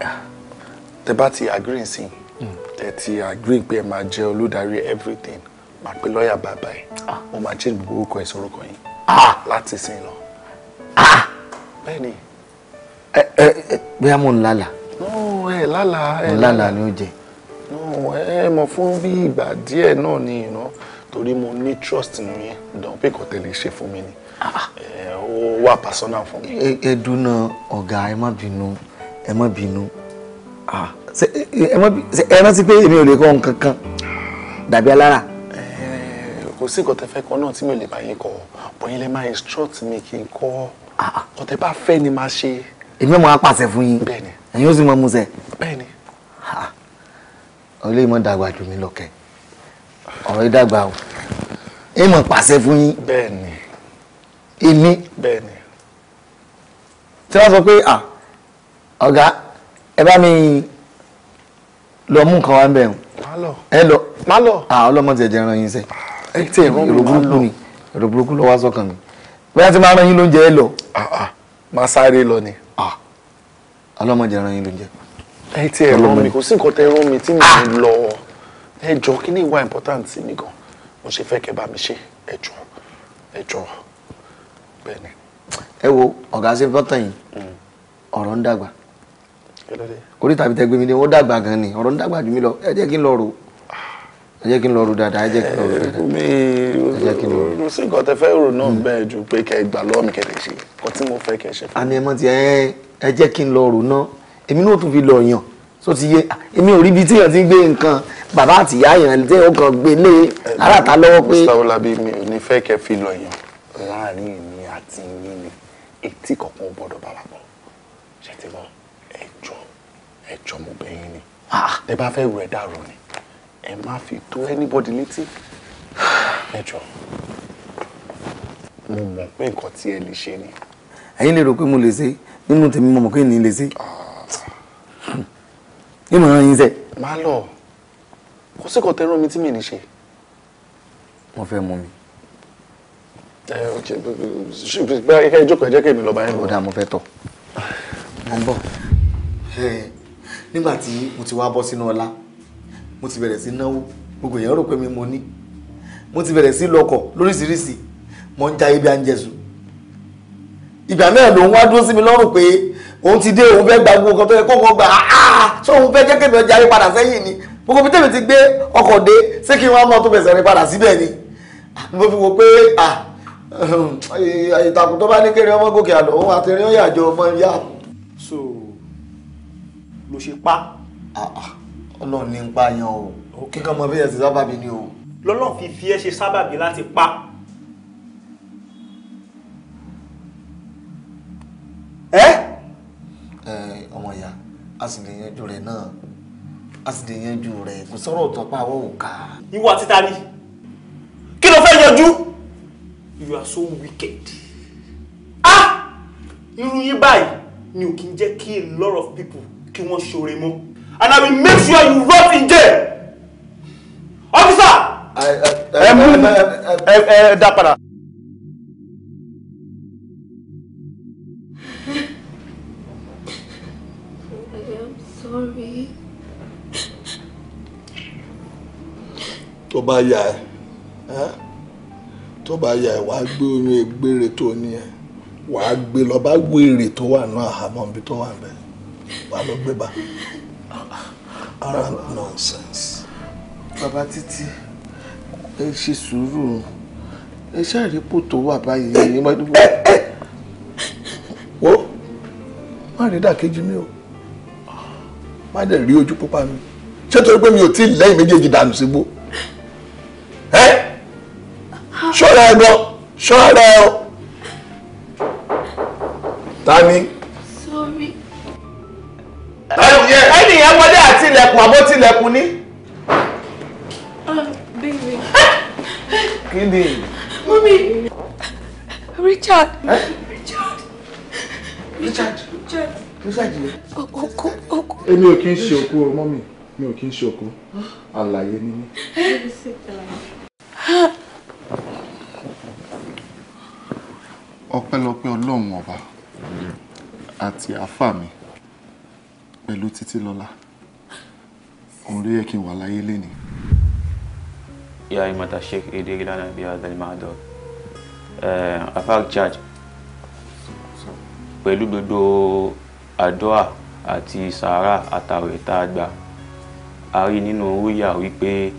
ah. tẹ bá ti agree sí hmm. tẹ ti agree pé ẹ máa jẹ olùdarí everything màá pe lọ́ọ̀yà bàbá ẹ̀ mo máa change gbogbo orúkọ ẹ̀ sórúkọ yín láti sìn lọ bẹ́ẹ̀ni. ẹ ẹ bóyá mò ń lálàá. ẹ lálàá ẹ lálàá ni ó jẹ. ẹ mọ̀ fún bí ìgbà díẹ̀ náà ni ìran torí mo ní trust nínú yín dàn pé kò tẹ̀lé ṣe fún mi ni ah, ah. ó wà personal fún mi. ẹ e, e, dúnà ọ̀gá ẹ má bínú ẹ má bínú ah, ẹ rántí pé èmi ò lè kọ́ nǹkan kan dàbí alára kò sí nǹkan tẹ́ fẹ́ kọ́ náà tí mi ò lè bá yín kọ́ bọ́yìn lè máa instruct mi kí n kọ́ ọ̀tẹ̀ bá fẹ́ ni máa ṣe. èmi ọmọ apàṣẹ fún yín bẹ́ẹ̀ni ẹ̀yin ó sì mọ musẹ̀. bẹ́ẹ̀ni. ọlẹ́ ìmọ̀ dàgbà jù mí lọ́kẹ́ ọ̀rọ̀ ìdàgbà o ìmọ̀ pàṣẹ fún yín. bẹ́ẹ̀ni. èmi. bẹ́ẹ̀ni. tí wọ́n sọ pé ọ̀gá ẹ bá mi lọ mú nǹkan wá ń bẹ̀ o ẹ lọ má lọ ọlọ́mọ tẹ̀jẹ̀ ran yín sẹ́ ẹ tẹ̀ ẹ̀rọ burúkú ni ẹ̀rọ burúkú ló wá sọ́kàn mi bóyá tí máa ran yín lóúnjẹ ẹ lọ. Ah, ah. máa sáré lọ ni. Ah. ọlọ́mọdé ẹran yín ló jẹ. ẹ ti ẹ̀ rán mi kò sí nǹkan tẹ́ rán mi tí mi ò lọ ẹ jọ kí ni ìwà important sí mi gan mo ṣe fẹ́ kẹ́ bá mi ṣe ẹ jọ ẹ jọ bẹ́ẹ̀ ni. ẹ wo ọ̀gá ṣe bọ́tàn yìí mm. ọ̀rọ̀ ń dàgbà orí tàbí tẹgbẹ́mi ni wọ́n dàgbà gan ni ọ̀rọ̀ ń dàgbà jù mí lọ ẹ jẹ́ kí n lọ rò ó ẹ jẹ́ kí n lọ rò dáadáa ẹ jẹ́ kí n lọ rò dáadáa. mi ò rò sí nǹkan tẹ fẹ́ rò náà bẹ́ẹ̀ ju pé kẹ gbà lọ́wọ́ mi kẹ̀lẹ́ ṣe kọ́ tí mo fẹ́ kẹ̀ ṣe. àní ẹ mọ ti ẹ jẹ́ kí n lọ rò náà èmi náà tún fi lọ yàn so ti yé ah, èmi ò rí ibi téèyàn ti gbé nǹkan bàbá àtìyá yẹn tí ó kàn gbé lé aráàta lọ́wọ́ pé. mr olabi mi ò ní fẹ́ kẹ́ fi lọ yàn láàrin èmi àti yín ni etí kọ̀ọ̀kan ò gbọ́dọ̀ bá wa bọ̀ ṣètìmọ́ ẹ̀jọ̀ ẹ̀jọ̀ mo bẹ̀ yín ni ah. ẹ bá fẹ́ rẹ̀ dàrú ni ẹ má fi tó anybody létí mẹjọ mo mọ̀ pé nǹkan tí ẹ lè ṣe ni. ẹ̀yin lè rò pé mo lè ṣe nínú tèmi mo mọ̀ pé ní lè ṣe ìmọ̀ràn yín sẹ́. má lọ kó sì kàn tẹ́ràn mi tí mi ní ṣe. wọ́n fẹ́ mú mi. ẹ ọ jẹ ṣùgbọ́n ẹ jókòó ẹ jẹ́ kémi lọ́ba yín lọ. ọ̀dà mo fẹ́ tọ̀ mo ń bọ̀ nígbà tí mo ti wá bọ́ sínú ọlá mo ti bẹ̀rẹ̀ sí náwó gbogbo èèyàn rò pé mi mo ní mo ti bẹ̀rẹ̀ sí lọkọ̀ lóríṣiríṣi mo ń jayé bí a ń jẹ sùn ìgbà náà lòun wá dúró sí mi lọ́rùn pé òun ti dé òun fẹ́ gba gbogbo kan tó yẹ kó wọ́n gbà áá ṣé òun fẹ́ jẹ́ kémi ọjà rí padà sẹ́yìn ni gbogbo bí tèmi ti gbé ọkọ̀ dé ṣé kí wọ́n á mọ tó fẹsẹ̀ rí padà síbẹ̀ ni ah, mo fi wo pé ah, ìtàkùn tó bá ní kéré ọmọ gòkè àlọ́ òun àti eré ọ̀yà àjọ ọmọ ìyá. so ló ṣe pa. Ah, ọlọ́run ní ń pa yan o ó kí kọ́mọ bí ẹ ti sábàbí ni o. lọ́lọ́run fi fi ẹ́ ṣe sábàbí láti pa. ẹ. ẹ ọmọ ìyá a sì lè yanjú rẹ náà a sì lè yanjú rẹ kò sọ̀rọ̀ ọ̀tọ̀pá àwọ̀ ò ká. ìwọ àti ni kí ló fẹ́ yanjú you are so wicked. ah irú yín báyìí ni ò kí ń jẹ́ kí a lot of people kí wọ́n ṣoore mọ́ and I will make sure you rot in jail. Officer! Ẹ mú ẹ ẹ dá padà. tó bá yà ẹ tó bá yà ẹ wàá gbé orin ìgbére tó ní ẹ wàá gbé lọ bá wèrè tó wà náà àmọ́ ibi tó wà bẹ́ẹ̀ wàá lọ gbé bá around nonsense. bàbá títí ẹ ṣe sùúrù ẹ ṣàrípò tó wà báyìí ẹ ẹ wo má rí dàkejì mi o má dẹ̀ rí ojú pupa mi ṣé torí pé mi ò tí ì lẹ́yìn méjèèjì dànù sígbó ẹ ṣọ́ra ẹ lọ ṣọ́ra ẹ o ta ni ẹni yẹn wọlé àti ilẹ̀kùn àbó tilẹ̀kùn ní. Ah, kí ni. mọ́mí Richard. Richard. Richard. Richard. Òkú òkú. Èmi ò kí ń ṣe òkú o, mọ́mí. Mi ò kí ń ṣe òkú. Àlàyé ni mí. Ọpẹ́lọpẹ́ Ọlọ́run ọba àti àáfà mi pẹ̀lú Títílọlá òun rí yẹ kí n wà láyé lẹ́ni. ìyá ìmọ̀ta sheik èdè ìlànà bíi azalimado afag eh, charge pẹ̀lú gbogbo adoa àti sàárà àtàwẹ̀ tá a gbà a rí nínú rúyà wípé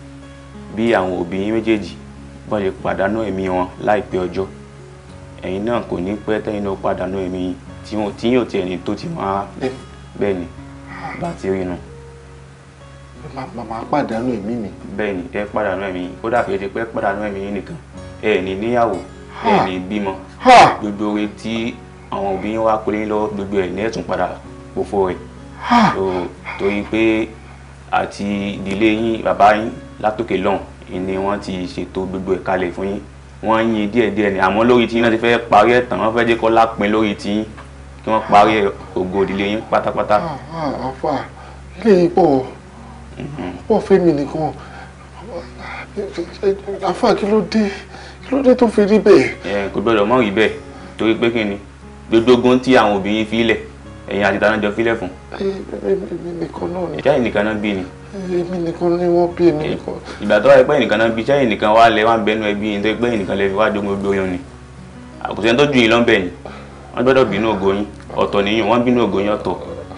bí àwọn òbí méjèèjì bọ́n lè pàdánù ẹ̀mí wọn láìpẹ́ ọjọ́ ẹ̀yin náà kò ní pẹ́ tẹ́yìn náà pàdánù ẹ̀mí tí yóò tiẹ̀ ní tó ti máa bẹ́ẹ̀ ni ìgbà tí ó yinú. màmá pàdánù ẹ̀mí mi. bẹ́ẹ̀ ni ẹ pàdánù ẹ̀mí yín kódà kìí ṣe pé pàdánù ẹ̀mí yín nìkan ẹ ní níyàwó ẹ ní bímọ gbogbo rẹ tí àwọn òbí yín wá pélé lọ gbogbo ẹ̀ ní ẹ̀tún padà òfò rẹ̀ torí pé àti ìdílé yín bàbá yín látòkè lọ́hùn ni wọ́n ti ṣètò gbogbo ẹ̀ kalẹ̀ fún yín wọ́n yin díẹ̀díẹ̀ ni àmọ́ lórí tí yín náà ti fẹ́ parí ẹ̀ tán wọ́n fẹ́ jẹ́ kọ́ lápin lórí tí yín kí wọ́n parí ògo ìdílé yín pátápátá. Ah, ah, àfa ilé ipò mm-hmm. pọ̀ fẹ́mi nìkan àfa kí ló dé kí ló dé tó fi rí bẹ́ẹ̀. ẹ kò gbọdọ̀ mọ̀ rí bẹ́ẹ̀ torí pé kí ni gbogbo ogun tí àwọn òbí yín fi lẹ̀ ẹ̀yin àti ìdáná jọ fílẹ̀ fún. èmi nìkan náà ni. ìjáyìn nìkan náà bí ni. èmi nìkan ni wọ́n bí èmi nìkan. ìgbà tó wáyé pé ẹnìkan náà bí ìjáyìn nìkan wá lẹ wá bẹnu ẹbí yín tó pé ẹnìkan lẹ fi wá jogún gbogbo yín ni àkùsẹ́ tó ju yín lọ́nbẹ̀ yìí wọ́n gbọ́dọ̀ bínú ògo yín ọ̀tọ̀ nìyẹn wọ́n bínú ògo yín ọ̀tọ̀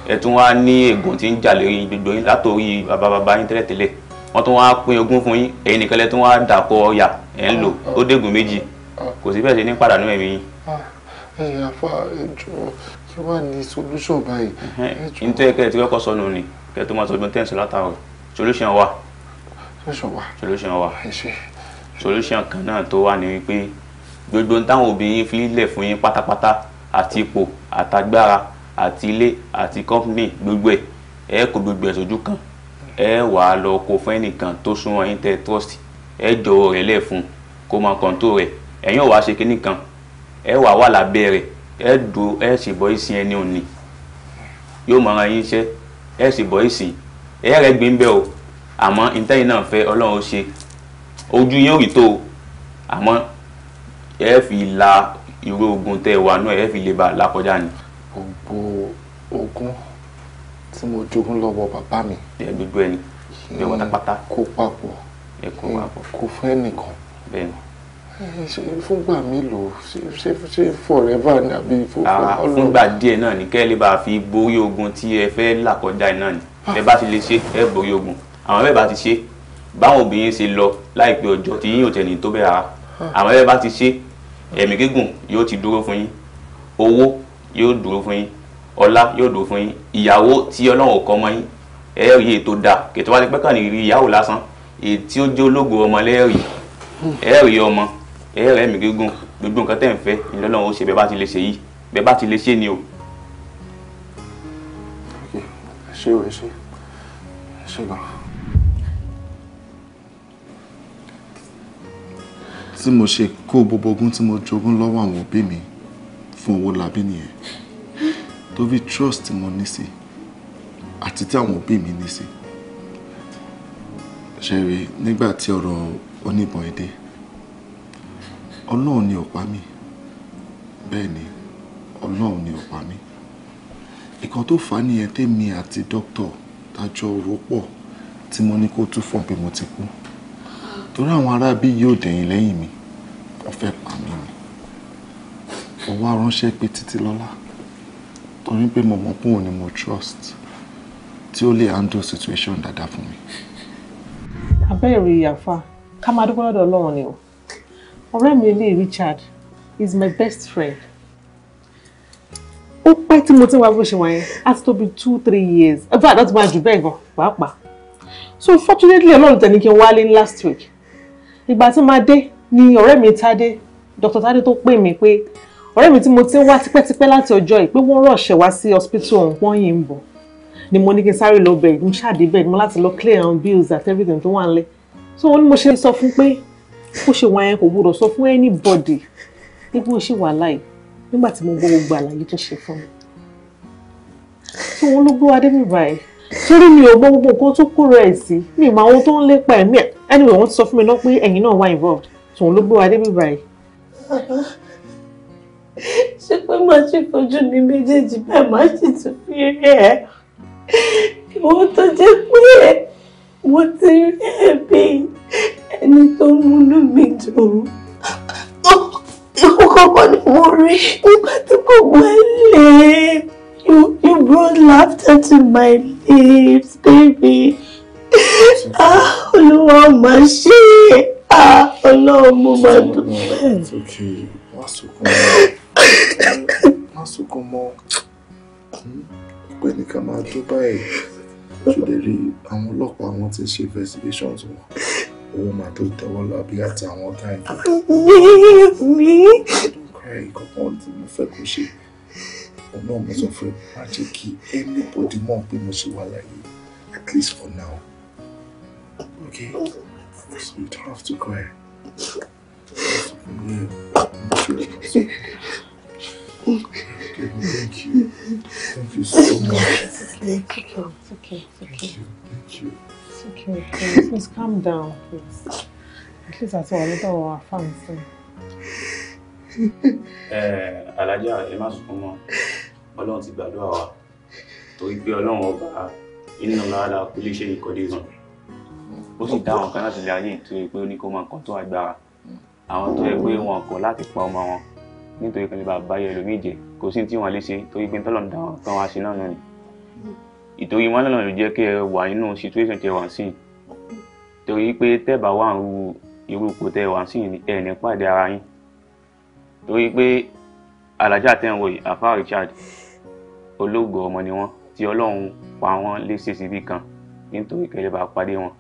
ẹ tún wá ní ègún tí ń jà lórí gbogbo yín látòrí bàbá bàbá yín tẹ́lẹ̀tẹ́lẹ̀ wọ́n tún wá pín ogún fún yín ẹ̀yin nìkan lẹ́ tún wá dàpọ̀ ọ̀yà ẹ̀ ń lò ó dégùn méjì kò sí bẹ́ẹ̀ ṣe ní pàdánù ẹ̀mí yín. Ah, eh, ẹ afa ẹjọ kí wàá ní solution báyìí. n tẹ́ kẹ́ ẹ ti kọ́kọ́ sọnù ni kẹ́ ẹ tó máa sọ ọdún tẹ́ǹsì látàrọ̀ solution wa solution wa solution wa solution kan náà tó wà ní wípé gbogbo táwọn òbí yín fi lẹ̀ fún yín àti ipò àtagbára àti ilé àti company gbogbo ẹ̀ ẹ kó gbogbo ẹ̀ sójú kan ẹ wà á lọ kó fún ẹnìkan tó súnmọ́ yín tẹ́ trust ẹ jọ̀wọ́ rẹ̀ lẹ̀ fún kó máa kọ́ńtò rẹ̀ ẹ̀yin ò wá ṣe kinní kan ẹ wà wà lábẹ́ rẹ̀ ẹ dùn ẹ sì bọ́ ìsìn ẹni òní yóò mọ ara yín iṣẹ́ ẹ sì bọ́ ìsìn ẹ rẹ̀ gbìn bẹ́ẹ̀ o àmọ́ ìtẹ́yìn náà fẹ́ ọlọ́run ṣe ojú yín rí tó o àmọ́ ẹ fi la irú ogun tẹ́ ẹ wà náà ẹ fi lè bá a lákọjá ni. gbogbo ogun tí mo jogún lọ́wọ́ bàbá mi. ẹ gbogbo ẹni bẹ́ẹ̀ wọ́n pátápátá. kó papọ̀ kó fún ẹnìkan. bẹ́ẹ̀ ni ṣe fúngbà mélòó ṣe ṣe forever ni àbí fúngbà ah, ọlọ́run. fúngbà díẹ̀ náà ni kẹ́ ẹ lè bá fi borí ogun tí ẹ fẹ́ là kọjá iná ni ah. ẹ bá ti lè ṣe ẹ borí ogun àwọn bẹ́ẹ̀ bá ti ṣe báwọn obìnrin ṣe lọ láìpẹ́ ọjọ́ tí yín ò tẹ̀ ní tó bẹ́ẹ̀ rárá ah. àwọn bẹ́ẹ̀ bá ti ṣe ẹ̀mí gígùn yóò ti dúró fún yín owó yóò dúró fún yín ọlá yóò dúró fún yín ìyàwó tí ọlọ́run kọ́ mọ́ yín ẹ̀rí ètò dà kètò wá ti pẹ́ kàn ní rí ìyàwó lásán èyí tí ó jẹ́ ológo ọmọ lẹ́ẹ̀rí ẹ̀rí ọmọ ẹ̀rí ẹ̀mí gígùn gbogbo nǹkan tẹ̀ ń fẹ́ ìlọ́lọ́run ó ṣe bẹ́ẹ̀ bá ti lè ṣe yìí bẹ́ẹ̀ bá ti lè ṣe ni o. ṣé o ṣe ṣe gan-an. tí mo ṣe kó gbogbo ogún tí mo jogún lọ́wọ́ àwọn òbí mi fún owó labí nìyẹn torí trust tí mo ní sí àti tí àwọn òbí mi ní sí ṣẹ̀rí nígbà tí ọ̀rọ̀ oníbọn èdè ọlọ́run ni ò pa mí bẹ́ẹ̀ ni ọlọ́run ni ò pa mí ìkan tó fà á nìyẹn tèmi àti dókítà tájọ rò pọ̀ tí mo ní kó tún fọ̀ pé mo ti kú torí àwọn aráabí yóò dẹ̀yìn lẹ́yìn mi wọ́n fẹ́ pa mí ni mo wá ránṣẹ́ pé Títílọ́lá torí pé mo mọ̀ pé òun ni mo trust tí ó lè handle situation dáadáa fún mi. abẹ́rẹ́ ìyàfa ká máa dúpẹ́ lọ́dọ̀ ọlọ́run ni o ọ̀rẹ́ mi ilé Richard is my best friend ó pẹ́ tí mo ti wá bó ṣe wáyé láti tó bí two three years in fact láti máa jù bẹ́ẹ̀ gan pàápàá so fortunately ọlọ́run tẹ̀ ní kí n wálé last week ìgbà tí máa dé ni ọ̀rẹ́ mi Tádé Dr. Tádé tó pè mí pé ọ̀rẹ́ mi tí mo ti ń wá tipẹ́tipẹ́ láti ọjọ́ yìí pé wọ́n rọ̀ṣẹ̀ wá sí hospital ọ̀hún wọ́n yìí ń bọ̀ ni mo ní kí n sáré lọ bẹ̀ mo ṣáàdé bẹ̀ mo láti lọ clear on bills àti everything tó wà ń lẹ̀ so wọ́n ní mo ṣe sọ fún pé bó ṣe wà yẹn kò gbọdọ̀ sọ fún anybody bí bó ṣe wà láì nígbà tí mo gbọ́ gbogbo àlàyé tó ṣe fún mi so wọ́n ló gbé wa débi báyìí torí mi ò gbọ́ gbogbo nǹkan tó kúrò ẹ̀ sí mi ìmọ̀ àwọn tó ń lépa ẹ̀mí ẹ̀ anyway wọ́n ti sọ fún mi náà pé ẹ̀yin náà wà involved tòun ló gbé wa débi báyìí. ṣé pé màá ṣe fojú ní méjèèjì bẹ́ẹ̀ má sì tún fi rí ẹ̀ ìwọ tó jẹ́ pé mo ti rí ẹ̀ bí ẹni tó múnú mi dùn ìkókó kan ni mo rí nígbà tí kò gbọ́ ẹ̀ lé. You you brought laughter to my lips, baby. Ah, Olúwa mà Ah, Ọlọ́run mo máa It's okay. Má sunkún mọ́. Má sunkún mọ́. Hmm? Pé ní ká máa tó báyìí. Ṣùgbọ́n rí àwọn ọlọ́pàá wọn ti ṣe investigations wọn. Owó máa tó tẹ̀wọ́ lábí àti àwọn ọ̀gá ẹ̀. Mi mi. Don't cry, ìkọ̀kan tí mo fẹ́ kó ṣe fún náà mo sọ fún má jẹ́ kí anybody mọ̀ pé mo ṣe wà láyé at least for now okay so you don't have to cry. Okay, thank you. Thank you so much. Thank you. It's okay. It's okay. Thank you. Thank you. It's okay. Please, please calm down, please. At least that's all. I don't want to fancy alájà ẹ má sunkún mọ́ ọlọ́run ti gbàdúrà wa torí pé ọlọ́run ọba inú lára kò lè ṣe ìkọ́dé hàn ó sì dá àwọn kan láti lè ayé ìtúwé pé ó ní kó máa kàn tó agbára àwọn tó yẹ pé wọn kọ̀ láti pa ọmọ wọn nítorí kan lè bá báyọ̀ ẹlòmíì jẹ kò sí tí wọn lè ṣe torí pé tọ́lọ̀ ń dá wọn kan wá sí náà náà ni ìtorí wọn lọ́nà ló jẹ́ kí ẹ wà nínú situation tẹ wà sí torí pé tẹ́ẹ̀bà wà ń ru irú ipò tẹ wà sí ẹ̀ nípa ìdí ara yín torí pé alájà tẹ̀ ń wòye àfa Richard olóògbé ọmọ ni wọ́n tí Ọlọ́run pa wọ́n léṣe síbì kan nítorí kẹlẹ́ bá pàdé wọn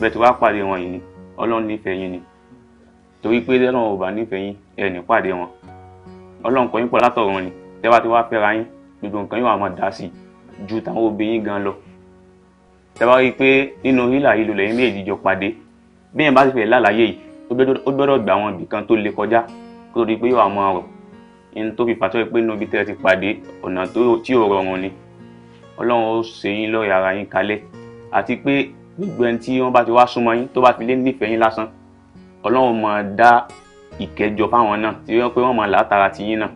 bẹ́ẹ̀ tó bá pàdé wọn yìí ni Ọlọ́run nífẹ̀ẹ́ yín ni torí pé Ọlọ́run ò bá nífẹ̀ẹ́ yín ẹ̀ ní pàdé wọn Ọlọ́run kọ yín pọ̀ látọ̀run ni tẹ́ bá ti wá fẹ́ra yín gbogbo nǹkan yóò wá máa dá sí i ju táwọn obìnrin gan lọ tẹ́ bá rí i pé nínú hílà yìí lulẹ̀ yín méjì jọ pàdé bí yẹn bá ti fẹ́ lálàyé yìí ó gbọ́dọ̀ gbà wọn ibì kan tó le kọjá tó di pé yóò àmọ́ ọ̀rọ̀ ní tó fi fàtọ́ pé níbi tẹ́ ẹ ti pàdé ọ̀nà tí ò rọrùn ni ọlọ́run ó ṣe yín lọ́ọ̀yà ara yín kalẹ̀ àti pé gbogbo ẹni tí wọ́n bá ti wá súnmọ́ yín tó bá ti lé nífẹ̀ẹ́ yín lásán ọlọ́run máa dá ìkẹjọ fáwọn náà tí wọ́n pé wọ́n máa látara ti yín náà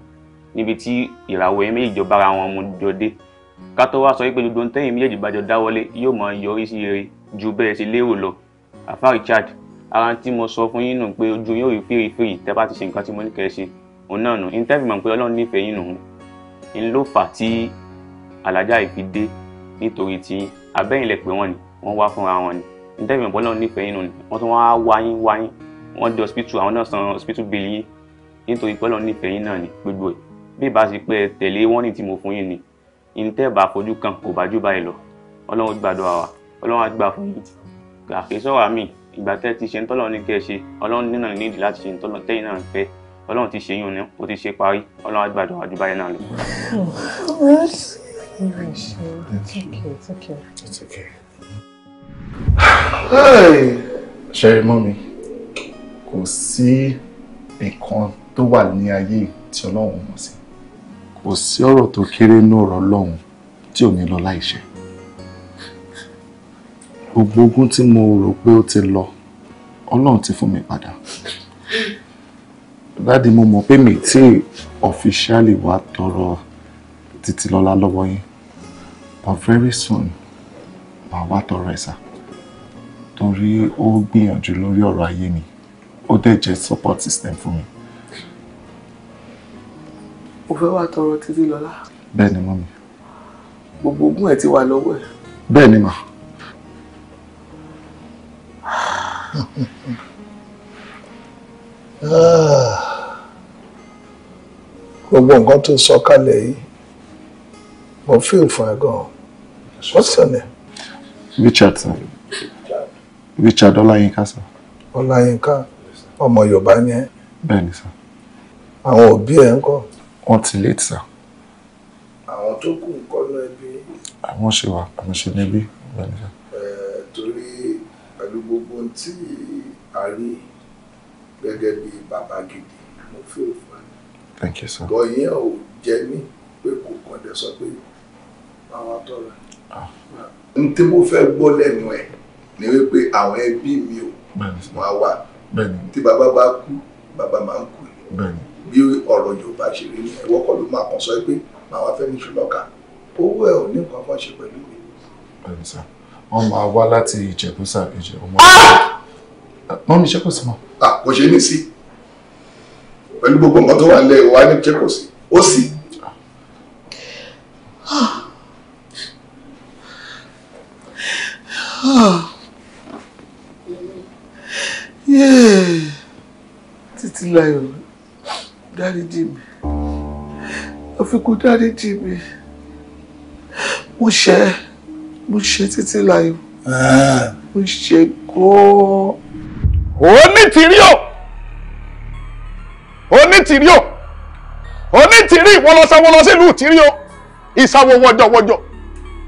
níbi tí ìràwọ̀ yín méjèèjì bára wọn mu jọ dé ká wá sọ pé gbogbo ntẹ́yìn méjèèjì bá jọ dáwọ́lé yóò máa yọrí sí rere ju bẹ́ẹ̀ ṣe lérò lọ àfáà Richard ara tí mo sọ fún yín nù pé ojú yóò rí fèrèfèrè tẹ́ bá ti ṣe nǹkan tí mo ní kẹ́ ẹ ṣe òun náà nù ní tẹ́fì mọ̀ pé ọlọ́run nífẹ̀ẹ́ yín nù ń ló fà tí alájà yìí fi dé nítorí tí abẹ́yìn lẹ pé wọ́n ni wọ́n wá fúnra wọn ni ní tẹ́fì mọ̀ pé ọlọ́run nífẹ̀ẹ́ yín nù ni wọ́n tún wá wáyín wáyín wọ́n dé hospital àwọn náà san hospital bill yín nítorí pé ọlọ́run nífẹ̀ẹ́ yín náà ni gbogbo ẹ̀ bí ìbá ṣe pé tẹ̀lé wọ́n ní tí mo fún yín ni ní tẹ́ bá fojú kan kò bá jù báyìí lọ ọlọ́run gbàdúrà wa ọlọ́run á gbà fún yín kàkésọ́ra míì ìgbà tẹ́ ti ṣe ń tọ́lọ́ ní kẹ́ ẹ ṣe ọlọ́run nínú nídìí láti ṣe ń tọ́lọ́ tẹ́yìn náà ń fẹ́ ọlọ́run ti ṣe yún ni ó ti ṣe parí ọlọ́run àgbàdo àdúbáyé náà lọ. ṣẹ́rí mọ́ mi kò sí nǹkan tó wà ní ayé tí ọlọ́run mọ̀ sí kò sí ọ̀rọ̀ tó kéré ní ọ̀rọ̀ ọlọ́run tí ò ní lọ láìṣẹ́ gbogbo ogún tí mo rò pé ó ti lọ ọlọ́run ti fún mi padà dáàdi mo mọ̀ pé mi tí ọ̀fíṣálì wá tọrọ títí lọ́lá lọ́wọ́ yín but very soon màá wá tọrọ ẹ̀ sá torí ó gbìyànjú lórí ọ̀rọ̀ ayé mi ó dẹ̀ jẹ́ support system fún mi. o fẹ́ wá tọrọ títí lọ́lá. bẹ́ẹ̀ ni mọ́mi. gbogbo ogún ẹ̀ ti wà lọ́wọ́ ẹ̀. bẹ́ẹ̀ ni màá. gbogbo nǹkan tó sọ kalẹ̀ yìí mo feel fún ẹ gan what's your name. Richard sir Richard Ọláyínká sir. Ọláyínká ọmọ Yorùbá ni ẹ. bẹ́ẹ̀ni sir. àwọn òbí ẹ ń kọ́. wọ́n ti late sir. àwọn tó kù ń kọ́ náà ẹbí. àwọn ṣe wà àwọn ṣe níbí bẹ́ẹ̀ni sir pẹ̀lú gbogbo ohun tí a rí gẹ́gẹ́ bí bàbá gidi mo fẹ́ fún ẹ. bọ̀yìn ò jẹ́ mí pé kò kàn dé sọ pé báwa tọ̀rọ̀. Ah. n tí mo fẹ́ gbọ́ lẹ́nu ẹ̀ ni wípé àwọn ẹbí mi ò wọ́n á wà tí bàbá bá kú bàbá máa ń kú bí ọ̀rọ̀ Yorùbá ṣe rí ni ẹ̀wọ́ kọ́ ló máa kàn sọ pé màá wá fẹ́ ní ṣùlọ́ka owó ẹ̀ ò ní nǹkan ṣe pẹ̀lú mi wọ́n máa wá láti ìjẹ̀bùsà ìjẹ̀ ọmọ. Ah! wọ́n mi ṣe kò sí mọ́. Ah, kò ṣe ní sí pẹ̀lú gbogbo nǹkan tó wà nílẹ̀ ìwà ní ṣe kò sí ó sì. títí láyọ̀ dáríjì mi àfikún dáríjì mi mo ṣe é mo ṣe títí láyò ah. mo ṣe gan-an. onítìrí o onítìrí o onítìrí ìwọlọsàwọlọ sílùú tìrí o ìsàwọ̀ wọjọwọjọ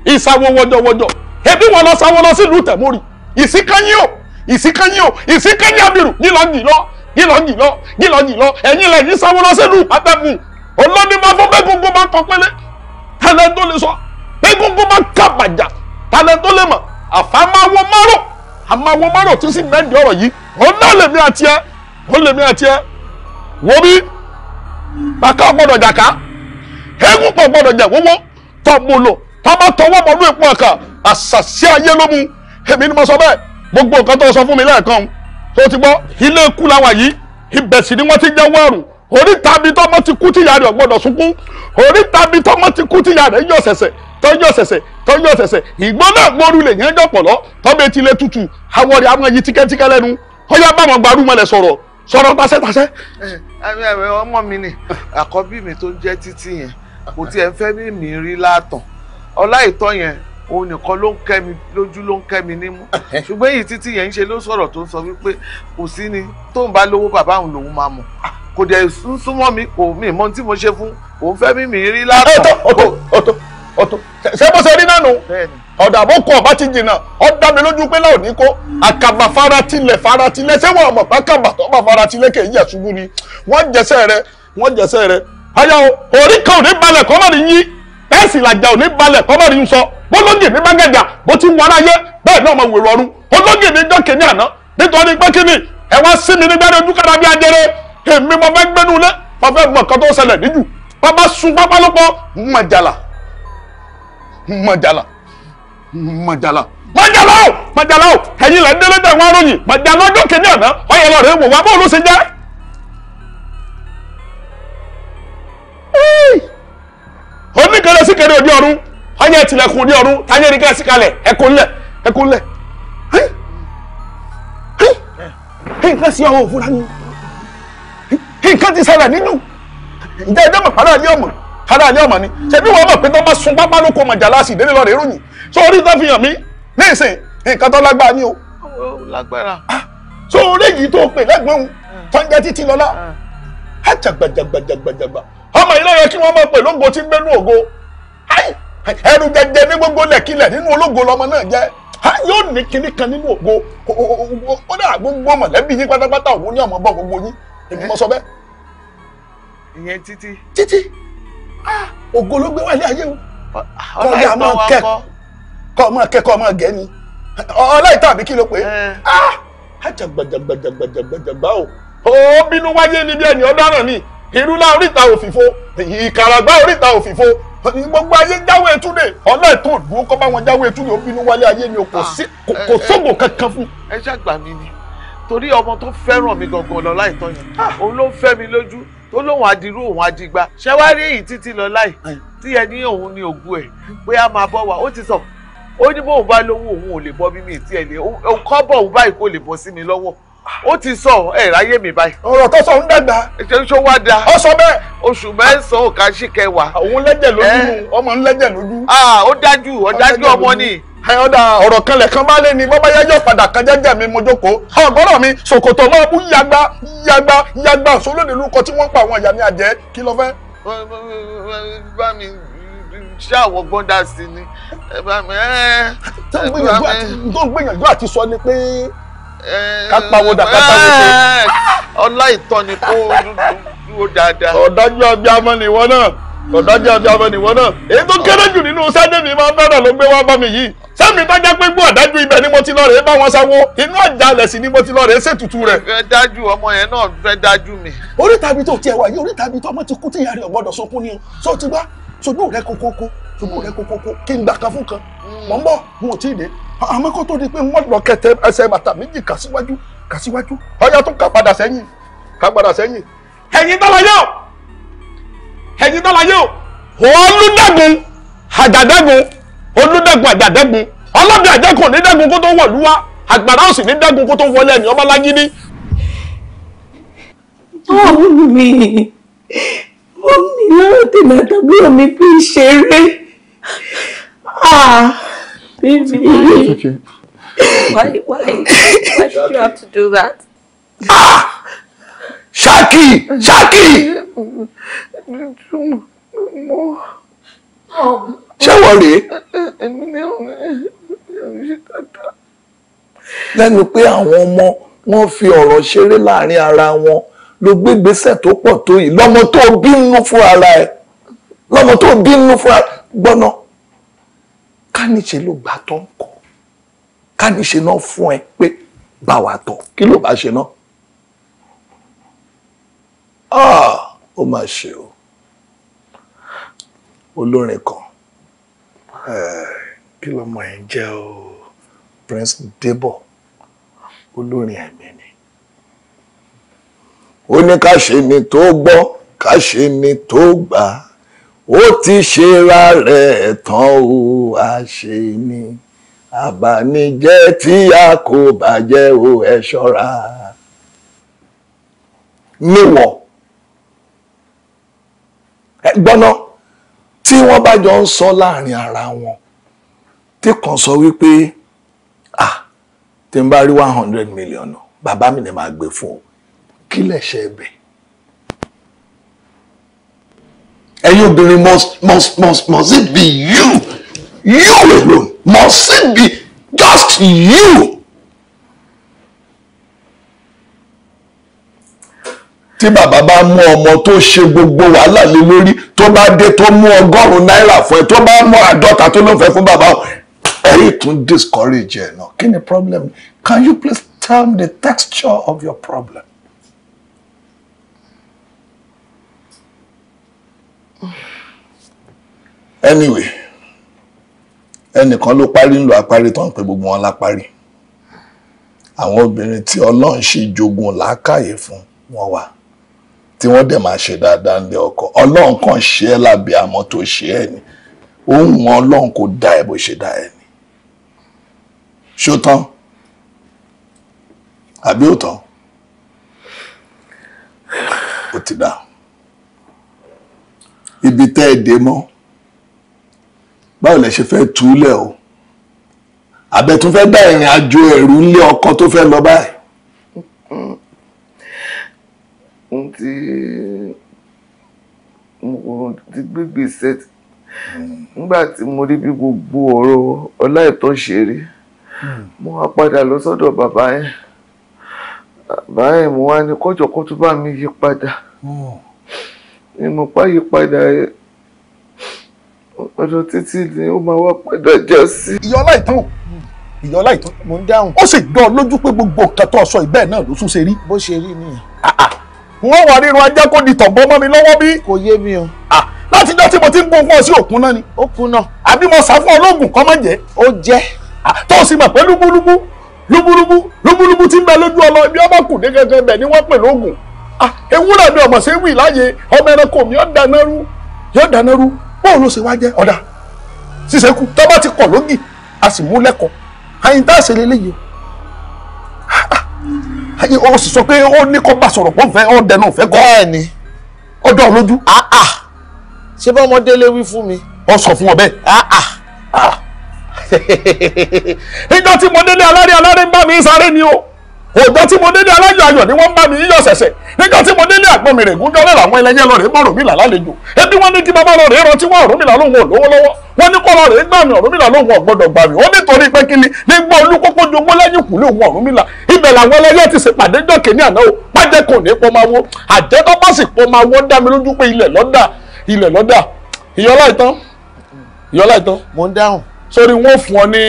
ìsàwọ̀ wọjọwọjọ ebi wọlọsàwọlọ sílùú tẹ̀mórì ìsìnkányí o ìsìnkányí o ìsìnkányí abirù nílọ́njìlọ́ nílọ́njìlọ́ nílọ́njìlọ́ ẹ̀yin lẹ́yìn sáwọ́lọ́ sílùú àtẹ̀mù olódìmọ̀ fún bẹ́ẹ̀ gbogbo máa kọ́ pẹ́lẹ́ tẹ́lẹ̀ tó lè sọ bẹ́ẹ̀ gbogbo máa kábàjá talẹ̀ tó lè mọ̀ àfàmáwo márò àmáwo márò tó sì mẹ́ndì ọ̀rọ̀ yìí òun náà lèmi àti ẹ òun lèmi àti ẹ wo bí bàkà gbọ́dọ̀ jàká eégún pọ̀ gbọ́dọ̀ jẹ wọ́wọ́ tọ́mọlò tọ́mọ tọwọ́ mọ lóye àṣàṣì ayé ló mu èmi ni mo sọ bẹ́ẹ̀ gbogbo nǹkan tó sọ fún mi lẹ́ẹ̀kan tó ti gbọ́ ilé ikú làwà yìí ibẹ̀ ni wọ́n ti jẹ́ wọ́ọ̀rùn oríta bi tọmọ ti kú tíya rẹ̀ ọ̀gbọ́dọ̀ sunkún oríta bi tọmọ ti kú tíya rẹ̀ yọ sẹ̀sẹ̀ tọ́jọ́ sẹ̀sẹ̀ tọ́jọ́ sẹ̀sẹ̀ ìgbóná gbóru lè yẹn jọ̀pọ̀lọ́ tọ́bẹ̀ tilẹ̀ tutù awọ rẹ̀ amọ̀ yìí tíkẹ́tíkẹ́ lẹ́nu ọyá báwọn gbarú mọ́lẹ̀ sọ̀rọ̀ sọ̀rọ̀ tasẹ́tasẹ́. Eh, eh, eh, ọmọ mi ni àkọ́bí mi tó ń jẹ́ títí yẹn kò tiẹ̀ ń fẹ́ mi mi rí látàn ọlá ìtọ́ yẹn òun nìkan ló ń kẹ́ mi lójú ló ń kẹ́ mi nímú ṣùgbọ́n èyí títí yẹn ń ṣe ló sọ̀rọ̀ tó ń sọ wípé kò sí ni tóun bá lówó bàbá òun lòun máa mọ̀ kò dẹ̀ ń súnmọ́ mi kò mí mọ tí mo ṣe fún kò ń fẹ́ mi mi rí látọ̀. ọ̀tọ̀ ọ̀tọ̀ ọ̀tọ̀ ọ̀tọ̀ ṣé bó ṣe rí nánu ọ̀dà àbókù ọ̀bá ti jìnnà ó dá mi lójú pé láò ní kó àkàbà faratilẹ̀ faratilẹ̀ ṣé wọn àmọ̀ pákàbà tó bá faratilẹ̀ kì í ṣubú ni wọ́n jẹsẹ̀ rẹ wọ́n jẹsẹ̀ rẹ. ayọ̀ orí kan ò ní balẹ̀ kọ́mọ̀rì yín bẹ́ẹ̀ sì làjà ò ní balẹ̀ kọ́mọ̀rì ń sọ bọ́lọ́gì ní bágẹ́dà bó ti wọn aráyé bẹ́ẹ̀ náà máa wèrò ọ̀run ológì ní jọ́kẹ́ ní àná nítorí pé kíni ẹ wá sí mi nígbà èmi mo fẹ́ gbẹ́nu lé mo fẹ́ mọ nǹkan tó ṣẹlẹ̀ níjù bàbá sun pápá lọ́pọ̀ mọ̀jàlá mọ̀jàlá mọ̀jàlá mọ̀jàlá o mọ̀jàlá o ẹ̀yin là ń délé tẹ̀ wọ́n ròyìn mọ̀jàlá ọjọ́ kìíní àná ọ̀yẹ̀ lọ rẹ̀ wò wá bóòlù ṣe jẹ́. oníkẹrẹ síkẹrẹ òdi ọ̀run ọyẹ tilẹ̀kùn òdi ọ̀run táyé ní kẹrẹ síkalẹ̀ ẹ̀kọ́ ńlẹ̀ ẹ̀kọ́ ńlẹ̀ nǹkan sí ọ̀hún òfurufú nǹkan ti ṣẹlẹ̀ nínú ǹjẹ́ ẹjọ́ mọ̀ padà ní ọmọ padà ní ọmọ ni ṣebí wọn mọ̀ pé tó bá sun pápá lóko mọ̀jà láti ìdílé lọ́rẹ̀ ìròyìn tó orí tó fi hàn mí ní ìsìn nǹkan tó lágbára ni o. lágbára. tó orí yìí tó pè lẹ́gbẹ̀ẹ́ òun tó ń jẹ́ títí lọ́lá àjàgbàjàgbàjàgbàjàgbà ọmọ ilé yẹ kí wọ́n mọ̀ pé lóńgò ti ń gbénú ògo ẹrù jẹjẹ ní gbogbo lẹ̀kílẹ̀ nínú ológo lọmọ náà jẹ́ yóò ní kinní kan nínú ògo ó dà gbogbo mọ̀lẹ́bí yín pátápátá òun ní ọmọ bọ́ gbogbo yín èmi mo sọ bẹ́ẹ̀. ìyẹn títí. títí ah, ògo ló gbé wálé ayé o kọjá máa kẹ́kọ̀ọ́ kọ́ máa kẹ́kọ̀ọ́ máa gẹ́ ni ọláìtàn àbí kí ló pé àjàgbàjàgbàjàgbàjàgbà eh. ah, o ó bínú wáyé níbi ẹni ọ̀daràn ni ìrúlá oríta òfìfo ìkàràgbá oríta òfìfo gbogbo ayé jáwé túnde ọlọ́ọ̀tún òdùn kọ́ bá wọn jáwé túnde ó bínú wálé ayé ni o kò ah, eh, eh, sóògùn kankan fún. ẹ ṣàgbà mi ni torí ọmọ tó fẹ́ràn mi gangan lọ láì tán yẹn ah! òun ló fẹ́ mi lójú tó lóun adirú òun adigba ṣé wá rí èyí títí lọ láì tí ẹ ní òun ní ògùn ẹ pé a máa bọ̀ wá ó ti sọ ó ní bóun bá lówó òun ò lè bọ́ bí mi tí ẹ lè òun kọ́ bọ̀ òun báyìí kó lè bọ́ sí mi lọ́wọ́ ó ti sọ ẹ ráyé mi báyìí. ọ̀rọ̀ tó sọ ń dàgbà. ètò ìṣó wá da. ó sọ bẹ́ẹ̀. oṣù mẹ́sàn-án ò kà sí kẹwàá. òun lẹ́jẹ̀ lójú ọmọ ń lẹ́jẹ̀ lójú. Ah, ó dájú ó dájú ọmọ ni ọ̀dà ọ̀rọ̀ kan lẹ̀kan bá lé ni bọ́bá yájọ́ padà kan jẹ́jẹ́ mi mo jókòó mi ṣòkòtò máa bú yagba yagba yagba sólódì lukọ tí wọ́n pa àwọn ìyá mi àjẹ́ kí ló fẹ́. bá mi ṣé gbọ́dá sí ni bá mi. tó ń gbìyànjú àti sọ ni pé ká pawódà ká pawódà. ọlá ìtọ́ni kó dúró dáadáa. ọ̀dájú abiyamọ ni ìwọ náà ọ̀dájú àti abẹni ìwọ náà èyí tó kéré jù nínú sẹ́dẹ̀mí máa ń bẹ̀rẹ̀ ló gbé wá bá mi yìí sẹ́mi tó jẹ́ pé gbọ́ ọ̀dájú ibẹ̀ ni mo ti lọ rèé bá wọn sanwó inú àjálẹ̀ sí ni mo ti lọ rèé ṣètùtù rẹ̀. fẹ́ dájú ọmọ yẹn náà fẹ́ dájú mi. oríta ibi tó tiẹ̀ wá yìí oríta ibi tó ọmọ ti kú tí ìyá rẹ̀ sunkún ni so ti gbá sojú rẹ̀ kókókó sojú rẹ̀ kókókó kí n gbà kan fún kan mọ̀ hmm. ń bọ̀ n ò tí ì dé àmọ́ kó tó di pé wọ́n lọ kẹtẹ ẹsẹ̀ bàtà méjì kà síwájú kà síwájú ọyá padà sẹ́yìn kà padà sẹ́yìn ẹ̀yin tọ́lọ yóò ẹ̀yin dọ́là yóò olùdẹ́gun àjàdẹ́gun olùdẹ́gun àjàdẹ́gun ọlọ́dẹ àjẹkùn ní kó tó wọ̀lú wa àgbàrá òsì ní kó tó wọlé ẹ̀mí ọmọ lágídí. ọ̀hún mi ó mi lára tèmi àtàbí omi fi ṣeré ah, bíbí. Why, why, why should you have to do that? Ah! ṣáàkì ṣáàkì. ṣé wọ́n rèé. lẹ́nu pé àwọn ọmọ wọn fi ọ̀rọ̀ ṣeré láàrin ara wọn ló gbégbèsè tó pọ̀ tó yìí lọ́mọ tó bínú fún ara ẹ̀ lọ́mọ tó bínú fún ara gbọ́nà káníṣe ló gbà tó ń kọ́ káníṣe náà fún ẹ pé bá wa tọ̀ kí ló bá ṣe náà. Ah, ó mà ṣe o olórin kan eh, kí lọmọ yẹn jẹ́ o Prince Debo olórin ẹ̀mí ni ó ní ká ṣe ni tó gbọ́ ká ṣe ni tó gbà ó ti ṣera rẹ̀ tán o àṣe ni àbànújẹ́ tí a kò bàjẹ́ o ẹ ṣọ́ra níwọ gbọ́nà tí wọ́n bá jọ ń sọ láàrin ara wọn tí kan sọ wípé ah tí n bá rí one hundred million bàbá mi ni màá gbé fún o kí lẹ̀ṣẹ̀ ẹ̀bẹ̀ ẹ̀yin obìnrin must must must must it be you you alone must it be just you tí bàbá bá mú ọmọ tó ṣe gbogbo wàhálà lé lórí tó bá dé tó mú ọgọ́rùn-ún náírà fún ẹ tó bá mú àádọ́ta tó ló fún bàbá ẹ̀yìn tún discourage ẹ̀ náà kí ni problem can you please tell me the texture of your problem. anyway ẹnìkan ló parí ńlọ àparí tó ń pe gbogbo wọn láparí àwọn obìnrin tí ọlọ́run ṣe jogun làákàyè fún wọn wà tí wọ́n dẹ̀ máa ṣe dáadáa nílé ọkọ ọlọ́run kan ṣe é lábẹ àmọ́ tó ṣe é ni òun wọn ọlọ́run kò dá ẹ bó ṣe dá ẹ ni ṣótán àbí òtán ó ti dá ibi tẹ́ ẹ dé mọ́ báwo lẹ ṣe fẹ́ túlẹ̀ o àbẹ̀ tó fẹ́ dá ìrìn àjò ẹ̀rú nílé ọkọ tó fẹ́ lọ báyìí ohun tí mo ti gbégbé set nígbà tí mo rí bí gbogbo ọ̀rọ̀ ọláìtọ́ ṣe rí mo wá padà lọ sọ́dọ̀ bàbá yẹn bàbá yẹn mo wá ní kọ́jọ́ bá mi yí padà ni mo pa yí padà yẹn ọ̀dọ̀ títí ni ó máa wá padà já sí. ìyá ọláìtọ́ ìyá ọláìtọ́ mo ń dáhùn. ó sì gbọ́ lójú pé gbogbo nǹkan tó sọ ìbẹ́ẹ̀ náà ló tún ṣe rí. bó ṣe rí nìyẹn. Ah, ah wọ́n wà nínú ajá kó di tọ̀gbọ́n mọ́ mi lọ́wọ́ bí. kò yé mi o. látijọ́ tí mo ti ń gbóhùn sí òkun náà ni. ó kun àbí mo sá fún ọ kọ́ mọ̀ jẹ́. ó jẹ́. tó o sì mọ̀ pé lúbúlúbú lúbúlúbú lúbúlúbú ti ń bẹ lójú ọlọ ibi ọba kù dé gẹ́gẹ́ ni wọ́n pè lóògùn. ewúrẹ́ mi ọ̀mọ̀ sí láàyè ọmọ ẹranko mi yóò dáná rú yóò dáná rú bóun ló ṣe wá jẹ́ ọ̀dà ṣíṣe kú tọ́ bá ti kọ̀ lógì a sì mú lẹ́kọ̀ọ́ àyíntà ṣe lélẹ́yìí ayé ó sì sọ pé ó ní kó bá sọ̀rọ̀ pọ̀ nfẹ́ ó dẹnu nfẹ́ kọ́. bẹ́ẹ̀ni. ọdọ lójú. àà ṣé bá ọmọdé lè wí fún mi. ó sọ fún ọ bẹ́ẹ̀. àà. ìjọ tí mo délé aláré aláré ń bá mi sáré ni o ọjọ́ tí mo délé aláyọ̀ ayọ̀ ni wọ́n bá mi yíyọ̀ ṣẹ̀ṣẹ̀ nígbà tí mo délé àgbọn mi rẹ̀ gúnjọ́ lẹ́la àwọn ẹlẹ́yẹ lọ rẹ̀ bọ̀ rọ̀mìlà lálejò ẹbí wọn ní kí bàbá lọ rẹ̀ rọ tí wọ́n rọ̀mìlà lóhùn olówó lọ́wọ́ wọn ní kọ́lọ́ rẹ̀ gbàmì ọ̀rọ̀mìlà lóhùn ọ̀gbọ́dọ̀ gbàmì ó nítorí pé kí ni nígbà olúkókó jogbo lẹ́yìn kù lóhùn ọ̀rọ̀mìlà ibẹ̀ làwọn ẹlẹ́yẹ ti ṣe pàdé jọ́kè ní àná o pàdé kò ní pọ́ máa wo àjẹ́tọ́ bá sì pọ́ máa wọ́n dá mi lójú pé ilẹ̀ lọ́dà ilẹ̀ lọ́dà ìyọlá ìtàn ìyọlá ìtàn. mo ń dáhùn. sórí wọn fún ọ ní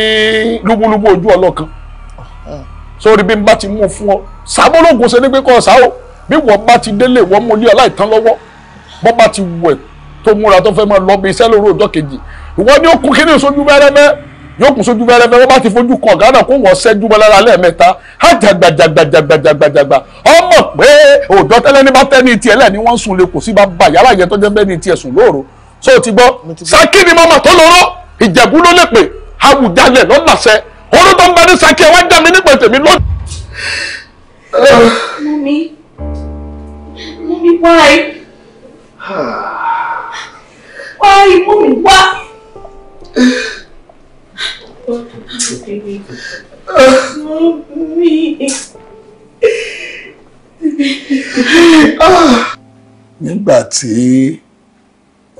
lúbúlúbú ojú ọlọ́kan ah, ah sórí bí n bá ti mú un fún ọ sàmúlògùn ṣe ní pé kọ́ ọ̀sá o bí wọ́n bá ti délé wọ́n mú ilé aláìtán lọ́wọ́ bọ́ bá ti wẹ̀ tó múra tó fẹ́ máa lọ bí iṣẹ́ lóru ọjọ́ kejì ìwọ́n ní ó kú kíní sójú bẹ́rẹ́bẹ́ yóò kú sójú bẹ́rẹ́bẹ́ wọ́n bá ti fojú kan ọ̀gá náà kó wọ́n ṣẹ́jú bọ́ lára lẹ́ẹ̀mẹ́ta ájàgbàjàgbàjàgbàjàgbà ọmọ pé òòjọ́ tẹ́lẹ̀ ní bá tẹ́ ní tiẹ̀ lẹ́ẹ̀ ni wọ́n sùn lè kò sí bá bà yàrá yẹn tó jẹ́ bẹ́ẹ̀ ní tiẹ̀ sùn lóru só ti gbọ́ sákì ni mọ́mọ́ tó lóró ìjẹ̀bú ló lè pè àwùjalè lọ́làṣẹ orúkọ ń bá ní saki ẹ wá já mi nípa tèmi lọ. mọ́mí mọ́mí why why mọ́mí wá. nígbà tí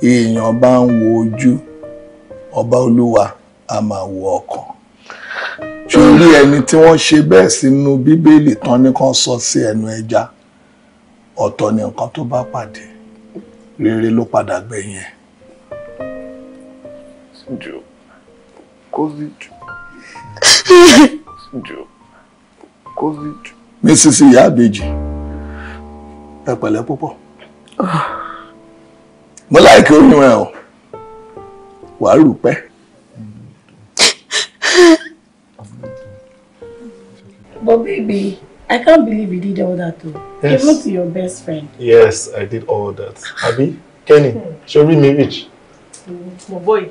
èèyàn bá ń wo ojú ọba olúwa a máa wo ọkàn ṣòrí ẹni tí wọ́n ṣe bẹ́ẹ̀ sínú bíbélì tán ní kan sọ sí ẹnu ẹja ọ̀tọ̀ ni nǹkan tó bá pàdé rere ló padà gbẹ̀yìn ẹ̀. Jù kó sì jù. Jù kó sì jù. Mrs. Ìyá Àbèjì, ẹ pẹ̀lẹ́ púpọ̀. Ah. Mo láìkí oyún ẹ o, wàá rù pẹ́. But baby, I can't believe you did all that though. Yes. Even to your best friend. Yes, I did all that. Abi, Kenny, show me me rich. Mo boy,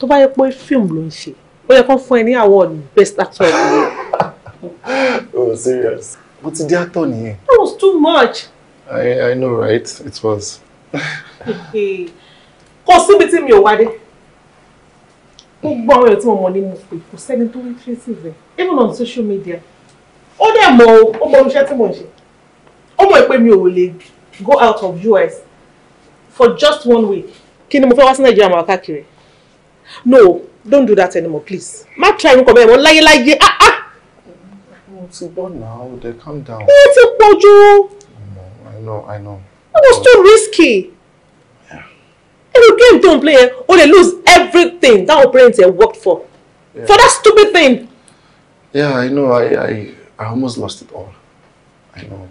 to buy yẹ boy film ló ń ṣe, ó yẹ kán award best actor Oh, serious. What's the di actor here? That was too much. I, I know, right? It was. Kò síbi tí mi ò wá dé gbogbo àwọn èèyàn tí mo mọ̀ ní mo pè kò sẹ́ni tó ń even on social media ó dẹ̀ mọ̀ o ó mọ iṣẹ́ tí mò ń ṣe ó mọ̀ pé mi ò lè go out of US for just one week kí ni mo fẹ́ wá sí nàìjíríà máa káàkiri no don't do that anymore please má try irun kan bẹ́ẹ̀ mọ́ láyéláyé ah ah. mo ti gbọ́ náà o dey calm down. ó ti pọ̀ jù. I know I know. it was too risky. every game tó ń play yẹn o dey lose everything that our parents dey work for yeah. for that stupid thing. yeah I know I I. I almost lost it all. I know.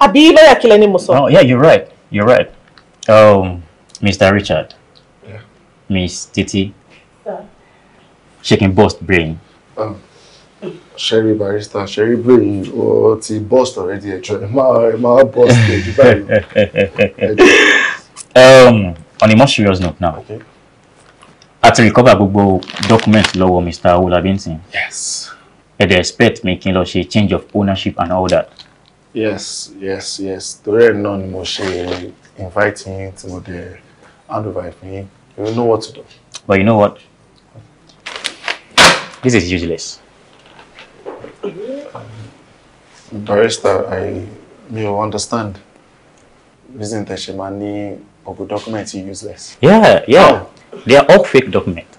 Abi lawyer killer ni mo sọ. Oh yeah, you're right. You're right. Um, oh, Mr. Richard. Yeah. Miss Titi. Yeah. She can bust brain. Um, Sherry barista, Sherry brain, Oh, ti bust already. my my bust. um, on a more serious note now. Okay a ti recover gbogbo document lọ́wọ́ Mr. Olabintin. yes. ẹ dey expect mi kí n lọ ṣe change of ownership and all that. yes yes yes torí ẹ náà ni mo ṣe invite yín tí mo dé hand yín you know what to do. but you know what this is useless. barrister i mi ò understand reason tẹ ṣe máa ní ọgbọ document useless. yeah yeah. Oh. They are all fake documents.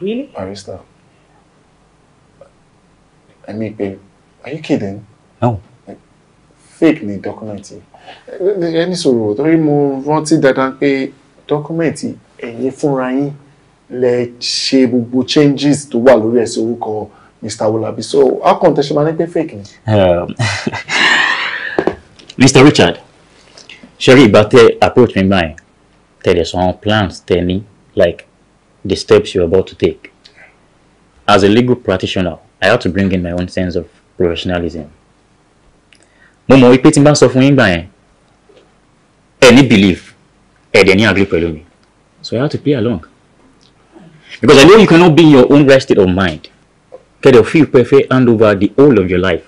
Really? Barista. I mean, babe, are you kidding? No. fake ni documenty. yìí. Ẹni sọ̀rọ̀ torí mo rántí dandan pé document yìí ẹ̀yin fúnra yín lè ṣe changes to wà lórí ẹ̀sìn orúkọ Mr. Wolabi. So, how come tẹ ṣe máa fake ni? Mr. Um, Richard, Sherry rí ìbátẹ́ approach me báyìí. Tell your some plans me, like the steps you're about to take. As a legal practitioner, I had to bring in my own sense of professionalism. momo we wípé tí n bá sọ fún belief, ẹ dẹ̀ ní agree pẹ̀lú So I had to play along. Because I know you cannot be in your own right state of mind. Kẹ̀dẹ̀ ò feel pé hand over the whole of your life.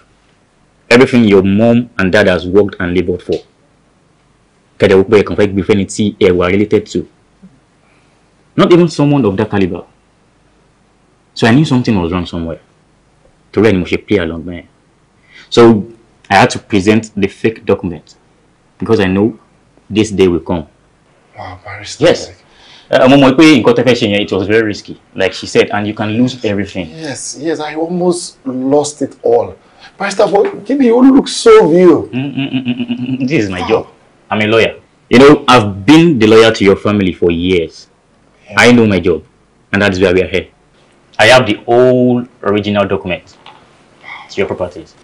Everything your mom and dad has worked and labored for. ẹ̀rẹ̀ they pé ẹ̀kàn fẹ́ gbé fẹ́ni tí ẹ wà related to not even someone of that caliber. so I knew something was wrong somewhere To ẹ̀ ni mo play along bẹ́ẹ̀ so I had to present the fake document because I know this day will come. Wow, barrister. Yes. Ọmọ mọ̀ pé nǹkan tẹ́ fẹ́ ṣe it was very risky like she said and you can lose everything. Yes, yes, I almost lost it all. Pastor. but me, you look so real. Mm, mm, mm, mm, mm, this is my oh. job. I'm a lawyer. You know, I've been the lawyer to your family for years. Yeah. I know my job, and that is why we are here. I have the old original documents to your properties.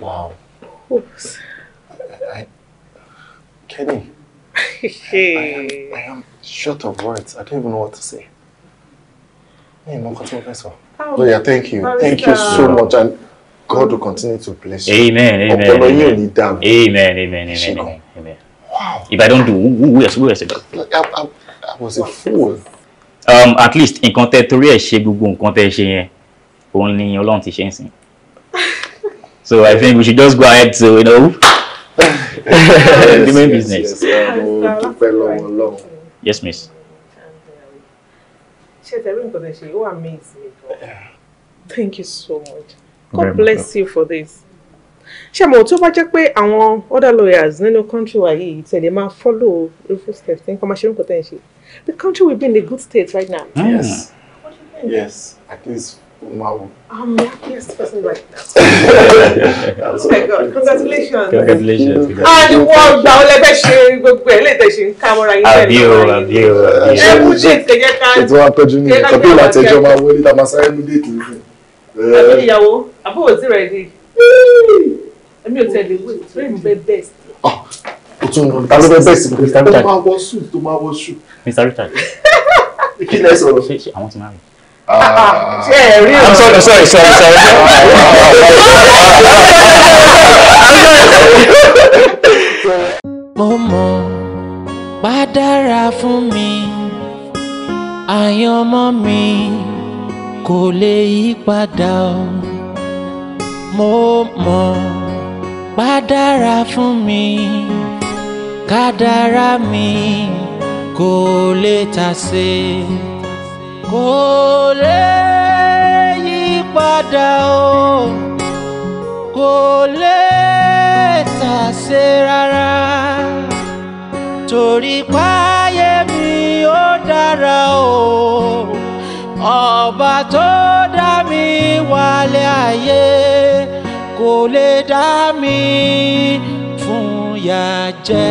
Wow. Oops. I, I, Kenny. hey. I, I, am, I am short of words. I don't even know what to say. Hey, Mom, what's Oh, Lawyer, thank you. Thank you so much. And God will continue to bless you. Amen. Amen. Ọpọlọ yóò ní dànù. Amen. Amen. Amen. Amen. Wow. If I don't do, who who else? Who else? I, I, I was a fool. Um, at least in tẹ́ torí ẹ̀ ṣe gbogbo nǹkan tẹ́ ṣe yẹn, òun ni Ọlọ́run ti ṣe ń So I think we should just go ahead to, you know, the main yes, business. Yes, yes, yes miss. Thank you so much. God bless you for this ṣé mo tó bá jẹ́ pé àwọn other lawyers nínú country wa yìí tẹ̀lé máa follow Rufus steps ní kọ́ máa ṣe orúkọ tẹ̀ ń ṣe the country will be in a good state right now. Mm. yes yes at least wow. I'm the happiest person right now. oh my God, congratulations. Congratulations. And ah, wọ́n gba ọlẹ́gbẹ́ ṣe gbogbo ẹ̀ léètẹ̀ ṣe ń ká mọ́ra yín lẹ́nu. Àbí o, àbí o. Ẹ mú déètì kẹjẹ ká. Ètò àpẹjù ni ìtọ́jú ìlàtẹ̀jọ́ máa wọlé tá mú déètì nìkan ẹbí ìyàwó àbúrò tí rẹ̀ di èmi ò tẹ̀lé wé rẹ̀ mi bẹ́ẹ̀ bẹ́ẹ̀ sí. o tún lọ ta ló bẹ bẹ́ẹ̀ sí Mr Richard tó máa wọ sùn tó máa wọ sùn. Mr Richard kí lẹ sọ̀rọ̀. ṣé ṣé àwọn ti máa rìn. Ah. ṣé ẹ rí ọ̀rọ̀. sorry sorry sorry sorry. mo mọ̀ bá dára fún mi àyànmọ́ mi kò lè yí padà o mo mọ̀ pádára fún mi kádàrá mi kò lè tàsé kò lè yí padà o kò lè tàsé rárá torí páyé mi ó dára o ọba tó dá mi wálé ayé kò lè dá mi fún ya jẹ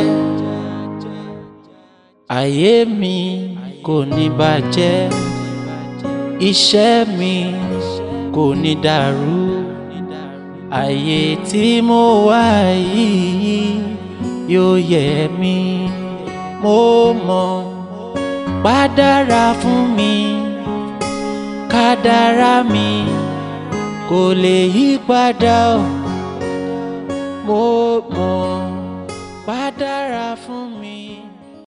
ayé mi kò ní bàjẹ́ iṣẹ́ mi kò ní dàrú ayé tí mo wà yìí yóò yẹ mi mo mọ̀ pàdára fún mi kádàrá mi kò lè yí padà o mo mọ̀ kádàrá fún mi.